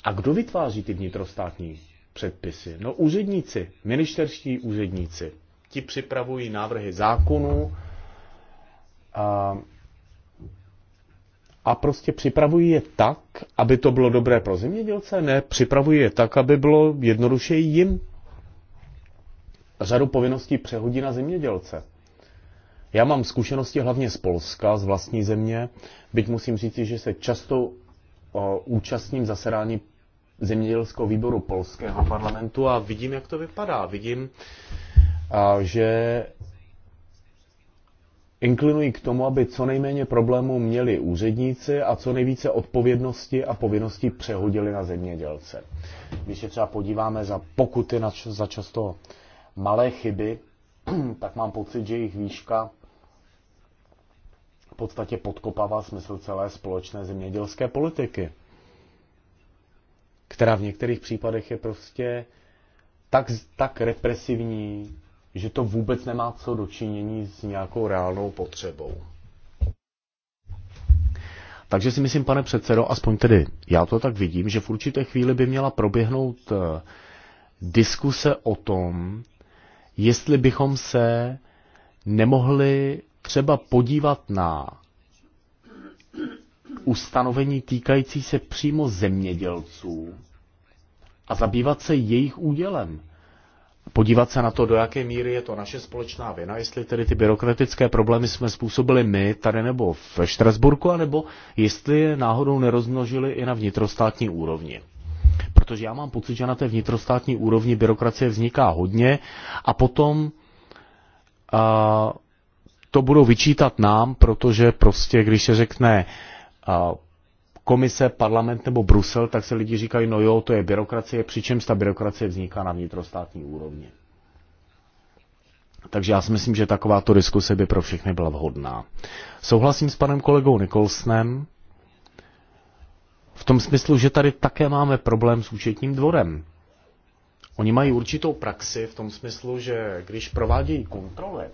A kdo vytváří ty vnitrostátní předpisy? No úředníci, ministerští úředníci. Ti připravují návrhy zákonů, a, a prostě připravují je tak, aby to bylo dobré pro zemědělce, ne, připravují je tak, aby bylo jednodušeji jim. Řadu povinností přehodí na zemědělce. Já mám zkušenosti hlavně z Polska, z vlastní země, byť musím říct, že se často o, účastním zasedání zemědělského výboru polského parlamentu a vidím, jak to vypadá. Vidím, a, že inklinují k tomu, aby co nejméně problémů měli úředníci a co nejvíce odpovědnosti a povinností přehodili na zemědělce. Když se třeba podíváme za pokuty na, za často malé chyby, tak mám pocit, že jejich výška v podstatě podkopává smysl celé společné zemědělské politiky, která v některých případech je prostě tak, tak represivní, že to vůbec nemá co dočinění s nějakou reálnou potřebou. Takže si myslím, pane předsedo, aspoň tedy já to tak vidím, že v určité chvíli by měla proběhnout eh, diskuse o tom, jestli bychom se nemohli třeba podívat na ustanovení týkající se přímo zemědělců a zabývat se jejich údělem podívat se na to, do jaké míry je to naše společná vina, jestli tedy ty byrokratické problémy jsme způsobili my tady nebo ve Štrasburku, anebo jestli je náhodou nerozmnožili i na vnitrostátní úrovni. Protože já mám pocit, že na té vnitrostátní úrovni byrokracie vzniká hodně a potom a, to budou vyčítat nám, protože prostě když se řekne a, komise, parlament nebo Brusel, tak se lidi říkají, no jo, to je byrokracie, přičemž ta byrokracie vzniká na vnitrostátní úrovni. Takže já si myslím, že takováto diskuse by pro všechny byla vhodná. Souhlasím s panem kolegou Nikolsnem v tom smyslu, že tady také máme problém s účetním dvorem. Oni mají určitou praxi v tom smyslu, že když provádějí kontroly,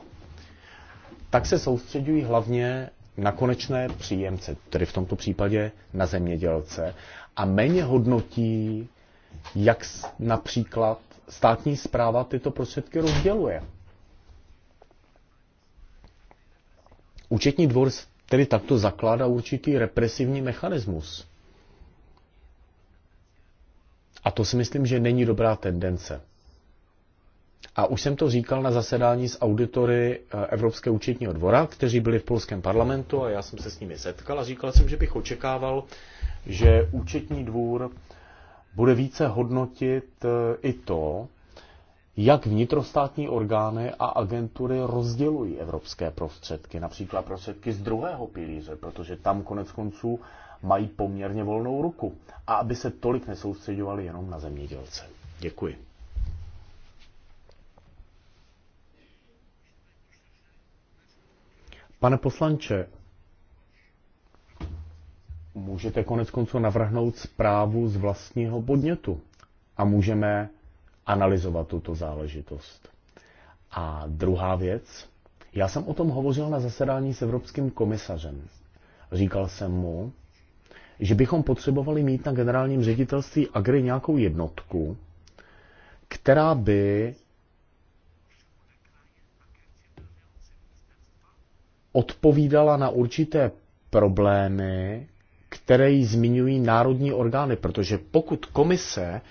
tak se soustředují hlavně na konečné příjemce, tedy v tomto případě na zemědělce, a méně hodnotí, jak například státní zpráva tyto prostředky rozděluje. Účetní dvor tedy takto zakládá určitý represivní mechanismus. A to si myslím, že není dobrá tendence. A už jsem to říkal na zasedání s auditory eh, Evropské účetního dvora, kteří byli v polském parlamentu a já jsem se s nimi setkal a říkal jsem, že bych očekával, že účetní dvůr bude více hodnotit eh, i to, jak vnitrostátní orgány a agentury rozdělují evropské prostředky, například prostředky z druhého pilíře, protože tam konec konců mají poměrně volnou ruku. A aby se tolik nesoustředovali jenom na zemědělce. Děkuji. Pane poslanče, můžete konec konců navrhnout zprávu z vlastního podnětu a můžeme analyzovat tuto záležitost. A druhá věc, já jsem o tom hovořil na zasedání s evropským komisařem. Říkal jsem mu, že bychom potřebovali mít na generálním ředitelství Agri nějakou jednotku, která by odpovídala na určité problémy, které jí zmiňují národní orgány, protože pokud komise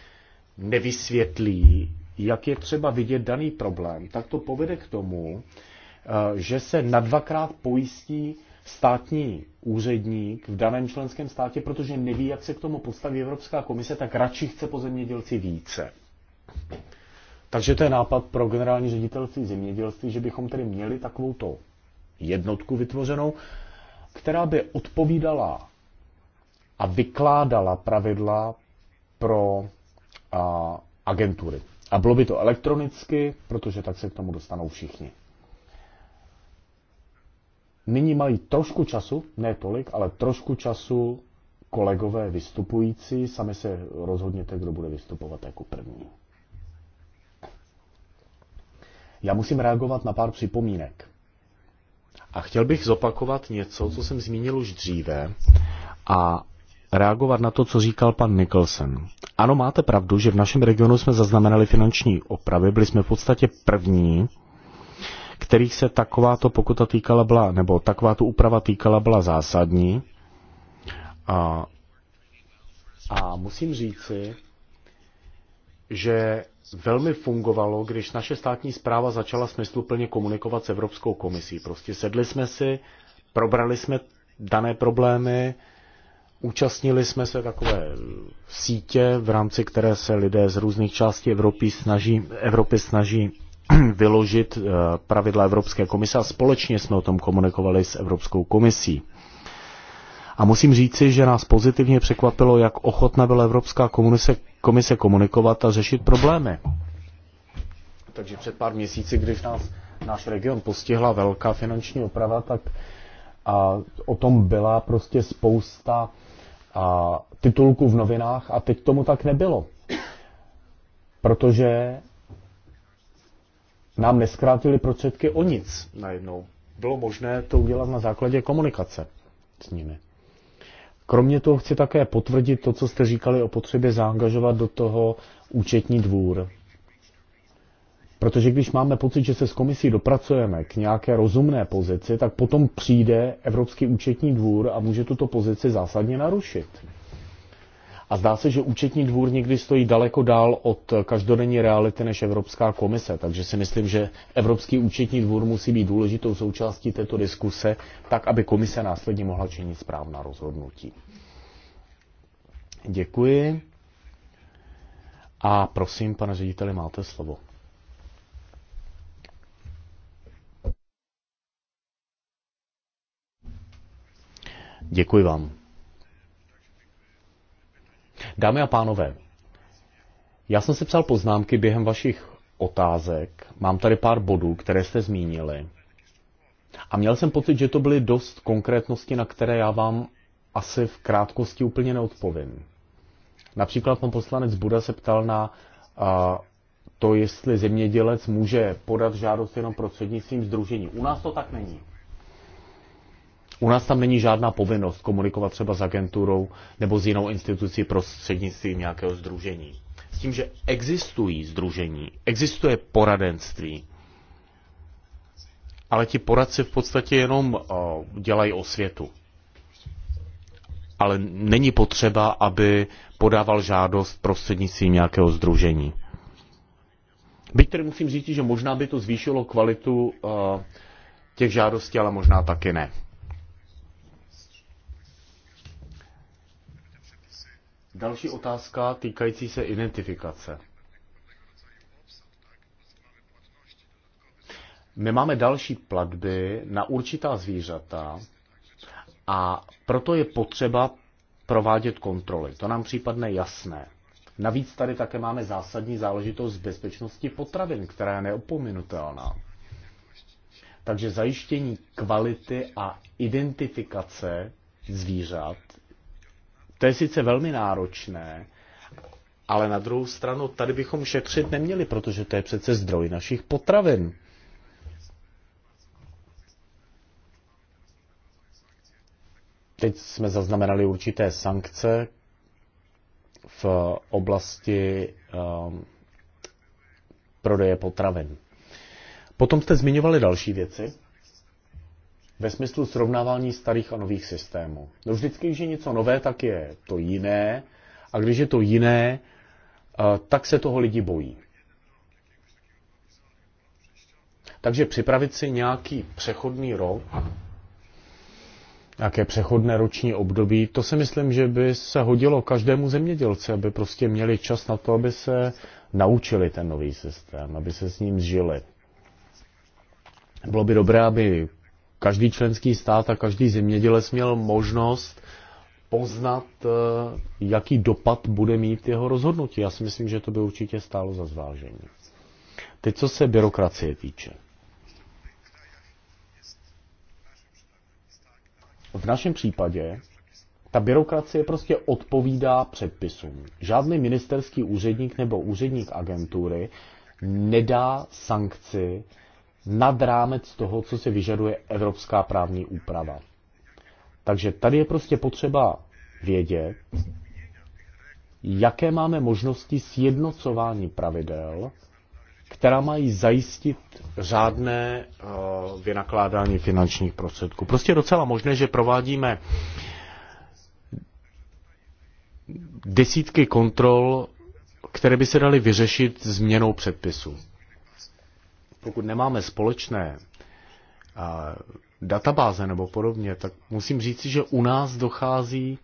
nevysvětlí, jak je třeba vidět daný problém, tak to povede k tomu, eh, že se na dvakrát pojistí státní úředník v daném členském státě, protože neví, jak se k tomu postaví Evropská komise, tak radši chce po zemědělci více. Takže to je nápad pro generální ředitelství zemědělství, že bychom tedy měli takovouto jednotku vytvořenou, která by odpovídala a vykládala pravidla pro a, agentury. A bylo by to elektronicky, protože tak se k tomu dostanou všichni. Nyní mají trošku času, ne tolik, ale trošku času kolegové vystupující. Sami se rozhodněte, kdo bude vystupovat jako první. Já musím reagovat na pár připomínek. A chtěl bych zopakovat něco, co jsem zmínil už dříve a reagovat na to, co říkal pan Nicholson. Ano, máte pravdu, že v našem regionu jsme zaznamenali finanční opravy, byli jsme v podstatě první, kterých se takováto pokuta týkala byla, nebo takováto úprava týkala byla zásadní. A, a musím říci, že velmi fungovalo, když naše státní zpráva začala smysluplně komunikovat s Evropskou komisí. Prostě sedli jsme si, probrali jsme dané problémy, účastnili jsme se takové sítě, v rámci které se lidé z různých částí Evropy snaží, Evropy snaží vyložit eh, pravidla Evropské komise a společně jsme o tom komunikovali s Evropskou komisí. A musím říci, že nás pozitivně překvapilo, jak ochotná byla Evropská komise, komise komunikovat a řešit problémy. Takže před pár měsíci, když nás náš region postihla velká finanční oprava, tak a, o tom byla prostě spousta a, titulků v novinách a teď tomu tak nebylo. Protože nám neskrátili prostředky o nic najednou. Bylo možné to udělat na základě komunikace s nimi. Kromě toho chci také potvrdit to, co jste říkali o potřebě zaangažovat do toho účetní dvůr. Protože když máme pocit, že se s komisí dopracujeme k nějaké rozumné pozici, tak potom přijde Evropský účetní dvůr a může tuto pozici zásadně narušit. A zdá se, že účetní dvůr někdy stojí daleko dál od každodenní reality než Evropská komise. Takže si myslím, že Evropský účetní dvůr musí být důležitou součástí této diskuse, tak aby komise následně mohla činit správná rozhodnutí. Děkuji. A prosím, pane řediteli, máte slovo. Děkuji vám. Dámy a pánové, já jsem si psal poznámky během vašich otázek. Mám tady pár bodů, které jste zmínili. A měl jsem pocit, že to byly dost konkrétnosti, na které já vám asi v krátkosti úplně neodpovím. Například pan poslanec Buda se ptal na a, to, jestli zemědělec může podat žádost jenom prostřednictvím združení. U nás to tak není. U nás tam není žádná povinnost komunikovat třeba s agenturou nebo s jinou institucí prostřednictvím nějakého združení. S tím, že existují združení, existuje poradenství, ale ti poradci v podstatě jenom eh, dělají osvětu. Ale není potřeba, aby podával žádost prostřednictvím nějakého združení. Byť tedy musím říct, že možná by to zvýšilo kvalitu eh, těch žádostí, ale možná taky ne. Další otázka týkající se identifikace. My máme další platby na určitá zvířata a proto je potřeba provádět kontroly. To nám případne jasné. Navíc tady také máme zásadní záležitost bezpečnosti potravin, která je neopominutelná. Takže zajištění kvality a identifikace zvířat to je sice velmi náročné, ale na druhou stranu tady bychom šetřit neměli, protože to je přece zdroj našich potravin. Teď jsme zaznamenali určité sankce v oblasti um, prodeje potravin. Potom jste zmiňovali další věci ve smyslu srovnávání starých a nových systémů. No vždycky, když je něco nové, tak je to jiné a když je to jiné, eh, tak se toho lidi bojí. Takže připravit si nějaký přechodný rok, nějaké přechodné roční období, to si myslím, že by se hodilo každému zemědělci, aby prostě měli čas na to, aby se naučili ten nový systém, aby se s ním žili. Bylo by dobré, aby každý členský stát a každý zemědělec měl možnost poznat, eh, jaký dopad bude mít jeho rozhodnutí. Já si myslím, že to by určitě stálo za zvážení. Teď, co se byrokracie týče. V našem případě ta byrokracie prostě odpovídá předpisům. Žádný ministerský úředník nebo úředník agentury nedá sankci nad rámec toho, co se vyžaduje evropská právní úprava. Takže tady je prostě potřeba vědět, jaké máme možnosti sjednocování pravidel, která mají zajistit řádné eh, vynakládání finančních prostředků. Prostě je docela možné, že provádíme desítky kontrol, které by se daly vyřešit změnou předpisu pokud nemáme společné databáze nebo podobně, tak musím říct, že u nás dochází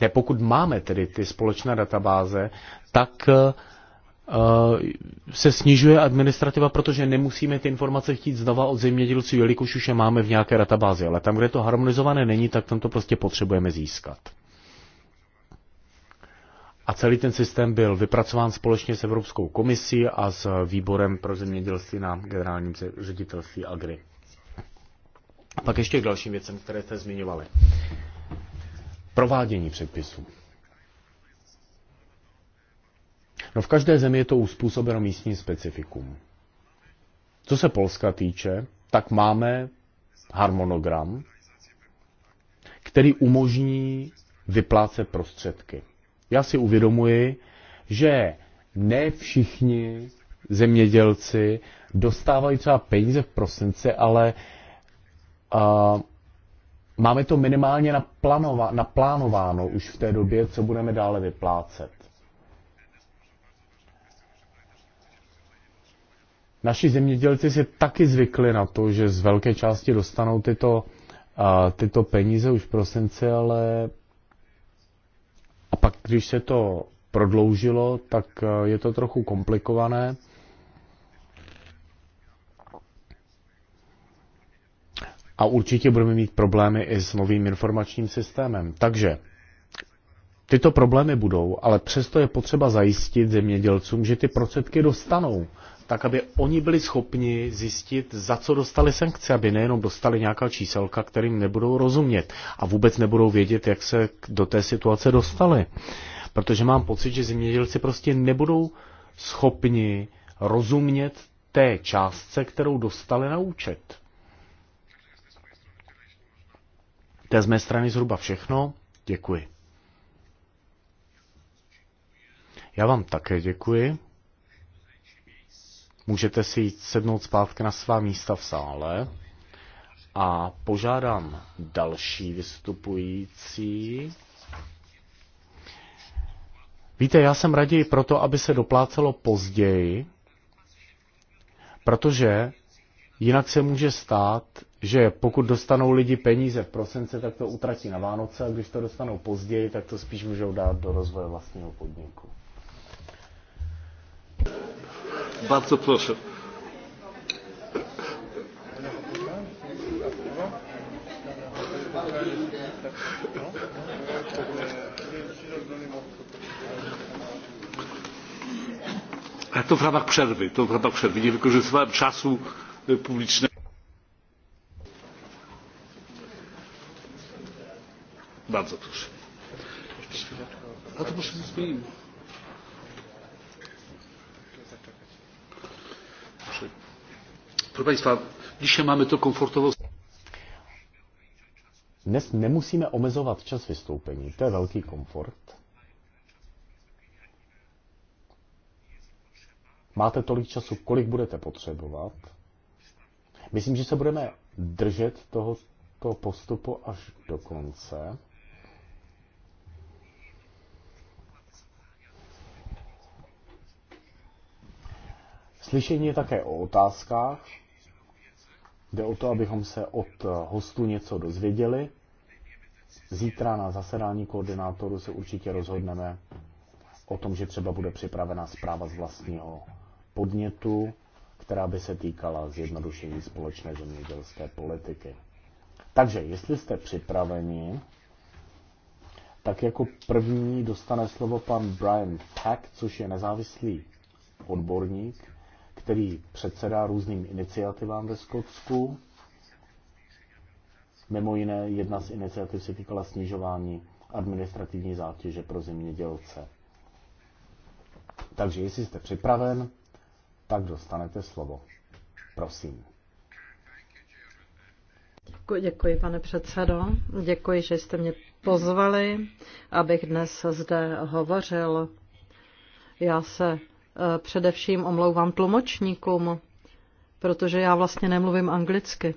ne, pokud máme tedy ty společné databáze, tak e, se snižuje administrativa, protože nemusíme ty informace chtít znova od zemědělců, jelikož už je máme v nějaké databázi. Ale tam, kde to harmonizované není, tak tam to prostě potřebujeme získat. A celý ten systém byl vypracován společně s Evropskou komisí a s výborem pro zemědělství na generálním ředitelství Agri. A pak ještě k dalším věcem, které jste zmiňovali. Provádění předpisů. No v každé zemi je to uspůsobeno místní specifikum. Co se Polska týče, tak máme harmonogram, který umožní vyplácet prostředky. Já si uvědomuji, že ne všichni zemědělci dostávají třeba peníze v prosinci, ale uh, máme to minimálně naplanova- naplánováno už v té době, co budeme dále vyplácet. Naši zemědělci si taky zvykli na to, že z velké části dostanou tyto, uh, tyto peníze už v prosinci, ale pak, když se to prodloužilo, tak eh, je to trochu komplikované. A určitě budeme mít problémy i s novým informačním systémem. Takže tyto problémy budou, ale přesto je potřeba zajistit zemědělcům, že ty prostředky dostanou, tak aby oni byli schopni zjistit, za co dostali sankce, aby nejenom dostali nějaká číselka, kterým nebudou rozumět a vůbec nebudou vědět, jak se do té situace dostali. Protože mám pocit, že zemědělci prostě nebudou schopni rozumět té částce, kterou dostali na účet. To je z mé strany zhruba všechno. Děkuji. Já vám také děkuji. Můžete si jít sednout zpátky na svá místa v sále a požádám další vystupující. Víte, já jsem raději proto, aby se doplácelo později, protože jinak se může stát, že pokud dostanou lidi peníze v prosince, tak to utratí na Vánoce a když to dostanou později, tak to spíš můžou dát do rozvoje vlastního podniku. Bardzo proszę. Ale to w ramach przerwy, to w ramach przerwy. Nie wykorzystywałem czasu e, publicznego. Bardzo proszę. A to proszę zmienić. Proszę Państwa, dzisiaj mamy to komfortową... Dnes nemusíme omezovat čas vystoupení, to je velký komfort. Máte tolik času, kolik budete potřebovat. Myslím, že se budeme držet tohoto postupu až do konce. Slyšení je také o otázkách, Jde o to, abychom se od eh, hostů něco dozvěděli. Zítra na zasedání koordinátoru se určitě rozhodneme o tom, že třeba bude připravena zpráva z vlastního podnětu, která by se týkala zjednodušení společné zemědělské politiky. Takže, jestli jste připraveni, tak jako první dostane slovo pan Brian Pack, což je nezávislý odborník který předsedá různým iniciativám ve Skotsku. Mimo jiné, jedna z iniciativ se týkala snižování administrativní zátěže pro zemědělce. Takže jestli jste připraven, tak dostanete slovo. Prosím. Děkuji, děkuji, pane předsedo. Děkuji, že jste mě pozvali, abych dnes zde hovořil. Já se Eh, především omlouvám tlumočníkům, protože já vlastně nemluvím anglicky.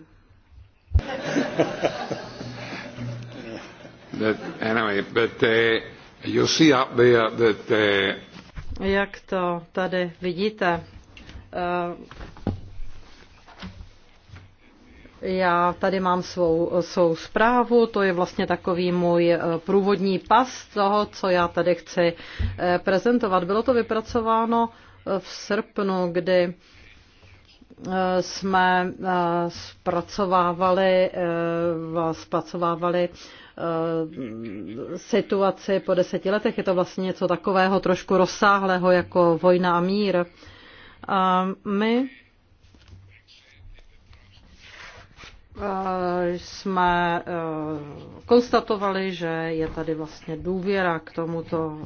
anyway, but, uh, you see up there that, uh... Jak to tady vidíte, já tady mám svou, svou zprávu, to je vlastně takový můj eh, průvodní pas toho, co já tady chci eh, prezentovat. Bylo to vypracováno eh, v srpnu, kdy jsme zpracovávali, zpracovávali situaci po deseti letech. Je to vlastně něco takového trošku rozsáhlého jako vojna a mír. A my Eh, jsme eh, konstatovali, že je tady vlastně důvěra k tomuto eh,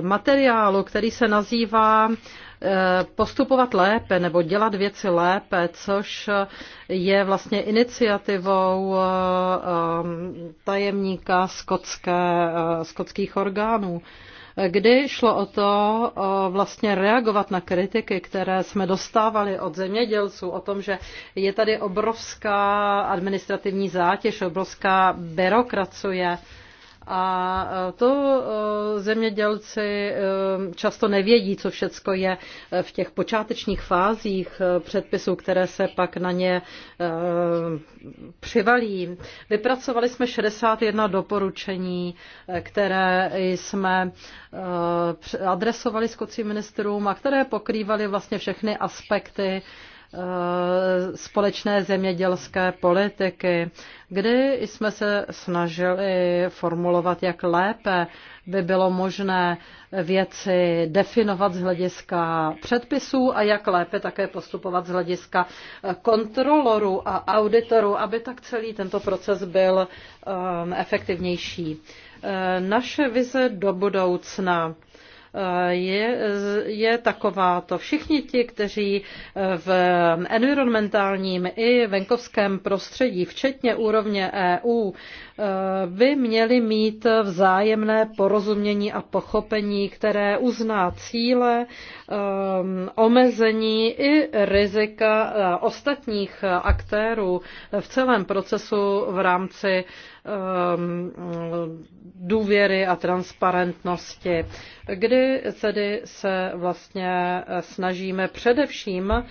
materiálu, který se nazývá postupovat lépe nebo dělat věci lépe, což je vlastně iniciativou tajemníka skotské, skotských orgánů kdy šlo o to vlastně reagovat na kritiky, které jsme dostávali od zemědělců o tom, že je tady obrovská administrativní zátěž, obrovská byrokracie a e, to e, zemědělci e, často nevědí, co všecko je v těch počátečních fázích předpisů, které se pak na ně přivalí. Vypracovali jsme 61 doporučení, které jsme adresovali skocím ministrům a které pokrývaly vlastně všechny aspekty Eh, společné zemědělské politiky, kdy jsme se snažili formulovat, jak lépe by bylo možné věci definovat z hlediska předpisů a jak lépe také postupovat z hlediska eh, kontrolorů a auditorů, aby tak celý tento proces byl eh, efektivnější. Naše vize do budoucna Eh, je, je to Všichni ti, kteří eh, v environmentálním i venkovském prostředí, včetně úrovně EU, eh, by měli mít vzájemné porozumění a pochopení, které uzná cíle, omezení i rizika ostatních aktérů v celém procesu v rámci Um, důvěry a transparentnosti, kdy tedy se vlastně snažíme především uh,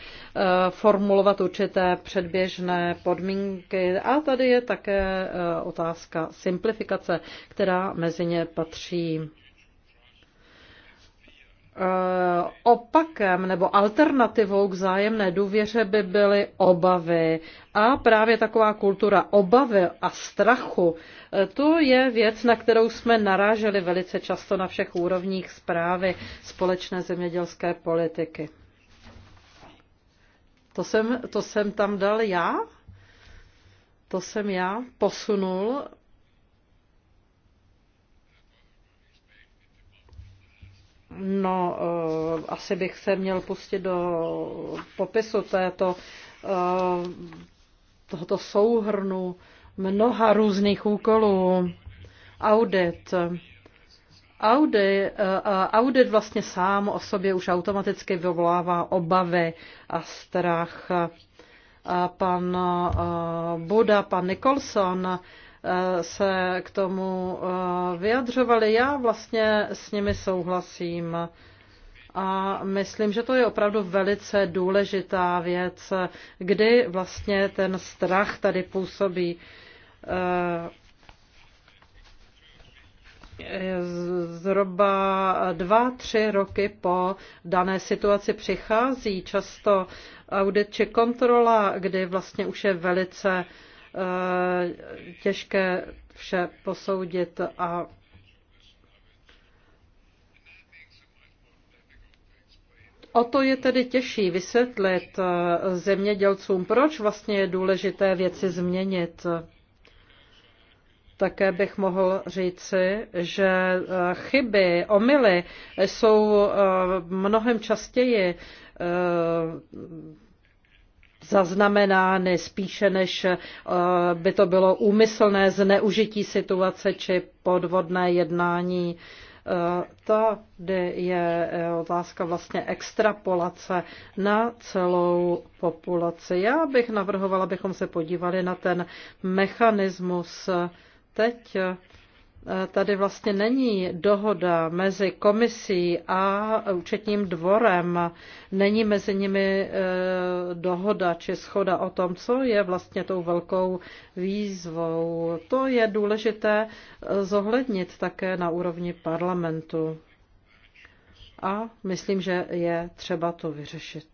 formulovat určité předběžné podmínky a tady je také uh, otázka simplifikace, která mezi ně patří. Eh, opakem nebo alternativou k zájemné důvěře by byly obavy. A právě taková kultura obavy a strachu, eh, to je věc, na kterou jsme naráželi velice často na všech úrovních zprávy společné zemědělské politiky. To jsem, to jsem tam dal já? To jsem já posunul No, eh, asi bych se měl pustit do popisu této, eh, tohoto souhrnu mnoha různých úkolů. Audit. Audit, eh, audit vlastně sám o sobě už automaticky vyvolává obavy a strach. Pan Buda, pan Nicholson se k tomu eh, vyjadřovali. Já vlastně s nimi souhlasím. A myslím, že to je opravdu velice důležitá věc, kdy vlastně ten strach tady působí. Eh, zhruba dva, tři roky po dané situaci přichází často audit či kontrola, kdy vlastně už je velice uh, Eh, těžké vše posoudit a O to je tedy těžší vysvětlit eh, zemědělcům, proč vlastně je důležité věci změnit. Také bych mohl říci, že eh, chyby, omily jsou mnohem častěji zaznamenány spíše, než eh, by to bylo úmyslné zneužití situace či podvodné jednání. Eh, tady je eh, otázka vlastně extrapolace na celou populaci. Já bych navrhovala, abychom se podívali na ten mechanismus teď tady vlastně není dohoda mezi komisí a účetním dvorem, není mezi nimi e, dohoda či schoda o tom, co je vlastně tou velkou výzvou. To je důležité e, zohlednit také na úrovni parlamentu. A myslím, že je třeba to vyřešit.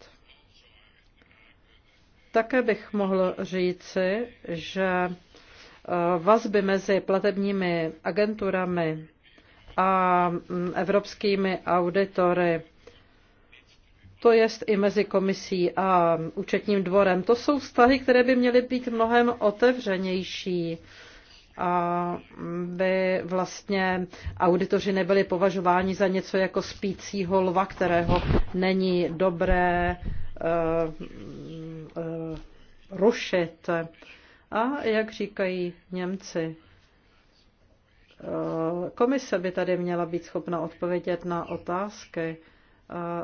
Také bych mohl říci, že Eh, vazby mezi platebními agenturami a mm, evropskými auditory, to jest i mezi komisí a účetním dvorem. To jsou vztahy, které by měly být mnohem otevřenější a mm, by vlastně auditoři nebyli považováni za něco jako spícího lva, kterého není dobré uh, uh, rušit. Uh, a jak říkají Němci, eh, komise by tady měla být schopna odpovědět na otázky. Eh,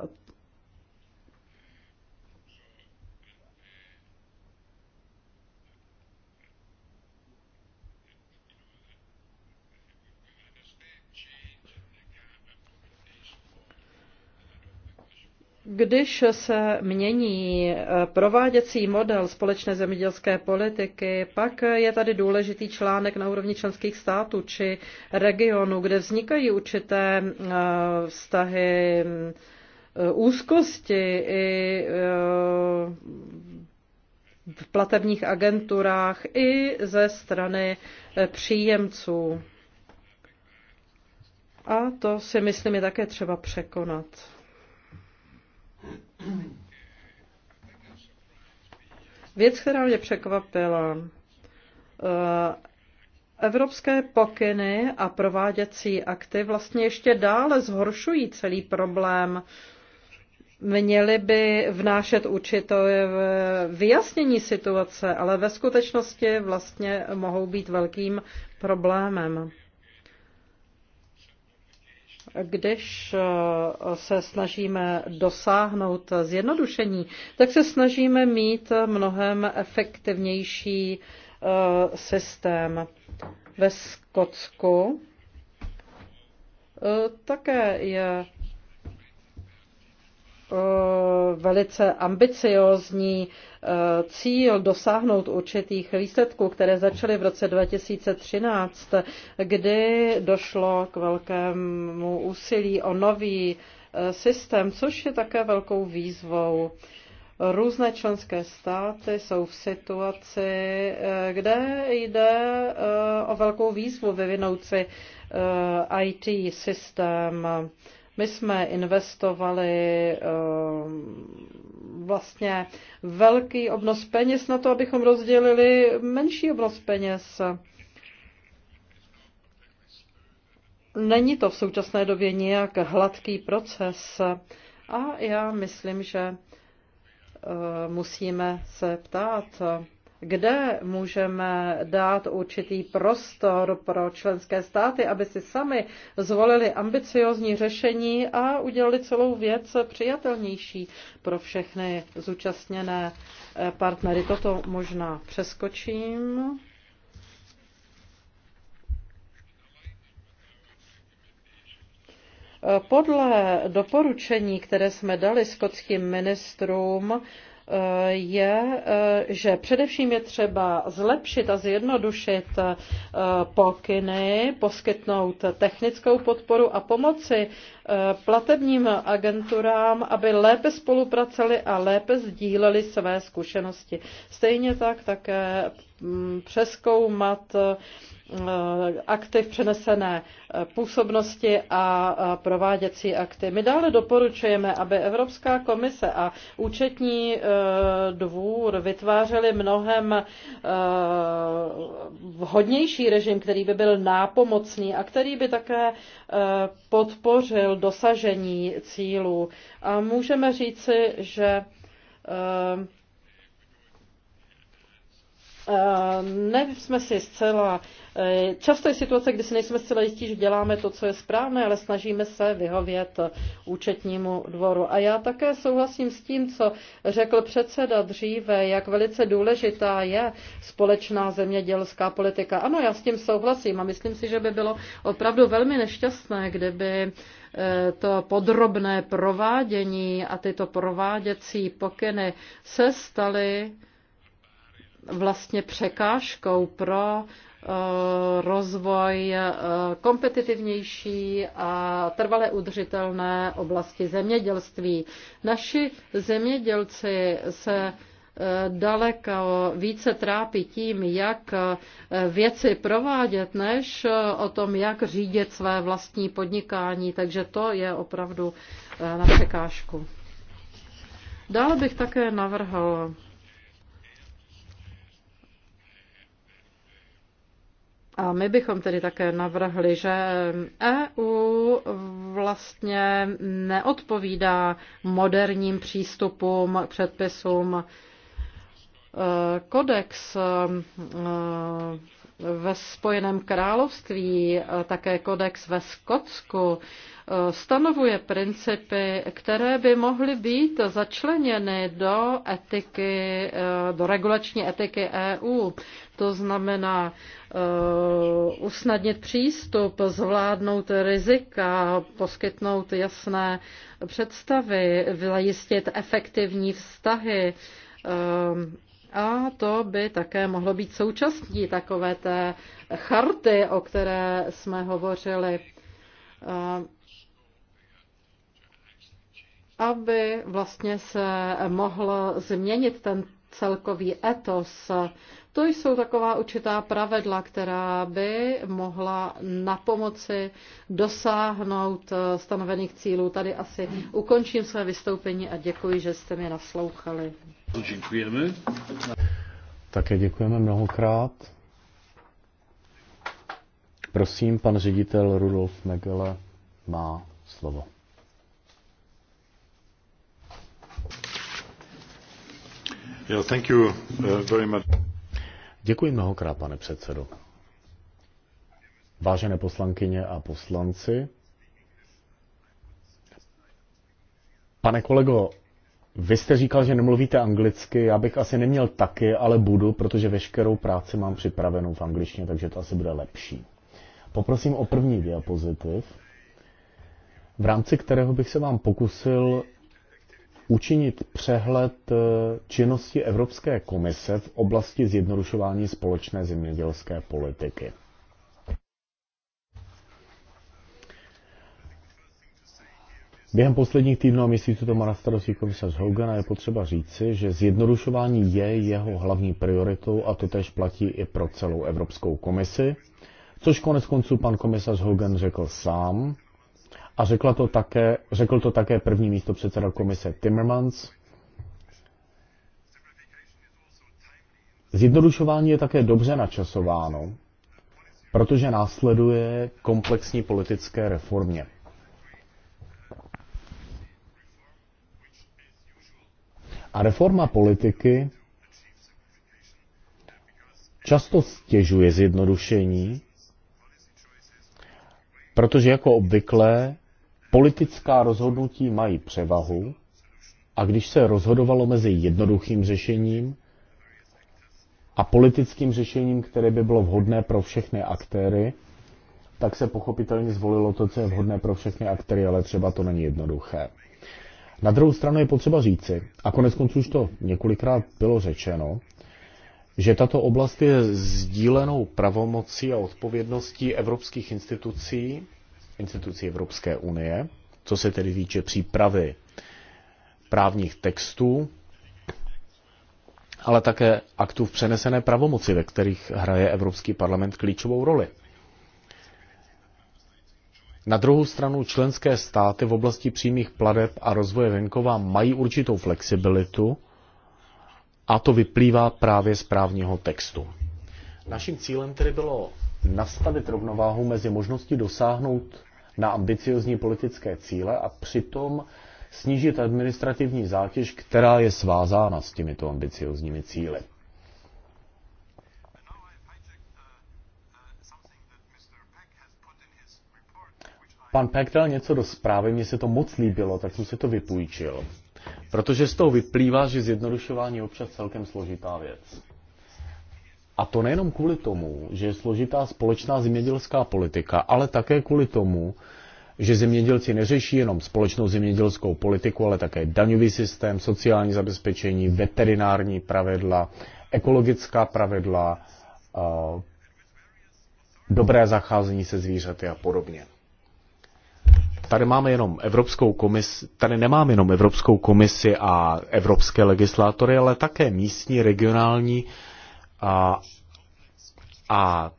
Když se mění eh, prováděcí model společné zemědělské politiky, pak je tady důležitý článek na úrovni členských států či regionu, kde vznikají určité eh, vztahy eh, úzkosti i v platebních agenturách i ze strany příjemců. A to si myslím je také třeba překonat. Věc, která mě překvapila, eh, Evropské pokyny a prováděcí akty vlastně ještě dále zhoršují celý problém. Měly by vnášet určité vyjasnění situace, ale ve skutečnosti vlastně mohou být velkým problémem. Když eh, se snažíme dosáhnout zjednodušení, tak se snažíme mít mnohem efektivnější eh, systém. Ve Skotsku eh, také je Eh, velice ambiciozní eh, cíl dosáhnout určitých výsledků, které začaly v roce 2013, kdy došlo k velkému úsilí o nový eh, systém, což je také velkou výzvou. Různé členské státy jsou v situaci, kde jde o velkou výzvu vyvinout si IT systém my jsme investovali ehm, vlastně velký obnos peněz na to, abychom rozdělili menší obnos peněz. Není to v současné době nějak hladký proces a já myslím, že eh, musíme se ptát, kde můžeme dát určitý prostor pro členské státy, aby si sami zvolili ambiciozní řešení a udělali celou věc přijatelnější pro všechny zúčastněné partnery. Toto možná přeskočím. Podle doporučení, které jsme dali skotským ministrům, je, eh, že především je třeba zlepšit a zjednodušit eh, pokyny, poskytnout technickou podporu a pomoci eh, platebním agenturám, aby lépe spolupracovali a lépe sdíleli své zkušenosti. Stejně tak také mm, přeskoumat Eh, akty v přenesené eh, působnosti a eh, prováděcí akty. My dále doporučujeme, aby Evropská komise a účetní dvůr vytvářely mnohem vhodnější režim, který by byl nápomocný a který by také podpořil dosažení cílů. A můžeme říci, že Ehm, nejsme si zcela, eh, často je situace, kdy si nejsme zcela jistí, že děláme to, co je správné, ale snažíme se vyhovět účetnímu dvoru. A já také souhlasím s tím, co řekl předseda dříve, jak velice důležitá je společná zemědělská politika. Ano, já s tím souhlasím a myslím si, že by bylo opravdu velmi nešťastné, kdyby eh, to podrobné provádění a tyto prováděcí pokyny se staly vlastně překážkou pro eh, rozvoj eh, kompetitivnější a trvale udržitelné oblasti zemědělství. Naši zemědělci se eh, daleko více trápí tím, jak věci provádět, než o tom, jak řídit své vlastní podnikání. Takže to je opravdu na překážku. Dále bych také navrhl A my bychom tedy také navrhli, že EU vlastně neodpovídá moderním přístupům, předpisům. E, kodex e, ve Spojeném království, eh, také kodex ve Skotsku, eh, stanovuje principy, které by mohly být začleněny do etiky, eh, do regulační etiky EU. To znamená usnadnit přístup, zvládnout rizika, poskytnout jasné představy, zajistit efektivní vztahy a to by také mohlo být součástí takové té charty, o které jsme hovořili, aby vlastně se mohl změnit ten celkový etos. To jsou taková určitá pravidla, která by mohla na pomoci dosáhnout stanovených cílů. Tady asi ukončím své vystoupení a děkuji, že jste mi naslouchali. Děkujeme. Také děkujeme mnohokrát. Prosím, pan ředitel Rudolf Megele má slovo. Yeah, thank you uh, very much. Děkuji mnohokrát, pane předsedo. Vážené poslankyně a poslanci, pane kolego, vy jste říkal, že nemluvíte anglicky, já bych asi neměl taky, ale budu, protože veškerou práci mám připravenou v angličtině, takže to asi bude lepší. Poprosím o první diapozitiv, v rámci kterého bych se vám pokusil učinit přehled eh, činnosti Evropské komise v oblasti zjednodušování společné zemědělské politiky. Během posledních týdnů a měsíců to má na starosti komisař Hogan a je potřeba říci, že zjednodušování je jeho hlavní prioritou a to tež platí i pro celou Evropskou komisi, což konec konců pan komisař Hogan řekl sám a řekla to také, řekl to také první místo předseda komise Timmermans. Zjednodušování je také dobře načasováno, protože následuje komplexní politické reformě. A reforma politiky často stěžuje zjednodušení, protože jako obvykle politická rozhodnutí mají převahu a když se rozhodovalo mezi jednoduchým řešením a politickým řešením, které by bylo vhodné pro všechny aktéry, tak se pochopitelně zvolilo to, co je vhodné pro všechny aktéry, ale třeba to není jednoduché. Na druhou stranu je potřeba říci, a konec konců už to několikrát bylo řečeno, že tato oblast je sdílenou pravomocí a odpovědností evropských institucí, institucí Evropské unie, co se tedy týče přípravy právních textů, ale také aktů v přenesené pravomoci, ve kterých hraje Evropský parlament klíčovou roli. Na druhou stranu členské státy v oblasti přímých pladeb a rozvoje venkova mají určitou flexibilitu a to vyplývá právě z právního textu. Naším cílem tedy bylo nastavit rovnováhu mezi možností dosáhnout na ambiciozní politické cíle a přitom snížit administrativní zátěž, která je svázána s těmito ambiciozními cíly. pan Peck dal něco do zprávy, mně se to moc líbilo, tak jsem si to vypůjčil. Protože z toho vyplývá, že zjednodušování je občas celkem složitá věc. A to nejenom kvůli tomu, že je složitá společná zemědělská politika, ale také kvůli tomu, že zemědělci neřeší jenom společnou zemědělskou politiku, ale také daňový systém, sociální zabezpečení, veterinární pravidla, ekologická pravidla, eh, dobré zacházení se zvířaty a podobně. Tady máme jenom Evropskou komisi, tady nemáme jenom Evropskou komisi a evropské legislátory, ale také místní, regionální a, a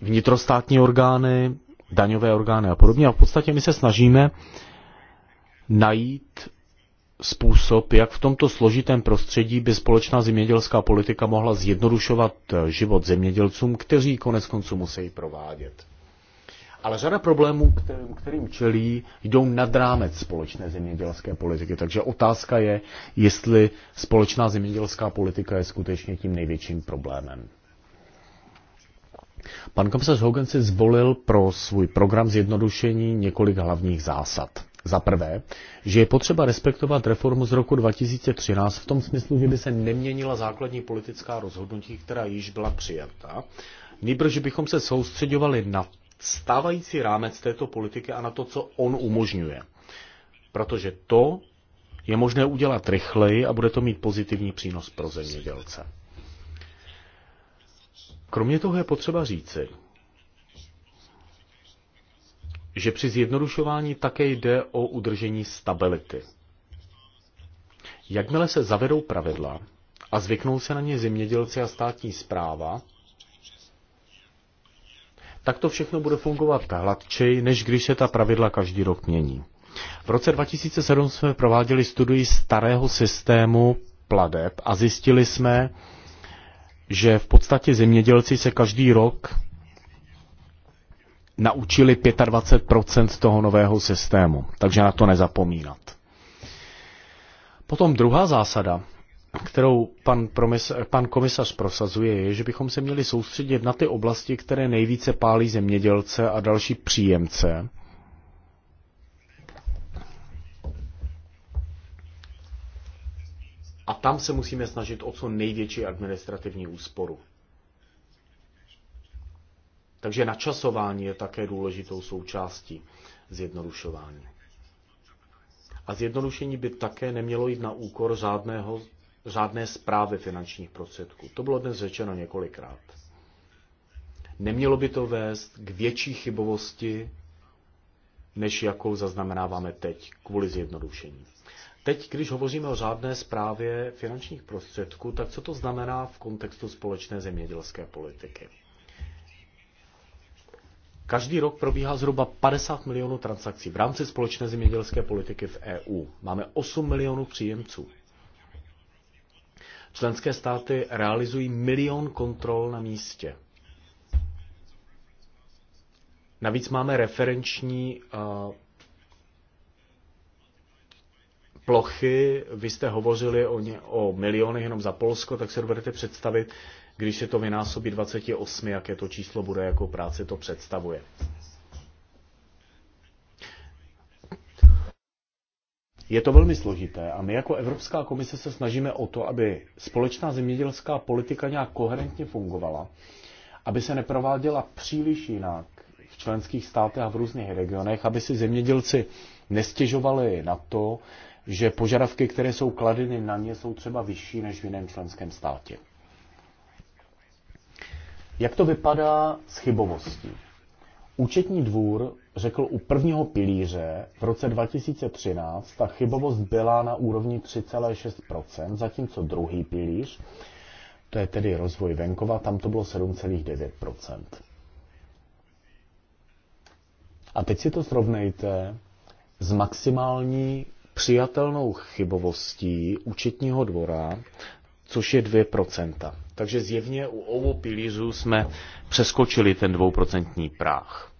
vnitrostátní orgány, daňové orgány a podobně. A v podstatě my se snažíme najít způsob, jak v tomto složitém prostředí by společná zemědělská politika mohla zjednodušovat život zemědělcům, kteří konec konců musí provádět. Ale řada problémů, kterým, kterým čelí, jdou nad rámec společné zemědělské politiky. Takže otázka je, jestli společná zemědělská politika je skutečně tím největším problémem. Pan komisař Hogan si zvolil pro svůj program zjednodušení několik hlavních zásad. Za prvé, že je potřeba respektovat reformu z roku 2013 v tom smyslu, že by se neměnila základní politická rozhodnutí, která již byla přijata, že bychom se soustředovali na stávající rámec této politiky a na to, co on umožňuje. Protože to je možné udělat rychleji a bude to mít pozitivní přínos pro zemědělce. Kromě toho je potřeba říci, že při zjednodušování také jde o udržení stability. Jakmile se zavedou pravidla a zvyknou se na ně zemědělci a státní zpráva, tak to všechno bude fungovat hladčej, než když se ta pravidla každý rok mění. V roce 2007 jsme prováděli studii starého systému pladeb a zjistili jsme, že v podstatě zemědělci se každý rok naučili 25 toho nového systému, takže na to nezapomínat. Potom druhá zásada kterou pan, promis, pan komisař prosazuje, je, že bychom se měli soustředit na ty oblasti, které nejvíce pálí zemědělce a další příjemce. A tam se musíme snažit o co největší administrativní úsporu. Takže načasování je také důležitou součástí zjednodušování. A zjednodušení by také nemělo jít na úkor řádného řádné zprávy finančních prostředků. To bylo dnes řečeno několikrát. Nemělo by to vést k větší chybovosti, než jakou zaznamenáváme teď, kvůli zjednodušení. Teď, když hovoříme o řádné zprávě finančních prostředků, tak co to znamená v kontextu společné zemědělské politiky? Každý rok probíhá zhruba 50 milionů transakcí v rámci společné zemědělské politiky v EU. Máme 8 milionů příjemců. Členské státy realizují milion kontrol na místě. Navíc máme referenční eh, plochy. Vy jste hovořili o, ně, o milionech jenom za Polsko, tak se dovedete představit, když se to vynásobí 28, jaké to číslo bude, jakou práci to představuje. Je to velmi složité a my jako Evropská komise se snažíme o to, aby společná zemědělská politika nějak koherentně fungovala, aby se neprováděla příliš jinak v členských státech a v různých regionech, aby si zemědělci nestěžovali na to, že požadavky, které jsou kladeny na ně, jsou třeba vyšší než v jiném členském státě. Jak to vypadá s chybovostí? Účetní dvůr řekl u prvního pilíře v roce 2013, ta chybovost byla na úrovni 3,6%, zatímco druhý pilíř, to je tedy rozvoj venkova, tam to bylo 7,9%. A teď si to srovnejte s maximální přijatelnou chybovostí účetního dvora což je 2%. Takže zjevně u obou pilířů jsme přeskočili ten dvouprocentní práh.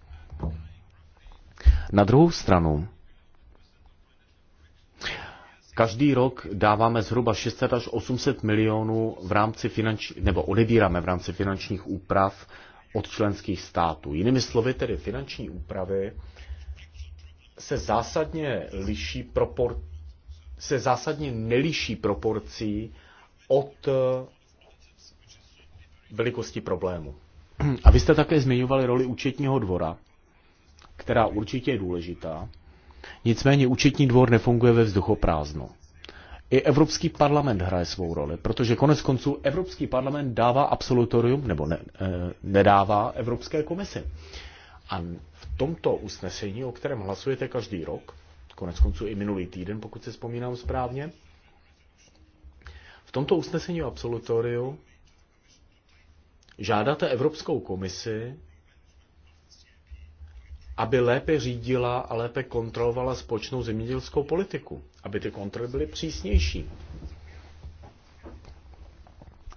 Na druhou stranu, Každý rok dáváme zhruba 600 až 800 milionů v rámci finanč... nebo odebíráme v rámci finančních úprav od členských států. Jinými slovy tedy finanční úpravy se zásadně liší propor... se zásadně neliší proporcí od eh, velikosti problému. A vy jste také zmiňovali roli účetního dvora, která určitě je důležitá. Nicméně účetní dvor nefunguje ve vzduchoprázdnu. I Evropský parlament hraje svou roli, protože konec konců Evropský parlament dává absolutorium, nebo ne, e, nedává Evropské komisi. A v tomto usnesení, o kterém hlasujete každý rok, konec konců i minulý týden, pokud se vzpomínám správně, v tomto usnesení o absolutoriu žádáte Evropskou komisi, aby lépe řídila a lépe kontrolovala společnou zemědělskou politiku, aby ty kontroly byly přísnější.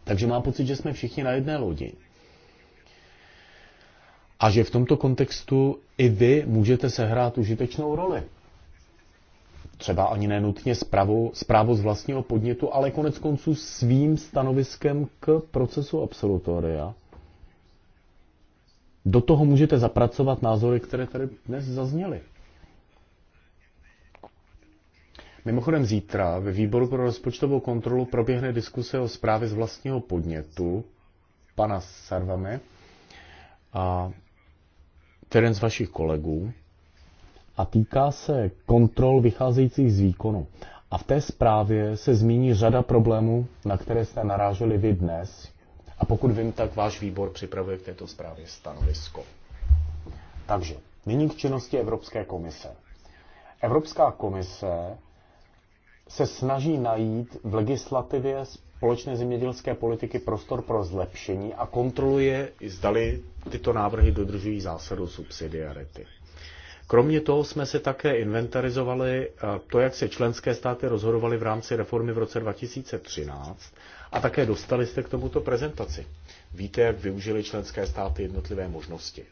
Takže mám pocit, že jsme všichni na jedné lodi. A že v tomto kontextu i vy můžete sehrát užitečnou roli třeba ani nenutně zprávu, zprávu z vlastního podnětu, ale konec konců svým stanoviskem k procesu absolutoria. Do toho můžete zapracovat názory, které tady dnes zazněly. Mimochodem zítra ve výboru pro rozpočtovou kontrolu proběhne diskuse o zprávě z vlastního podnětu pana Sarvame a jeden z vašich kolegů a týká se kontrol vycházejících z výkonu. A v té zprávě se zmíní řada problémů, na které jste naráželi vy dnes. A pokud vím, tak váš výbor připravuje k této zprávě stanovisko. Takže nyní k činnosti Evropské komise. Evropská komise se snaží najít v legislativě společné zemědělské politiky prostor pro zlepšení a kontroluje, zdali tyto návrhy dodržují zásadu subsidiarity. Kromě toho jsme si také inventarizovali to, jak se členské státy rozhodovaly v rámci reformy v roce 2013 a také dostali jste k tomuto prezentaci. Víte, jak využili členské státy jednotlivé možnosti.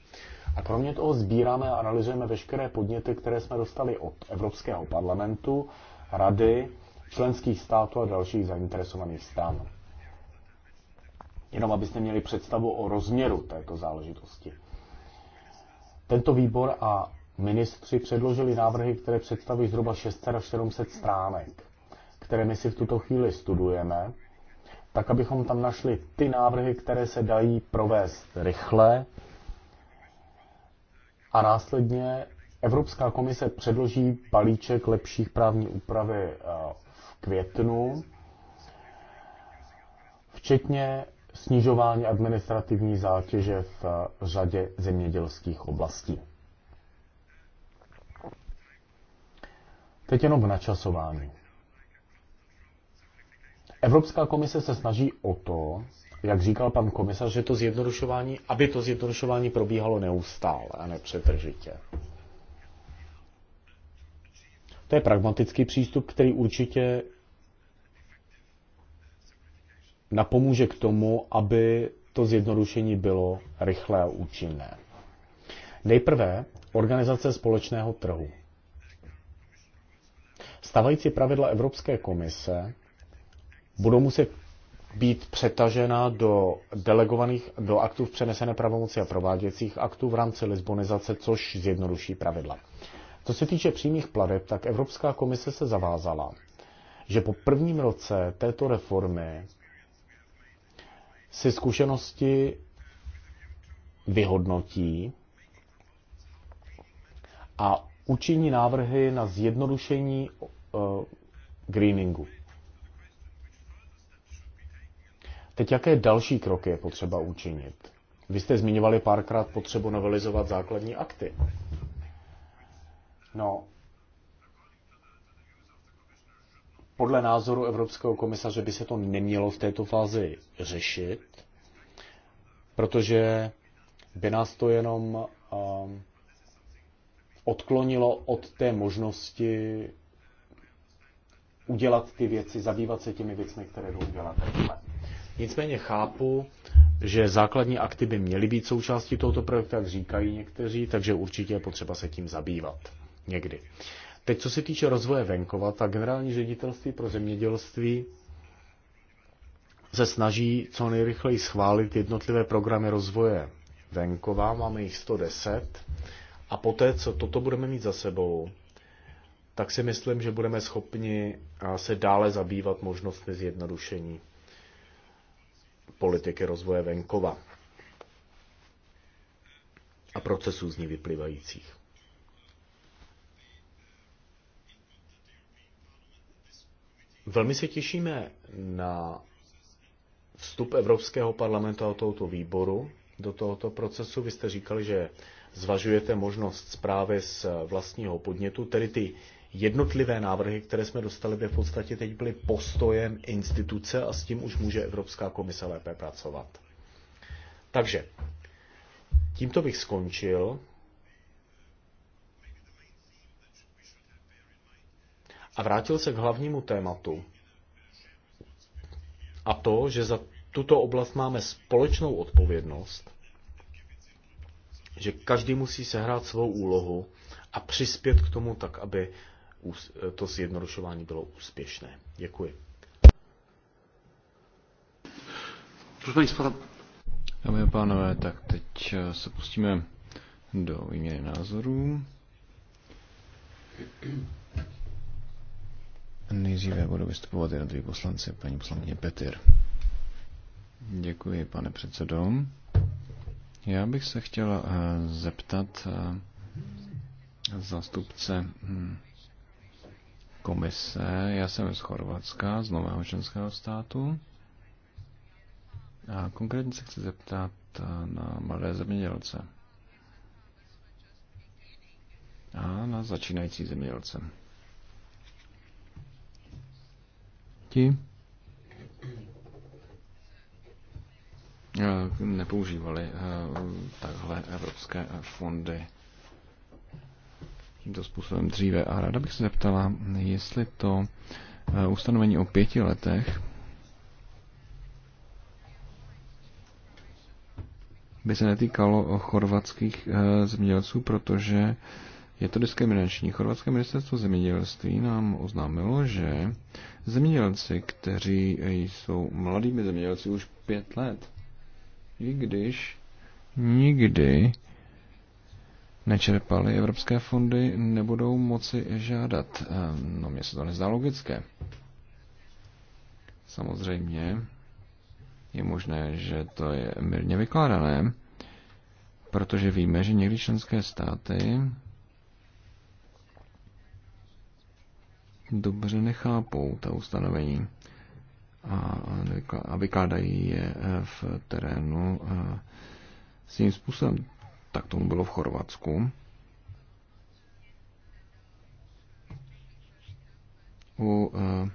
A kromě toho sbíráme a analyzujeme veškeré podněty, které jsme dostali od Evropského parlamentu, rady, členských států a dalších zainteresovaných stran. Jenom abyste měli představu o rozměru této záležitosti. Tento výbor a Ministři předložili návrhy, které představují zhruba 600 až 700 stránek, které my si v tuto chvíli studujeme, tak abychom tam našli ty návrhy, které se dají provést rychle a následně Evropská komise předloží balíček lepších právní úpravy eh, v květnu, včetně snižování administrativní zátěže v eh, řadě zemědělských oblastí. Teď jenom v načasování. Evropská komise se snaží o to, jak říkal pan komisař, že to zjednodušování, aby to zjednodušování probíhalo neustále a nepřetržitě. To je pragmatický přístup, který určitě napomůže k tomu, aby to zjednodušení bylo rychlé a účinné. Nejprve organizace společného trhu. Stavající pravidla Evropské komise budou muset být přetažena do delegovaných, do aktů v přenesené pravomoci a prováděcích aktů v rámci lisbonizace, což zjednoduší pravidla. Co se týče přímých plateb, tak Evropská komise se zavázala, že po prvním roce této reformy si zkušenosti vyhodnotí a učiní návrhy na zjednodušení eh, greeningu. Teď jaké další kroky je potřeba učinit? Vy jste zmiňovali párkrát potřebu novelizovat základní akty. No, podle názoru Evropského komisaře by se to nemělo v této fázi řešit, protože by nás to jenom um, odklonilo od té možnosti udělat ty věci, zabývat se těmi věcmi, které jdou udělat Nicméně chápu, že základní akty by měly být součástí tohoto projektu, jak říkají někteří, takže určitě je potřeba se tím zabývat někdy. Teď, co se týče rozvoje venkova, tak generální ředitelství pro zemědělství se snaží co nejrychleji schválit jednotlivé programy rozvoje venkova. Máme jich 110 a poté, co toto budeme mít za sebou, tak si myslím, že budeme schopni eh, se dále zabývat možnostmi zjednodušení politiky rozvoje venkova a procesů z ní vyplývajících. Velmi se těšíme na vstup Evropského parlamentu a tohoto výboru do tohoto procesu. Vy jste říkali, že zvažujete možnost zprávy z eh, vlastního podnětu, tedy ty jednotlivé návrhy, které jsme dostali, by v podstatě teď byly postojem instituce a s tím už může Evropská komise lépe pracovat. Takže tímto bych skončil. A vrátil se k hlavnímu tématu. A to, že za tuto oblast máme společnou odpovědnost že každý musí sehrát svou úlohu a přispět k tomu tak, aby to zjednodušování bylo úspěšné. Děkuji. Dámy a pánové, tak teď eh, se pustíme do výměny názorů. Nejdříve budou vystupovat jednotliví poslanci, paní poslankyně Petr. Děkuji, pane předsedo. Já bych se chtěl eh, zeptat eh, zastupce hm, komise. Já jsem z Chorvatska, z nového členského státu. A konkrétně se chci zeptat eh, na malé zemědělce. A na začínající zemědělce. Ti Eh, nepoužívali eh, takhle evropské fondy tímto způsobem dříve. A ráda bych se zeptala, jestli to eh, ustanovení o pěti letech by se netýkalo chorvatských zemědělců, protože je to diskriminační. Chorvatské ministerstvo zemědělství nám oznámilo, že zemědělci, kteří jsou mladými zemědělci už pět let, i když nikdy nečerpali evropské fondy, nebudou moci žádat. Ehm, no, mně se to nezdá logické. Samozřejmě je možné, že to je mírně vykládané, protože víme, že někdy členské státy dobře nechápou ta ustanovení a vykládají je eh, v terénu eh, s tím způsobem. Tak tomu bylo v Chorvatsku. U eh,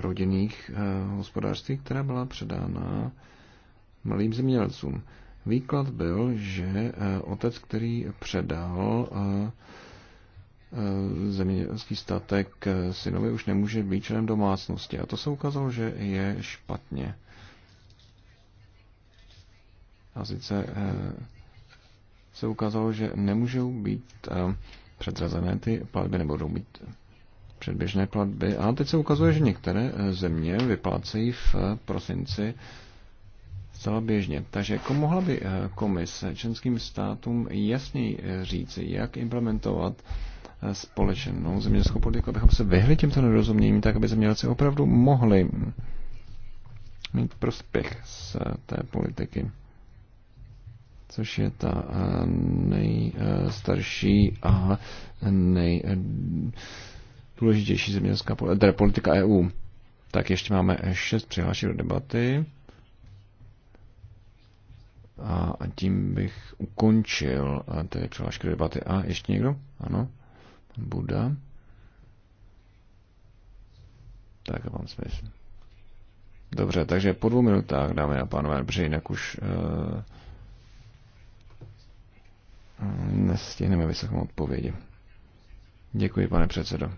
rodinných hospodářství, která byla předána malým zemědělcům. Výklad byl, že otec, který předal zemědělský statek synovi už nemůže být členem domácnosti. A to se ukázalo, že je špatně. A sice eh, se ukázalo, že nemůžou být eh, předrazené ty platby, nebo budou být předběžné platby. A teď se ukazuje, že některé eh, země vyplácejí v prosinci zcela běžně. Takže jako mohla by komise členským státům jasněji říci, jak implementovat společnou zemědělskou politiku, abychom se vyhli těmto nedorozuměním, tak aby zemědělci opravdu mohli mít prospěch z té politiky, což je ta eh, nejstarší a nejdůležitější eh, zemědělská eh, politika EU. Tak ještě máme šest přihlášek do debaty. A tím bych ukončil tedy přihlášky do debaty. A ještě někdo? Ano? Buda. Tak a mám smysl. Dobře, takže po dvou minutách, dámy a pánové, protože jinak už uh, nestihneme vysokou odpovědi. Děkuji, pane předsedo.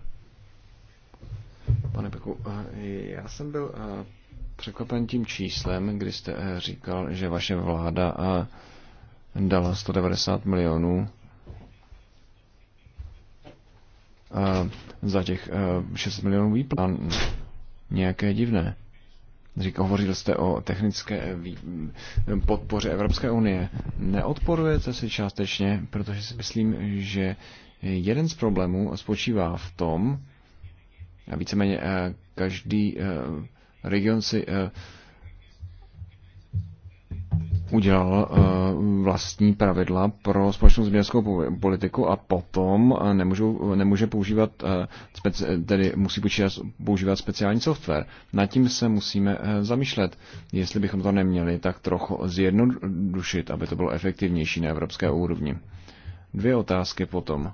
Pane Peku, eh, já jsem byl eh, překvapen tím číslem, kdy jste říkal, že vaše vláda dala 190 milionů Eh, za těch 6 eh, milionů výplat. Nějaké divné. Říkal, hovořil jste o technické eh, podpoře Evropské unie. Neodporujete si částečně, protože si myslím, že jeden z problémů spočívá v tom, a víceméně každý region si udělal eh, vlastní pravidla pro společnou zemědělskou politiku a potom eh, nemůžu, nemůže používat, eh, tedy musí počítat, používat speciální software. Nad tím se musíme zamýšlet, jestli bychom to neměli tak trochu zjednodušit, aby to bylo efektivnější na evropské úrovni. Dvě otázky potom.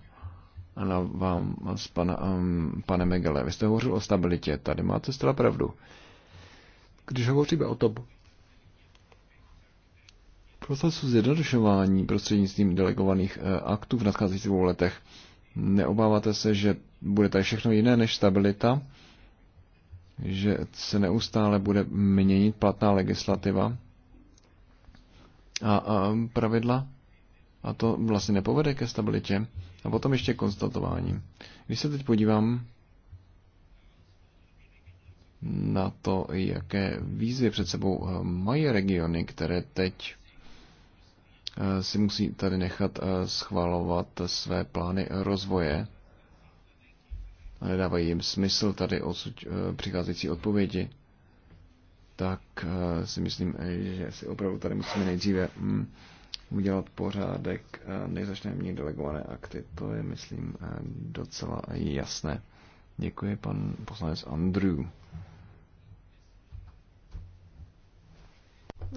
Na vám, s pana, um, pane Megele. Vy jste hovořil o stabilitě, tady máte zcela pravdu. Když hovoříme o tom, procesu zjednodušování prostřednictvím delegovaných eh, aktů v nadcházejících dvou letech. Neobáváte se, že bude tady všechno jiné než stabilita, že se neustále bude měnit platná legislativa a, a pravidla? A to vlastně nepovede ke stabilitě. A potom ještě konstatování. Když se teď podívám na to, jaké výzvy před sebou eh, mají regiony, které teď Eh, si musí tady nechat eh, schvalovat své plány rozvoje a nedávají jim smysl tady odsud eh, přicházející odpovědi, tak si myslím, že si opravdu tady musíme nejdříve mm, udělat pořádek, než začneme mít delegované akty. To je, myslím, docela jasné. Děkuji, pan poslanec Andrew.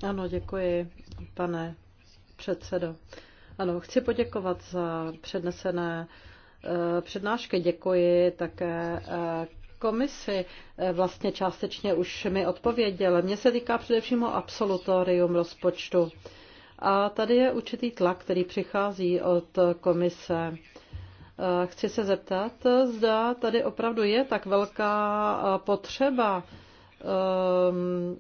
Ano, děkuji, pane předsedo. Ano, chci poděkovat za přednesené eh, přednášky. Děkuji také eh, komisi eh, vlastně částečně už mi odpověděl. Mně se týká především o absolutorium rozpočtu. A tady je určitý tlak, který přichází od komise. Chci se zeptat, zda tady opravdu je tak velká potřeba Ehm,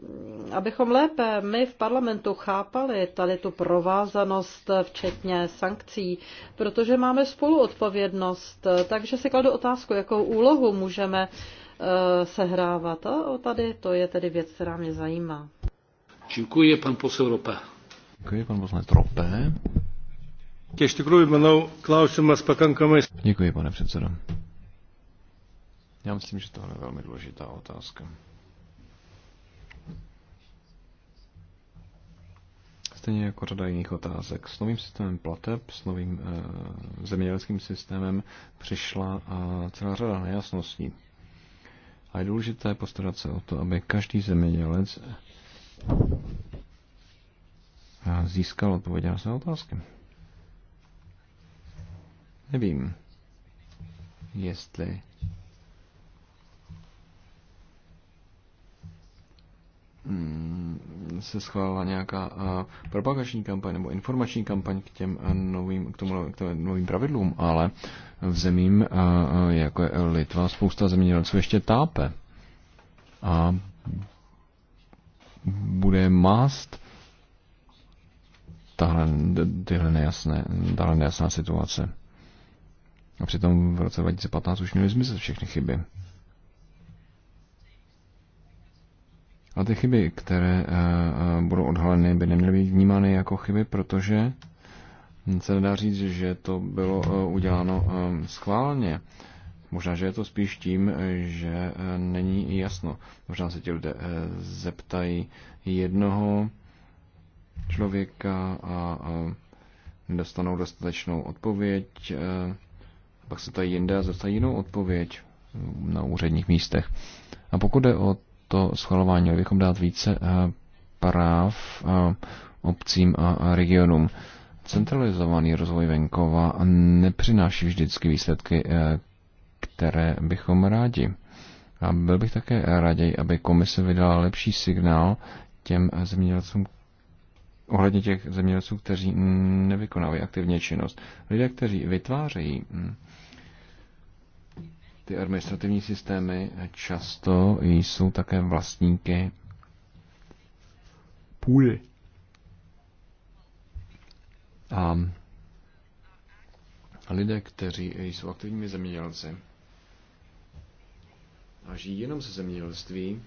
abychom lépe my v parlamentu chápali tady tu provázanost, včetně sankcí, protože máme spoluodpovědnost, takže si kladu otázku, jakou úlohu můžeme eh, sehrávat. A tady to je tedy věc, která mě zajímá. Děkuji, pan posel Rope. Děkuji, pan poslanec Rope. Děkuji, pane předsedo. Já myslím, že tohle je velmi důležitá otázka. stejně jako řada jiných otázek. S novým systémem plateb, s novým e, zemědělským systémem přišla a eh, celá řada nejasností. A je důležité postarat se o to, aby každý zemědělec eh, získal odpovědi na své otázky. Nevím, jestli Mm, se schválila nějaká eh, propagační kampaň nebo informační kampaň k těm eh, novým, k tomu, k tomu novým pravidlům, ale v zemím, eh, jako je Litva, spousta zemědělců ještě tápe a bude mást tahle, tyhle nejasné, tahle nejasná situace. A přitom v roce 2015 už měly zmizet všechny chyby. A ty chyby, které eh, eh, budou odhaleny, by neměly být vnímány jako chyby, protože se nedá říct, že to bylo eh, uděláno schválně. Možná, že je to spíš tím, že není jasno. Možná se ti lidé zeptají jednoho člověka a nedostanou dostatečnou odpověď, pak se tady jinde a jinou odpověď na úředních místech. A pokud jde o to schvalování. Měli bychom dát více eh, práv eh, obcím a regionům. Centralizovaný rozvoj venkova nepřináší vždycky výsledky, eh, které bychom rádi. A byl bych také raději, aby komise vydala lepší signál těm zemědělcům, ohledně těch zemědělců, kteří nevykonávají aktivně činnost. Lidé, kteří vytvářejí hm, ty administrativní systémy často jsou také vlastníky půdy. A lidé, kteří jsou aktivními zemědělci a žijí jenom ze zemědělství,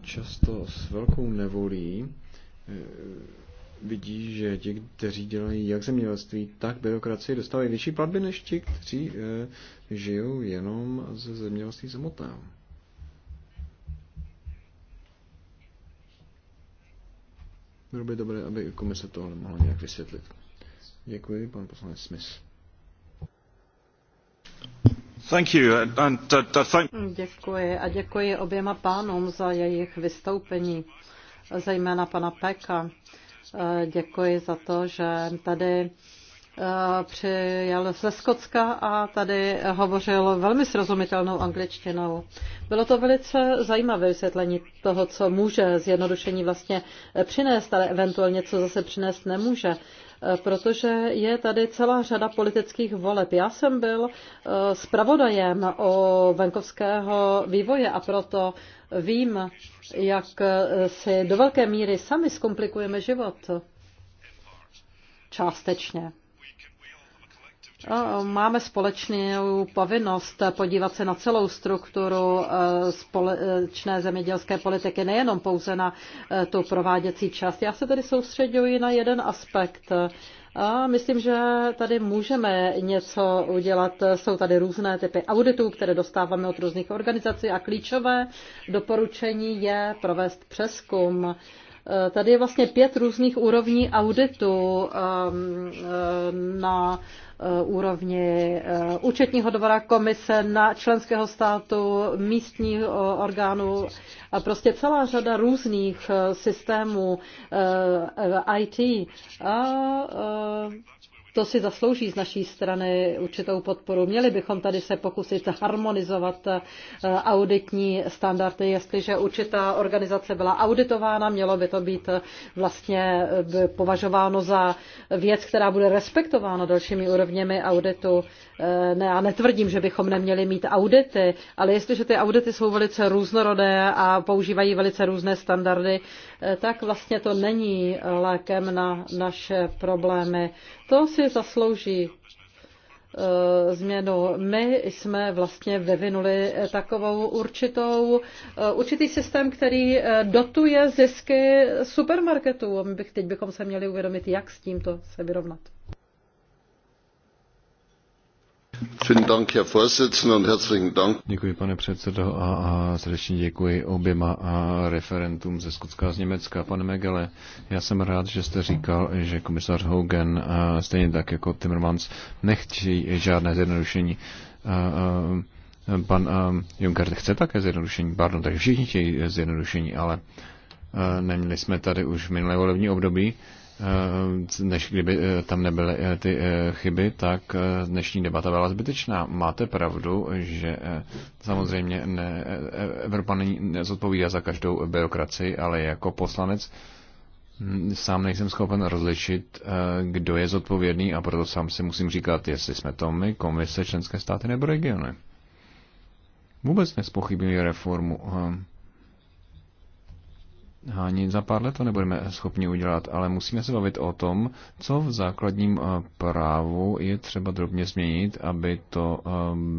často s velkou nevolí eh, vidí, že ti, kteří dělají jak zemědělství, tak byrokracii, dostávají větší platby než ti, kteří e, žijou jenom ze zemědělství samotného. Bylo by dobré, aby komise tohle mohla nějak vysvětlit. Děkuji, pan poslanec Smith. Thank you and, and, uh, uh, and, děkuji a děkuji oběma pánům za jejich vystoupení, zejména pana Peka. Eh, děkuji za to, že tady eh, přijel ze Skocka a tady hovořil velmi srozumitelnou angličtinou. Bylo to velice zajímavé vysvětlení toho, co může zjednodušení vlastně přinést, ale eventuálně co zase přinést nemůže. Eh, protože je tady celá řada politických voleb. Já jsem byl eh, zpravodajem o venkovského vývoje a proto vím, jak eh, si do velké míry sami zkomplikujeme život. Částečně. Máme společnou povinnost podívat se na celou strukturu e, společné zemědělské politiky, nejenom pouze na e, tu prováděcí část. Já se tady soustředuji na jeden aspekt. A myslím, že tady můžeme něco udělat. Jsou tady různé typy auditů, které dostáváme od různých organizací a klíčové doporučení je provést přeskum Eh, tady je vlastně pět různých úrovní auditu ehm, eh, na eh, úrovni účetního dvora, komise, na členského státu, místního orgánu, a prostě celá řada různých systémů IT. A to si zaslouží z naší strany určitou podporu. Měli bychom tady se pokusit harmonizovat eh, auditní standardy. Jestliže určitá organizace byla auditována, mělo by to být eh, vlastně eh, považováno za věc, která bude respektována dalšími úrovněmi auditu. Eh, ne, já netvrdím, že bychom neměli mít audity, ale jestliže ty audity jsou velice různorodé a používají velice různé standardy, eh, tak vlastně to není lékem na naše problémy. To si zaslouží eh, změnu. My jsme vlastně vyvinuli takovou určitou, určitý systém, který dotuje zisky supermarketů. My bych, teď bychom se měli uvědomit, jak s tímto se vyrovnat. Děkuji, pane předsedo, a, a srdečně děkuji oběma a referentům ze Skotska a z Německa. Pane Megele, já jsem rád, že jste říkal, že komisař Hogan, a stejně tak jako Timmermans, nechtějí žádné zjednodušení. A, a, pan a Juncker chce také zjednodušení, pardon, takže všichni chtějí zjednodušení, ale a, neměli jsme tady už minulé volební období, Eh, než kdyby eh, tam nebyly eh, ty chyby, tak dnešní debata byla zbytečná. Máte pravdu, že samozřejmě ne, Evropa není, nezodpovídá za každou byrokracii, ale jako poslanec hm, sám nejsem schopen rozlišit, kdo je zodpovědný a proto sám si musím říkat, jestli jsme to my, komise, členské státy nebo regiony. Vůbec nespochybňuji reformu ani za pár let to nebudeme schopni udělat, ale musíme se bavit o tom, co v základním eh, právu je třeba drobně změnit, aby to eh,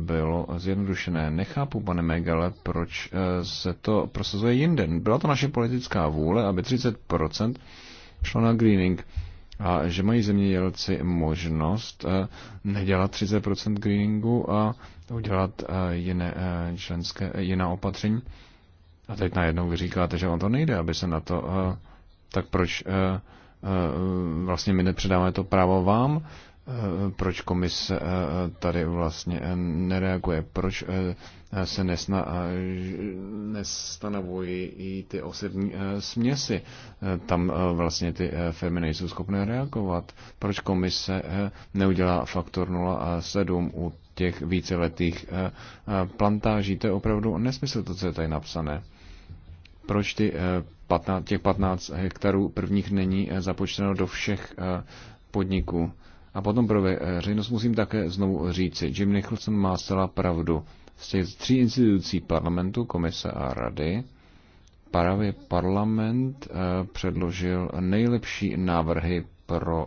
bylo zjednodušené. Nechápu, pane Megale, proč eh, se to prosazuje jinden. Byla to naše politická vůle, aby 30% šlo na greening a že mají zemědělci možnost nedělat 30% greeningu a udělat jiné členské, jiná opatření a teď najednou vy říkáte, že on to nejde, aby se na to... Eh, tak proč eh, eh, vlastně my nepředáme to právo vám? Proč komise tady vlastně nereaguje? Proč se nesna, nestanovují i ty osobní směsi? Tam vlastně ty firmy nejsou schopné reagovat. Proč komise neudělá faktor 0,7 u těch víceletých plantáží. To je opravdu nesmysl, to, co je tady napsané proč ty eh, těch 15 hektarů prvních není eh, započteno do všech eh, podniků. A potom pro veřejnost musím také znovu říci, Jim Nicholson má zcela pravdu. Z těch tří institucí parlamentu, komise a rady, právě parlament předložil nejlepší návrhy pro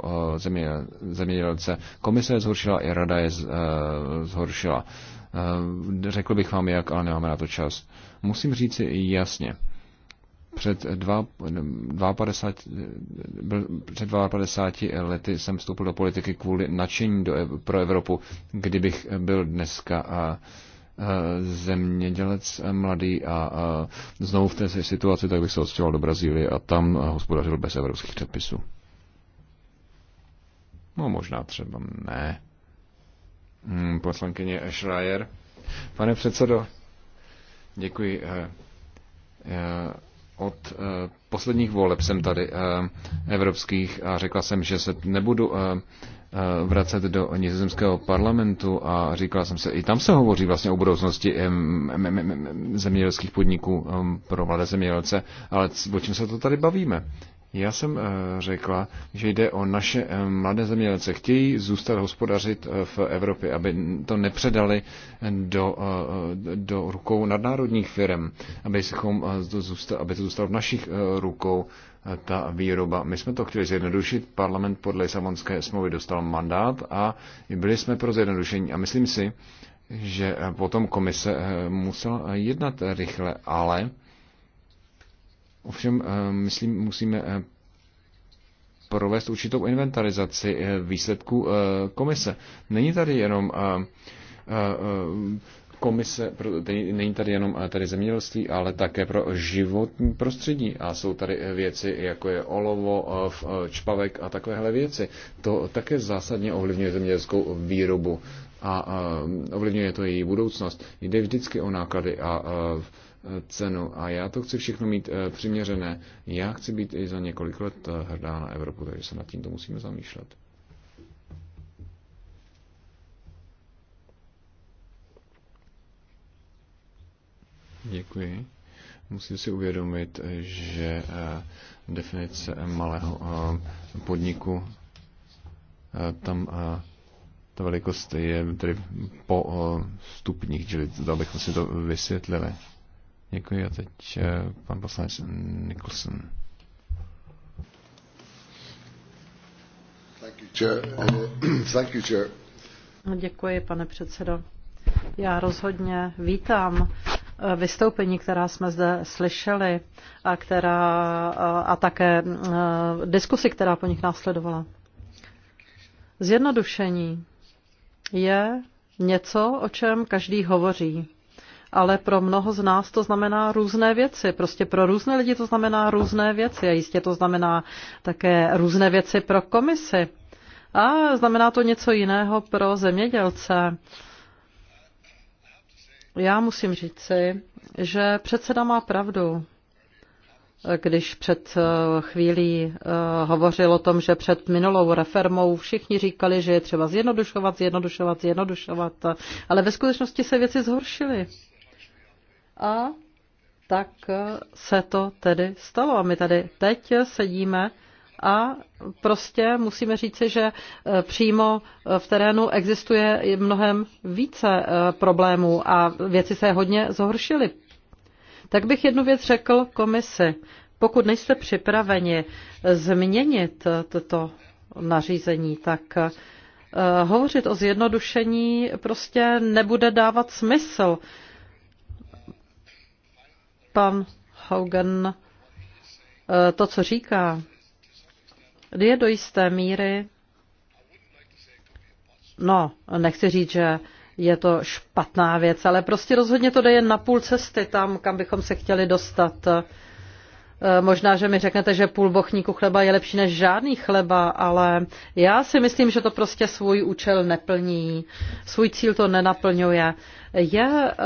zemědělce. Komise je zhoršila, i rada je zhoršila. Řekl bych vám jak, ale nemáme na to čas. Musím říci jasně před, dva, 50, před 52 lety jsem vstoupil do politiky kvůli nadšení do, pro Evropu. Kdybych byl dneska a, zemědělec mladý a znovu v té situaci, tak bych se odstěhoval do Brazílie a tam hospodařil bez evropských předpisů. No možná třeba ne. Hmm, poslankyně Schreier. Pane předsedo, děkuji. Eh, eh, od eh, posledních voleb jsem tady eh, evropských a řekla jsem, že se nebudu eh, vracet do nizozemského parlamentu a říkala jsem se, i tam se hovoří vlastně o budoucnosti zemědělských podniků pro mladé zemědělce, ale o čem se to tady bavíme? Já jsem eh, řekla, že jde o naše eh, mladé zemědělce. Chtějí zůstat hospodařit eh, v Evropě, aby to nepředali do, do rukou nadnárodních firm, aby, se zůstal, aby to zůstalo v našich rukou ta výroba. My jsme to chtěli zjednodušit, parlament podle Lisabonské smlouvy dostal mandát a byli jsme pro zjednodušení. A myslím si, že potom komise musela jednat rychle, ale Ovšem, eh, myslím, musíme eh, provést určitou inventarizaci eh, výsledků komise. Není tady jenom komise, není tady jenom tady zemědělství, ale také pro životní prostředí. A jsou tady věci, jako je olovo, čpavek a takovéhle věci. To také zásadně ovlivňuje zemědělskou výrobu a ovlivňuje to její budoucnost. Jde vždycky o náklady a, a cenu a já to chci všechno mít eh, přiměřené. Já chci být i za několik let eh, hrdá na Evropu, takže se nad tím to musíme zamýšlet. Děkuji. Musím si uvědomit, že eh, definice malého podniku tam ta velikost je tedy po stupních, čili to bychom si to vysvětlili. Děkuji a teď eh, pan poslanec Nicholson. No, děkuji, pane předsedo. Já rozhodně vítám eh, vystoupení, která jsme zde slyšeli a, která, eh, a také diskusi, která po nich následovala. Zjednodušení je něco, o čem každý hovoří ale pro mnoho z nás to znamená různé věci. Prostě pro různé lidi to znamená různé věci a jistě to znamená také různé věci pro komisy. A znamená to něco jiného pro zemědělce. Já musím říci, že předseda má pravdu, když před eh, chvílí eh, hovořil o tom, že před minulou reformou všichni říkali, že je třeba zjednodušovat, zjednodušovat, zjednodušovat, eh, ale ve skutečnosti se věci zhoršily. A tak se to tedy stalo. A my tady teď sedíme a prostě musíme říci, že eh, přímo eh, v terénu existuje mnohem více eh, problémů a věci se hodně zhoršily. Tak bych jednu věc řekl komisi. Pokud nejste připraveni změnit toto nařízení, tak hovořit o zjednodušení prostě nebude dávat smysl pan Hogan eh, to, co říká, je do jisté míry, no, nechci říct, že je to špatná věc, ale prostě rozhodně to jde jen na půl cesty tam, kam bychom se chtěli dostat. Eh, možná, že mi řeknete, že půl bochníku chleba je lepší než žádný chleba, ale já si myslím, že to prostě svůj účel neplní, svůj cíl to nenaplňuje. Je, eh, eh,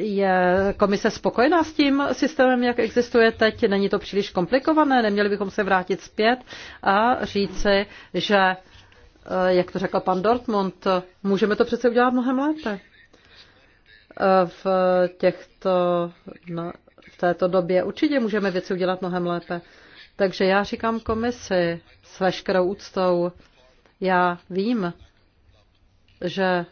je komise spokojená s tím systémem, jak existuje teď? Není to příliš komplikované? Neměli bychom se vrátit zpět a říci, že, eh, jak to řekl pan Dortmund, můžeme to přece udělat mnohem lépe. V těchto, no, v této době určitě můžeme věci udělat mnohem lépe. Takže já říkám komisi s veškerou úctou, já vím, že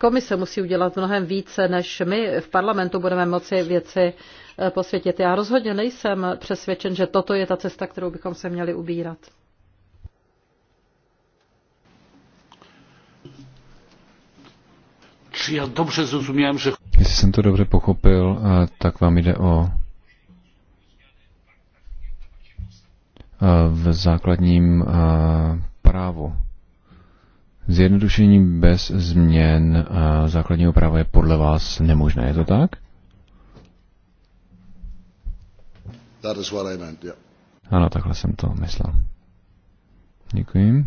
Komise musí udělat mnohem více, než my v parlamentu budeme moci věci eh, posvětit. Já rozhodně nejsem přesvědčen, že toto je ta cesta, kterou bychom se měli ubírat. Či já dobře zrozuměl, že... Jestli jsem to dobře pochopil, eh, tak vám jde o eh, v základním právu Zjednodušení bez změn základního práva je podle vás nemožné, je to tak? That is what I meant, yeah. Ano, takhle jsem to myslel. Děkuji.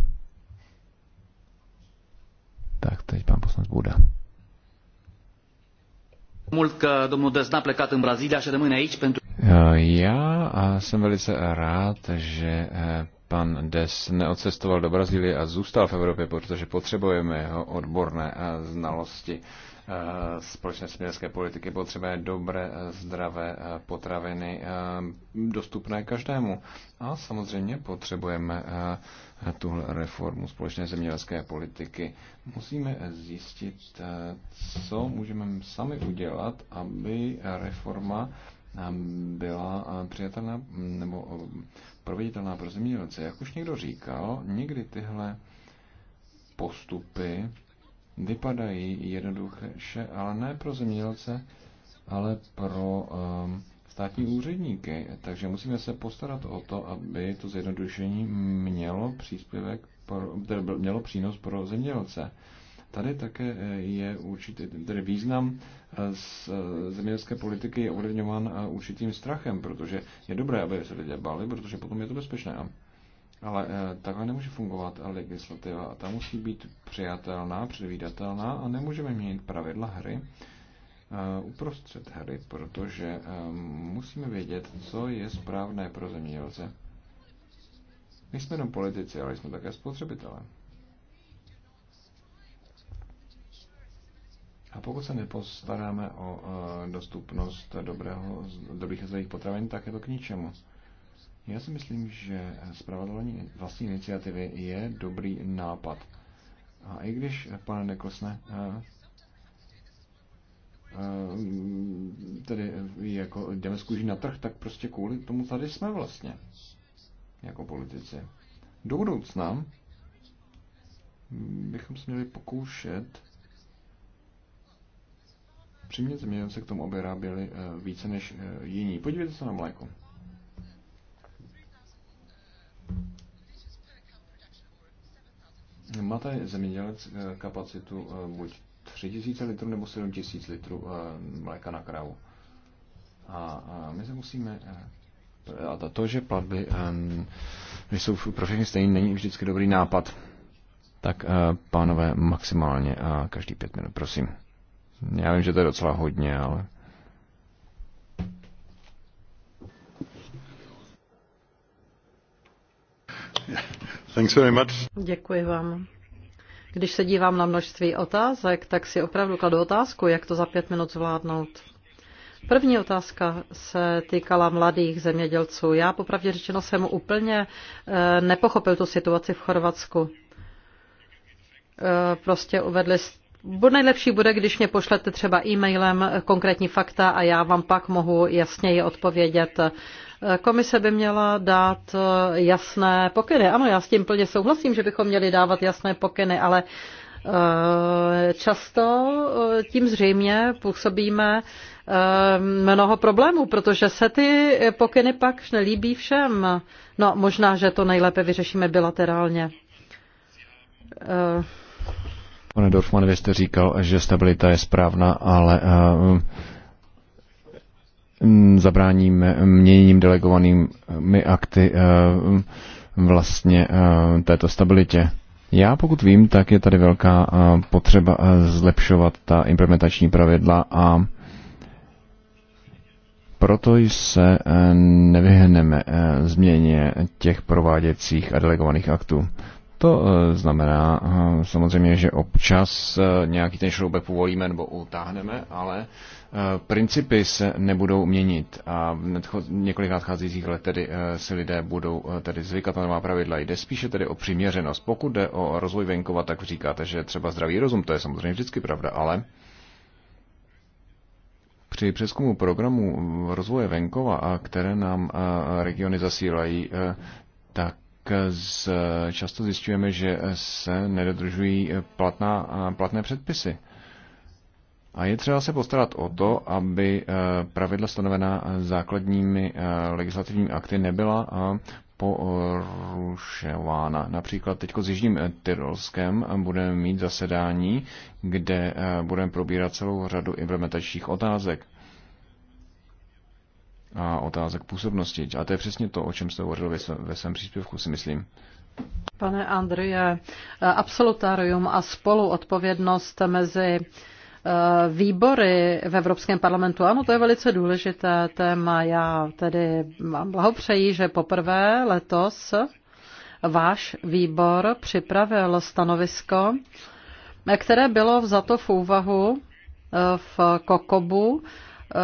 Tak, teď pan poslanec Buda. a Já jsem velice rád, že eh, pan Des neodcestoval do Brazílie a zůstal v Evropě, protože potřebujeme jeho odborné eh, znalosti eh, společné směrské politiky potřebuje dobré, eh, zdravé potraviny dostupné každému. A samozřejmě potřebujeme tuhle reformu společné zemědělské politiky. Musíme zjistit, co můžeme sami udělat, aby reforma byla přijatelná nebo proveditelná pro zemědělce. Jak už někdo říkal, někdy tyhle postupy vypadají jednoduše, ale ne pro zemědělce, ale pro um, státní úředníky. Takže musíme se postarat o to, aby to zjednodušení mělo příspěvek, pro, mělo přínos pro zemědělce. Tady také eh, je určitý, tedy význam eh, z eh, zemědělské politiky je ovlivňován určitým strachem, protože je dobré, aby se lidé báli, protože potom je to bezpečné. Ale takhle nemůže fungovat legislativa a ta musí být přijatelná, předvídatelná a nemůžeme měnit pravidla hry uprostřed hry, protože musíme vědět, co je správné pro zemědělce. My jsme jenom politici, ale jsme také spotřebitelé. A pokud se nepostaráme o e, dostupnost dobrého, dobrých a zdravých potravin, tak je to k ničemu. Já si myslím, že zpravodlení vlastní iniciativy je dobrý nápad. A i když, pane Nekosne, e, e, tedy jako jdeme z na trh, tak prostě kvůli tomu tady jsme vlastně, jako politici. Do budoucna bychom se měli pokoušet přimět zemědělce k tomu oběra ráběli eh, více než eh, jiní. Podívejte se na mléko. Má tady zemědělec eh, kapacitu buď 3000 litrů nebo 7000 litrů mléka na kravu. A my se musíme a to, že platby nejsou pro všechny stejné, není vždycky dobrý nápad. Tak pánové, maximálně každý pět minut, prosím. Já vím, že to je docela hodně, ale... Thanks very much. Děkuji vám. Když se dívám na množství otázek, tak si opravdu kladu otázku, jak to za pět minut zvládnout. První otázka se týkala mladých zemědělců. Já popravdě řečeno jsem úplně eh, nepochopil tu situaci v Chorvatsku. Eh, prostě uvedli Bo nejlepší bude, když mě pošlete třeba e-mailem konkrétní fakta a já vám pak mohu jasněji odpovědět. Komise by měla dát jasné pokyny. Ano, já s tím plně souhlasím, že bychom měli dávat jasné pokyny, ale eh, často eh, tím zřejmě působíme eh, mnoho problémů, protože se ty pokyny pak nelíbí všem. No, možná, že to nejlépe vyřešíme bilaterálně. Pane Dorfman, vy jste říkal, že stabilita je správná, ale eh, mm, zabráníme delegovaným delegovanými akty eh, vlastně eh, této stabilitě. Já pokud vím, tak je tady velká potřeba zlepšovat ta implementační pravidla a proto se nevyhneme změně těch prováděcích a delegovaných aktů. To eh, znamená eh, samozřejmě, že občas eh, nějaký ten šroubek povolíme nebo utáhneme, ale principy se nebudou měnit a v několik nadcházejících let tedy si lidé budou tedy zvykat na nová pravidla. Jde spíše tedy o přiměřenost. Pokud jde o rozvoj venkova, tak říkáte, že třeba zdravý rozum, to je samozřejmě vždycky pravda, ale při přeskumu programu rozvoje venkova, které nám regiony zasílají, Eh, z, eh, často zjišťujeme, že eh, se nedodržují platná, platné předpisy. A je třeba se postarat o to, aby pravidla stanovená základními legislativními akty nebyla porušována. Například teď s Jižním Tyrolskem budeme mít zasedání, kde budeme probírat celou řadu implementačních otázek a otázek působnosti. A to je přesně to, o čem jste hovořil ve, ve svém příspěvku, si myslím. Pane Andrie, absolutárium a spoluodpovědnost mezi eh, výbory v Evropském parlamentu. Ano, to je velice důležité téma. Já tedy vám blahopřeji, že poprvé letos váš výbor připravil stanovisko, které bylo vzato v úvahu eh, v Kokobu Eh,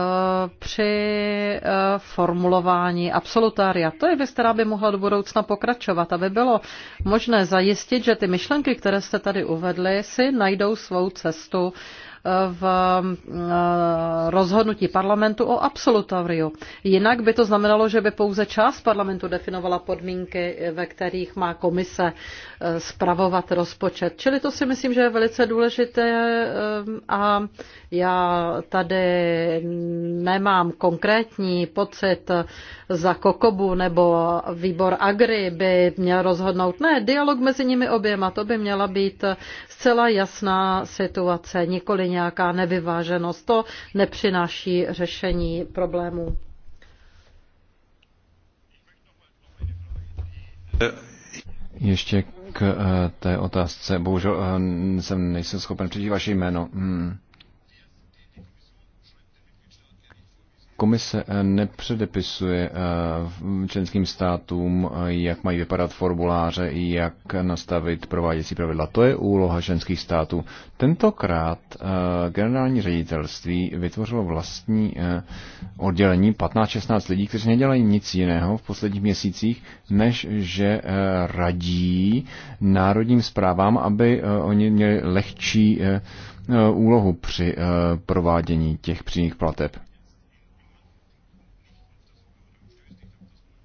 při eh, formulování absolutária. To je věc, která by mohla do budoucna pokračovat, aby bylo možné zajistit, že ty myšlenky, které jste tady uvedli, si najdou svou cestu v eh, rozhodnutí parlamentu o absolutoriu. Jinak by to znamenalo, že by pouze část parlamentu definovala podmínky, ve kterých má komise eh, spravovat rozpočet. Čili to si myslím, že je velice důležité eh, a já tady nemám konkrétní pocit za Kokobu nebo výbor Agri by měl rozhodnout. Ne, dialog mezi nimi oběma, to by měla být zcela jasná situace, nikoli nějaká nevyváženost. To nepřináší řešení problémů. Ještě k eh, té otázce. Bohužel eh, jsem nejsem schopen přijít vaše jméno. Hmm. Komise eh, nepředepisuje eh, členským státům, eh, jak mají vypadat formuláře, jak nastavit prováděcí pravidla. To je úloha členských států. Tentokrát generální ředitelství vytvořilo vlastní oddělení 15-16 lidí, kteří nedělají nic jiného v posledních měsících, než že radí národním zprávám, aby oni měli lehčí úlohu při provádění těch přímých plateb.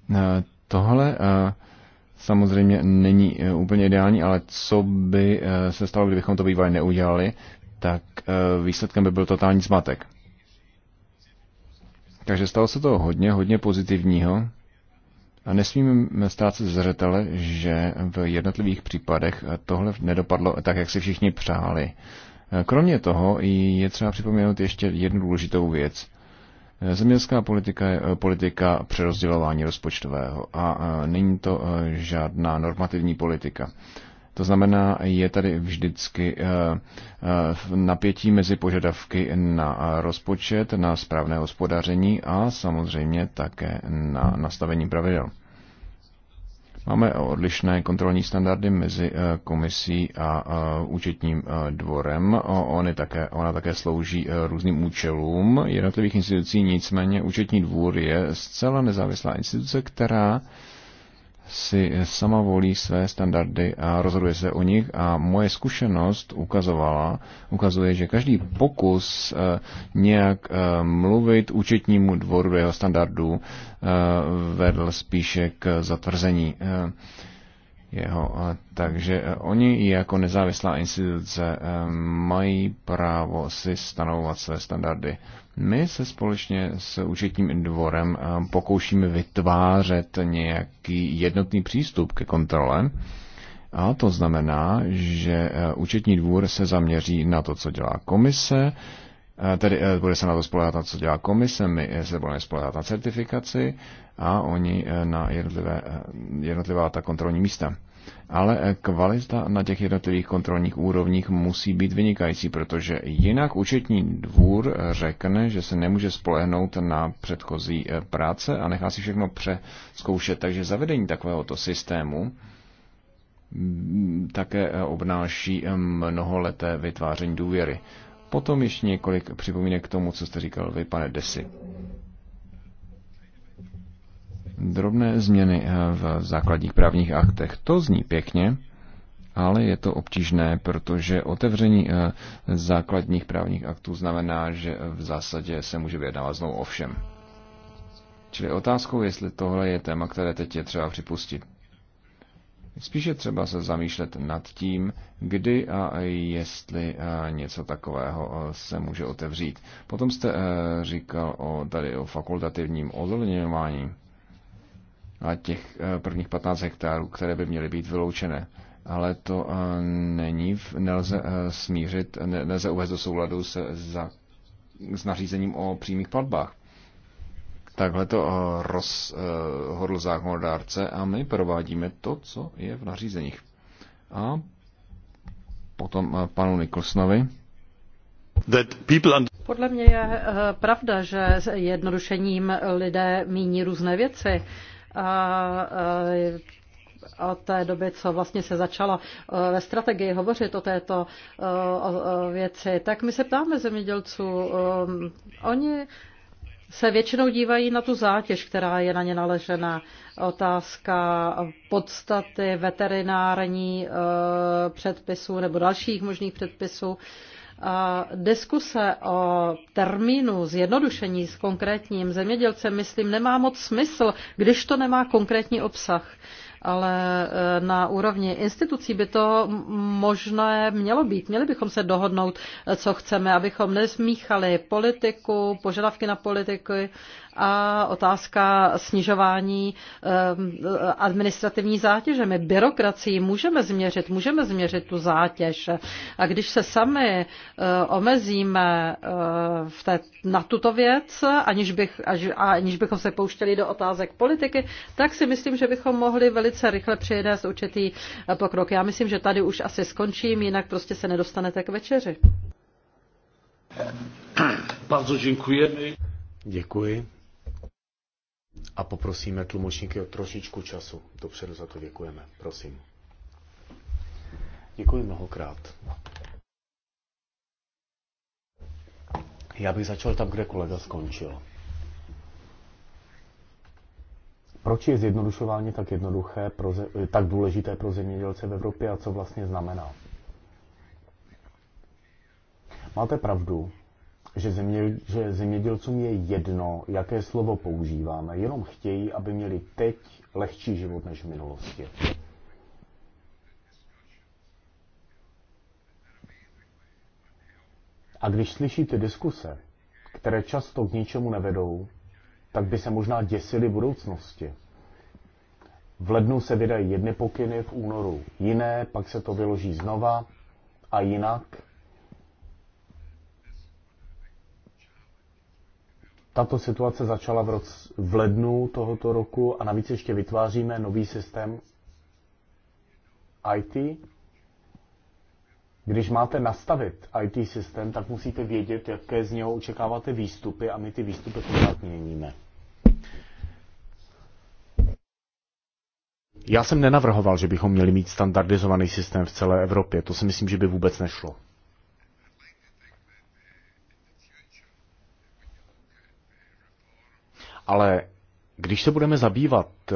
Eh, tohle eh, samozřejmě není eh, úplně ideální, ale co by se stalo, kdybychom to bývali neudělali, tak výsledkem by byl totální zmatek. Takže stalo se to hodně, hodně pozitivního. A nesmíme stát se zřetele, že v jednotlivých případech tohle nedopadlo tak, jak si všichni přáli. Kromě toho je třeba připomenout ještě jednu důležitou věc. Zemědělská politika je eh, politika přerozdělování rozpočtového a eh, není to eh, žádná normativní politika. To znamená, je tady vždycky napětí mezi požadavky na rozpočet, na správné hospodaření a samozřejmě také na nastavení pravidel. Máme odlišné kontrolní standardy mezi eh, komisí a eh, účetním eh, dvorem. Ony také, ona také slouží různým účelům jednotlivých institucí, nicméně účetní dvůr je zcela nezávislá instituce, která si sama volí své standardy a rozhoduje se o nich a moje zkušenost ukazovala, ukazuje, že každý pokus eh, nějak eh, mluvit účetnímu dvoru jeho standardů eh, vedl spíše k zatvrzení jeho. Takže e, oni jako nezávislá instituce e, mají právo si stanovovat své standardy. My se společně s účetním dvorem e, pokoušíme vytvářet nějaký jednotný přístup ke kontrole. A to znamená, že účetní dvůr se zaměří na to, co dělá komise, tedy bude se na to spolehat, na co dělá komise, my se budeme spolehat na certifikaci a oni na jednotlivé, jednotlivá ta kontrolní místa ale eh, kvalita na těch jednotlivých kontrolních úrovních musí být vynikající, protože jinak účetní dvůr eh, řekne, že se nemůže spolehnout na předchozí eh, práce a nechá si všechno přeskoušet. Takže zavedení takovéhoto systému mm, také obnáší mnoholeté vytváření důvěry. Potom ještě několik připomínek k tomu, co jste říkal vy, pane Desi drobné změny eh, v základních právních aktech. To zní pěkně, ale je to obtížné, protože otevření eh, základních právních aktů znamená, že eh, v zásadě se může vyjednávat znovu o všem. Čili otázkou, jestli tohle je téma, které teď je třeba připustit. Spíše třeba se zamýšlet nad tím, kdy a jestli něco takového se může otevřít. Potom jste říkal o, tady o fakultativním odlněvání a těch eh, prvních 15 hektarů, které by měly být vyloučené. Ale to eh, není, nelze eh, smířit, nelze uvést do souladu se, za, s nařízením o přímých platbách. Takhle to rozhodl zákonodárce a my provádíme to, co je v nařízeních. A potom panu Nikolsnovi. Podle mě je pravda, že jednodušením lidé míní různé věci a e, od té doby, co vlastně se začalo e, ve strategii hovořit o této e, věci, tak my se ptáme zemědělců. Oni se většinou dívají na tu zátěž, která je na ně naležena. Otázka podstaty veterinární předpisů nebo dalších možných předpisů diskuse o termínu zjednodušení s konkrétním zemědělcem, myslím, nemá moc smysl, když to nemá konkrétní obsah. Ale e, na úrovni institucí by to možné mělo být. Měli bychom se dohodnout, e, co chceme, abychom nesmíchali politiku, požadavky na politiku a otázka snižování ehm, administrativní zátěže. My byrokracii můžeme změřit, můžeme změřit tu zátěž. A když se sami eh, omezíme eh, v té, na tuto věc, aniž, bych, až, aniž bychom se pouštěli do otázek politiky, tak si myslím, že bychom mohli velice rychle přijednést určitý eh, pokrok. Já myslím, že tady už asi skončím, jinak prostě se nedostanete k večeři. Bardzo dziękujemy. Děkuji a poprosíme tlumočníky o trošičku času. Dopředu za to děkujeme. Prosím. Děkuji mnohokrát. Já bych začal tam, kde kolega skončil. Proč je zjednodušování tak jednoduché, pro, tak důležité pro zemědělce v Evropě a co vlastně znamená? Máte pravdu, že, země, že zemědělcům je jedno, jaké slovo používáme, jenom chtějí, aby měli teď lehčí život než v minulosti. A když slyšíte diskuse, které často k ničemu nevedou, tak by se možná děsili budoucnosti. V lednu se vydají jedny pokyny, v únoru jiné, pak se to vyloží znova a jinak Tato situace začala v, roc, v lednu tohoto roku a navíc ještě vytváříme nový systém IT. Když máte nastavit IT systém, tak musíte vědět, jaké z něho očekáváte výstupy a my ty výstupy pořád měníme. Já jsem nenavrhoval, že bychom měli mít standardizovaný systém v celé Evropě. To si myslím, že by vůbec nešlo. Ale když se budeme zabývat eh,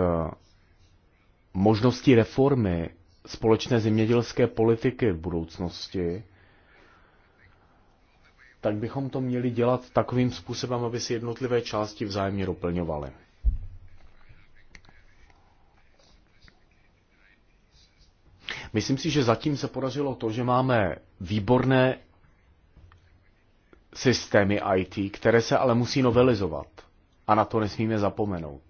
možností reformy společné zemědělské politiky v budoucnosti, tak bychom to měli dělat takovým způsobem, aby si jednotlivé části vzájemně doplňovaly. Myslím si, že zatím se podařilo to, že máme výborné systémy IT, které se ale musí novelizovat a na to nesmíme zapomenout.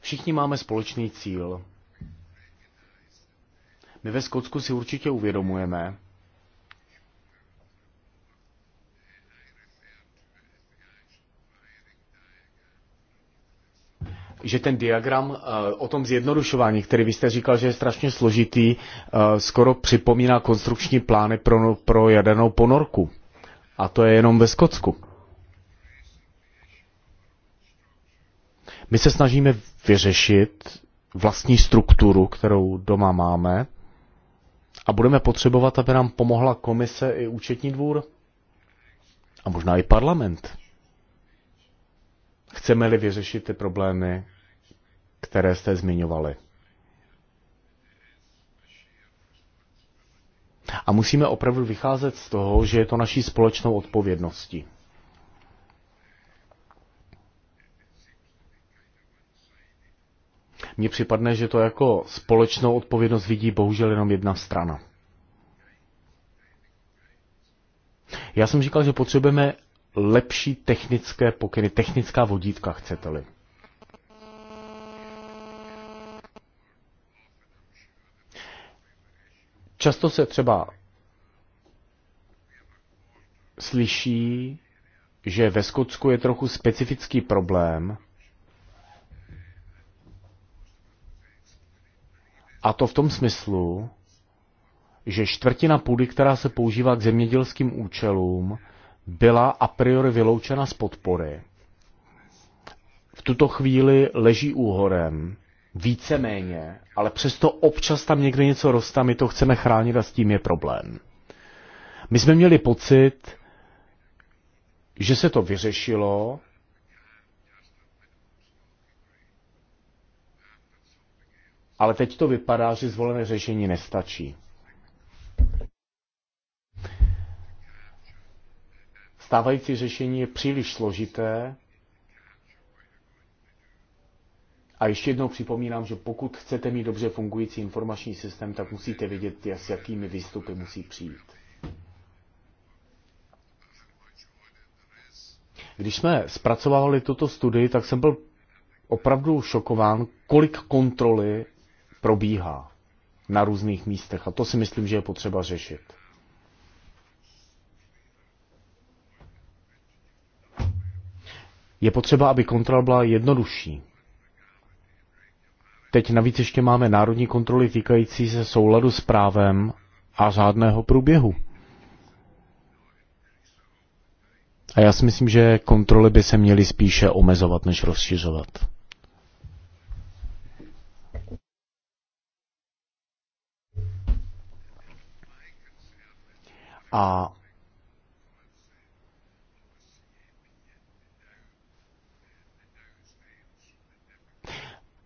Všichni máme společný cíl. My ve Skotsku si určitě uvědomujeme, že ten diagram eh, o tom zjednodušování, který vy jste říkal, že je strašně složitý, eh, skoro připomíná konstrukční plány pro, pro jadernou ponorku. A to je jenom ve Skotsku. My se snažíme vyřešit vlastní strukturu, kterou doma máme, a budeme potřebovat, aby nám pomohla komise i účetní dvůr a možná i parlament. Chceme-li vyřešit ty problémy, které jste zmiňovali. A musíme opravdu vycházet z toho, že je to naší společnou odpovědností. Mně připadne, že to jako společnou odpovědnost vidí bohužel jenom jedna strana. Já jsem říkal, že potřebujeme lepší technické pokyny, technická vodítka, chcete-li. Často se třeba slyší, že ve Skotsku je trochu specifický problém, a to v tom smyslu, že čtvrtina půdy, která se používá k zemědělským účelům, byla a priori vyloučena z podpory. V tuto chvíli leží úhorem víceméně, ale přesto občas tam někde něco roste my to chceme chránit a s tím je problém. My jsme měli pocit, že se to vyřešilo, ale teď to vypadá, že zvolené řešení nestačí. Stávající řešení je příliš složité A ještě jednou připomínám, že pokud chcete mít dobře fungující informační systém, tak musíte vědět, s jakými výstupy musí přijít. Když jsme zpracovali tuto studii, tak jsem byl opravdu šokován, kolik kontroly probíhá na různých místech. A to si myslím, že je potřeba řešit. Je potřeba, aby kontrola byla jednodušší. Teď navíc ještě máme národní kontroly týkající se souladu s právem a řádného průběhu. A já si myslím, že kontroly by se měly spíše omezovat, než rozšiřovat. A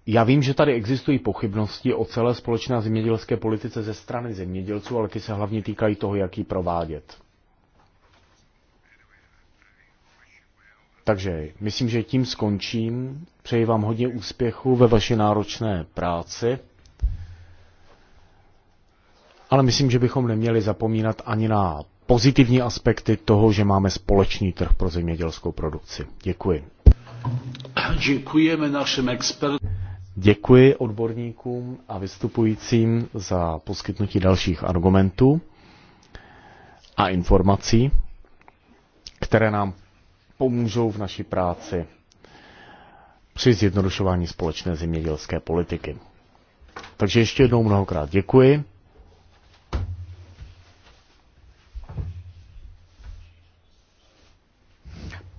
Já vím, že tady existují pochybnosti o celé společné zemědělské politice ze strany zemědělců, ale ty se hlavně týkají toho, jak ji provádět. Takže myslím, že tím skončím. Přeji vám hodně úspěchu ve vaší náročné práci. Ale myslím, že bychom neměli zapomínat ani na pozitivní aspekty toho, že máme společný trh pro zemědělskou produkci. Děkuji. Děkujeme našim expertům. Děkuji odborníkům a vystupujícím za poskytnutí dalších argumentů a informací, které nám pomůžou v naší práci při zjednodušování společné zemědělské politiky. Takže ještě jednou mnohokrát děkuji.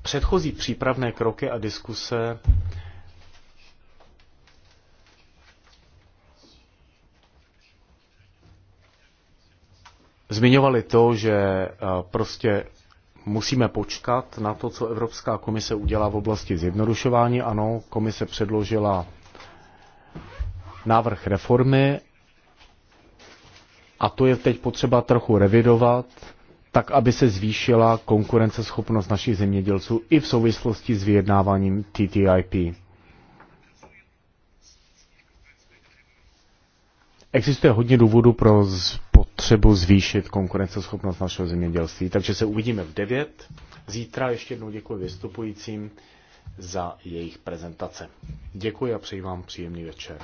Předchozí přípravné kroky a diskuse zmiňovali to, že eh, prostě musíme počkat na to, co Evropská komise udělá v oblasti zjednodušování. Ano, komise předložila návrh reformy a to je teď potřeba trochu revidovat, tak aby se zvýšila konkurenceschopnost našich zemědělců i v souvislosti s vyjednáváním TTIP. Existuje hodně důvodů pro potřebu zvýšit konkurenceschopnost našeho zemědělství, takže se uvidíme v 9. Zítra ještě jednou děkuji vystupujícím za jejich prezentace. Děkuji a přeji vám příjemný večer.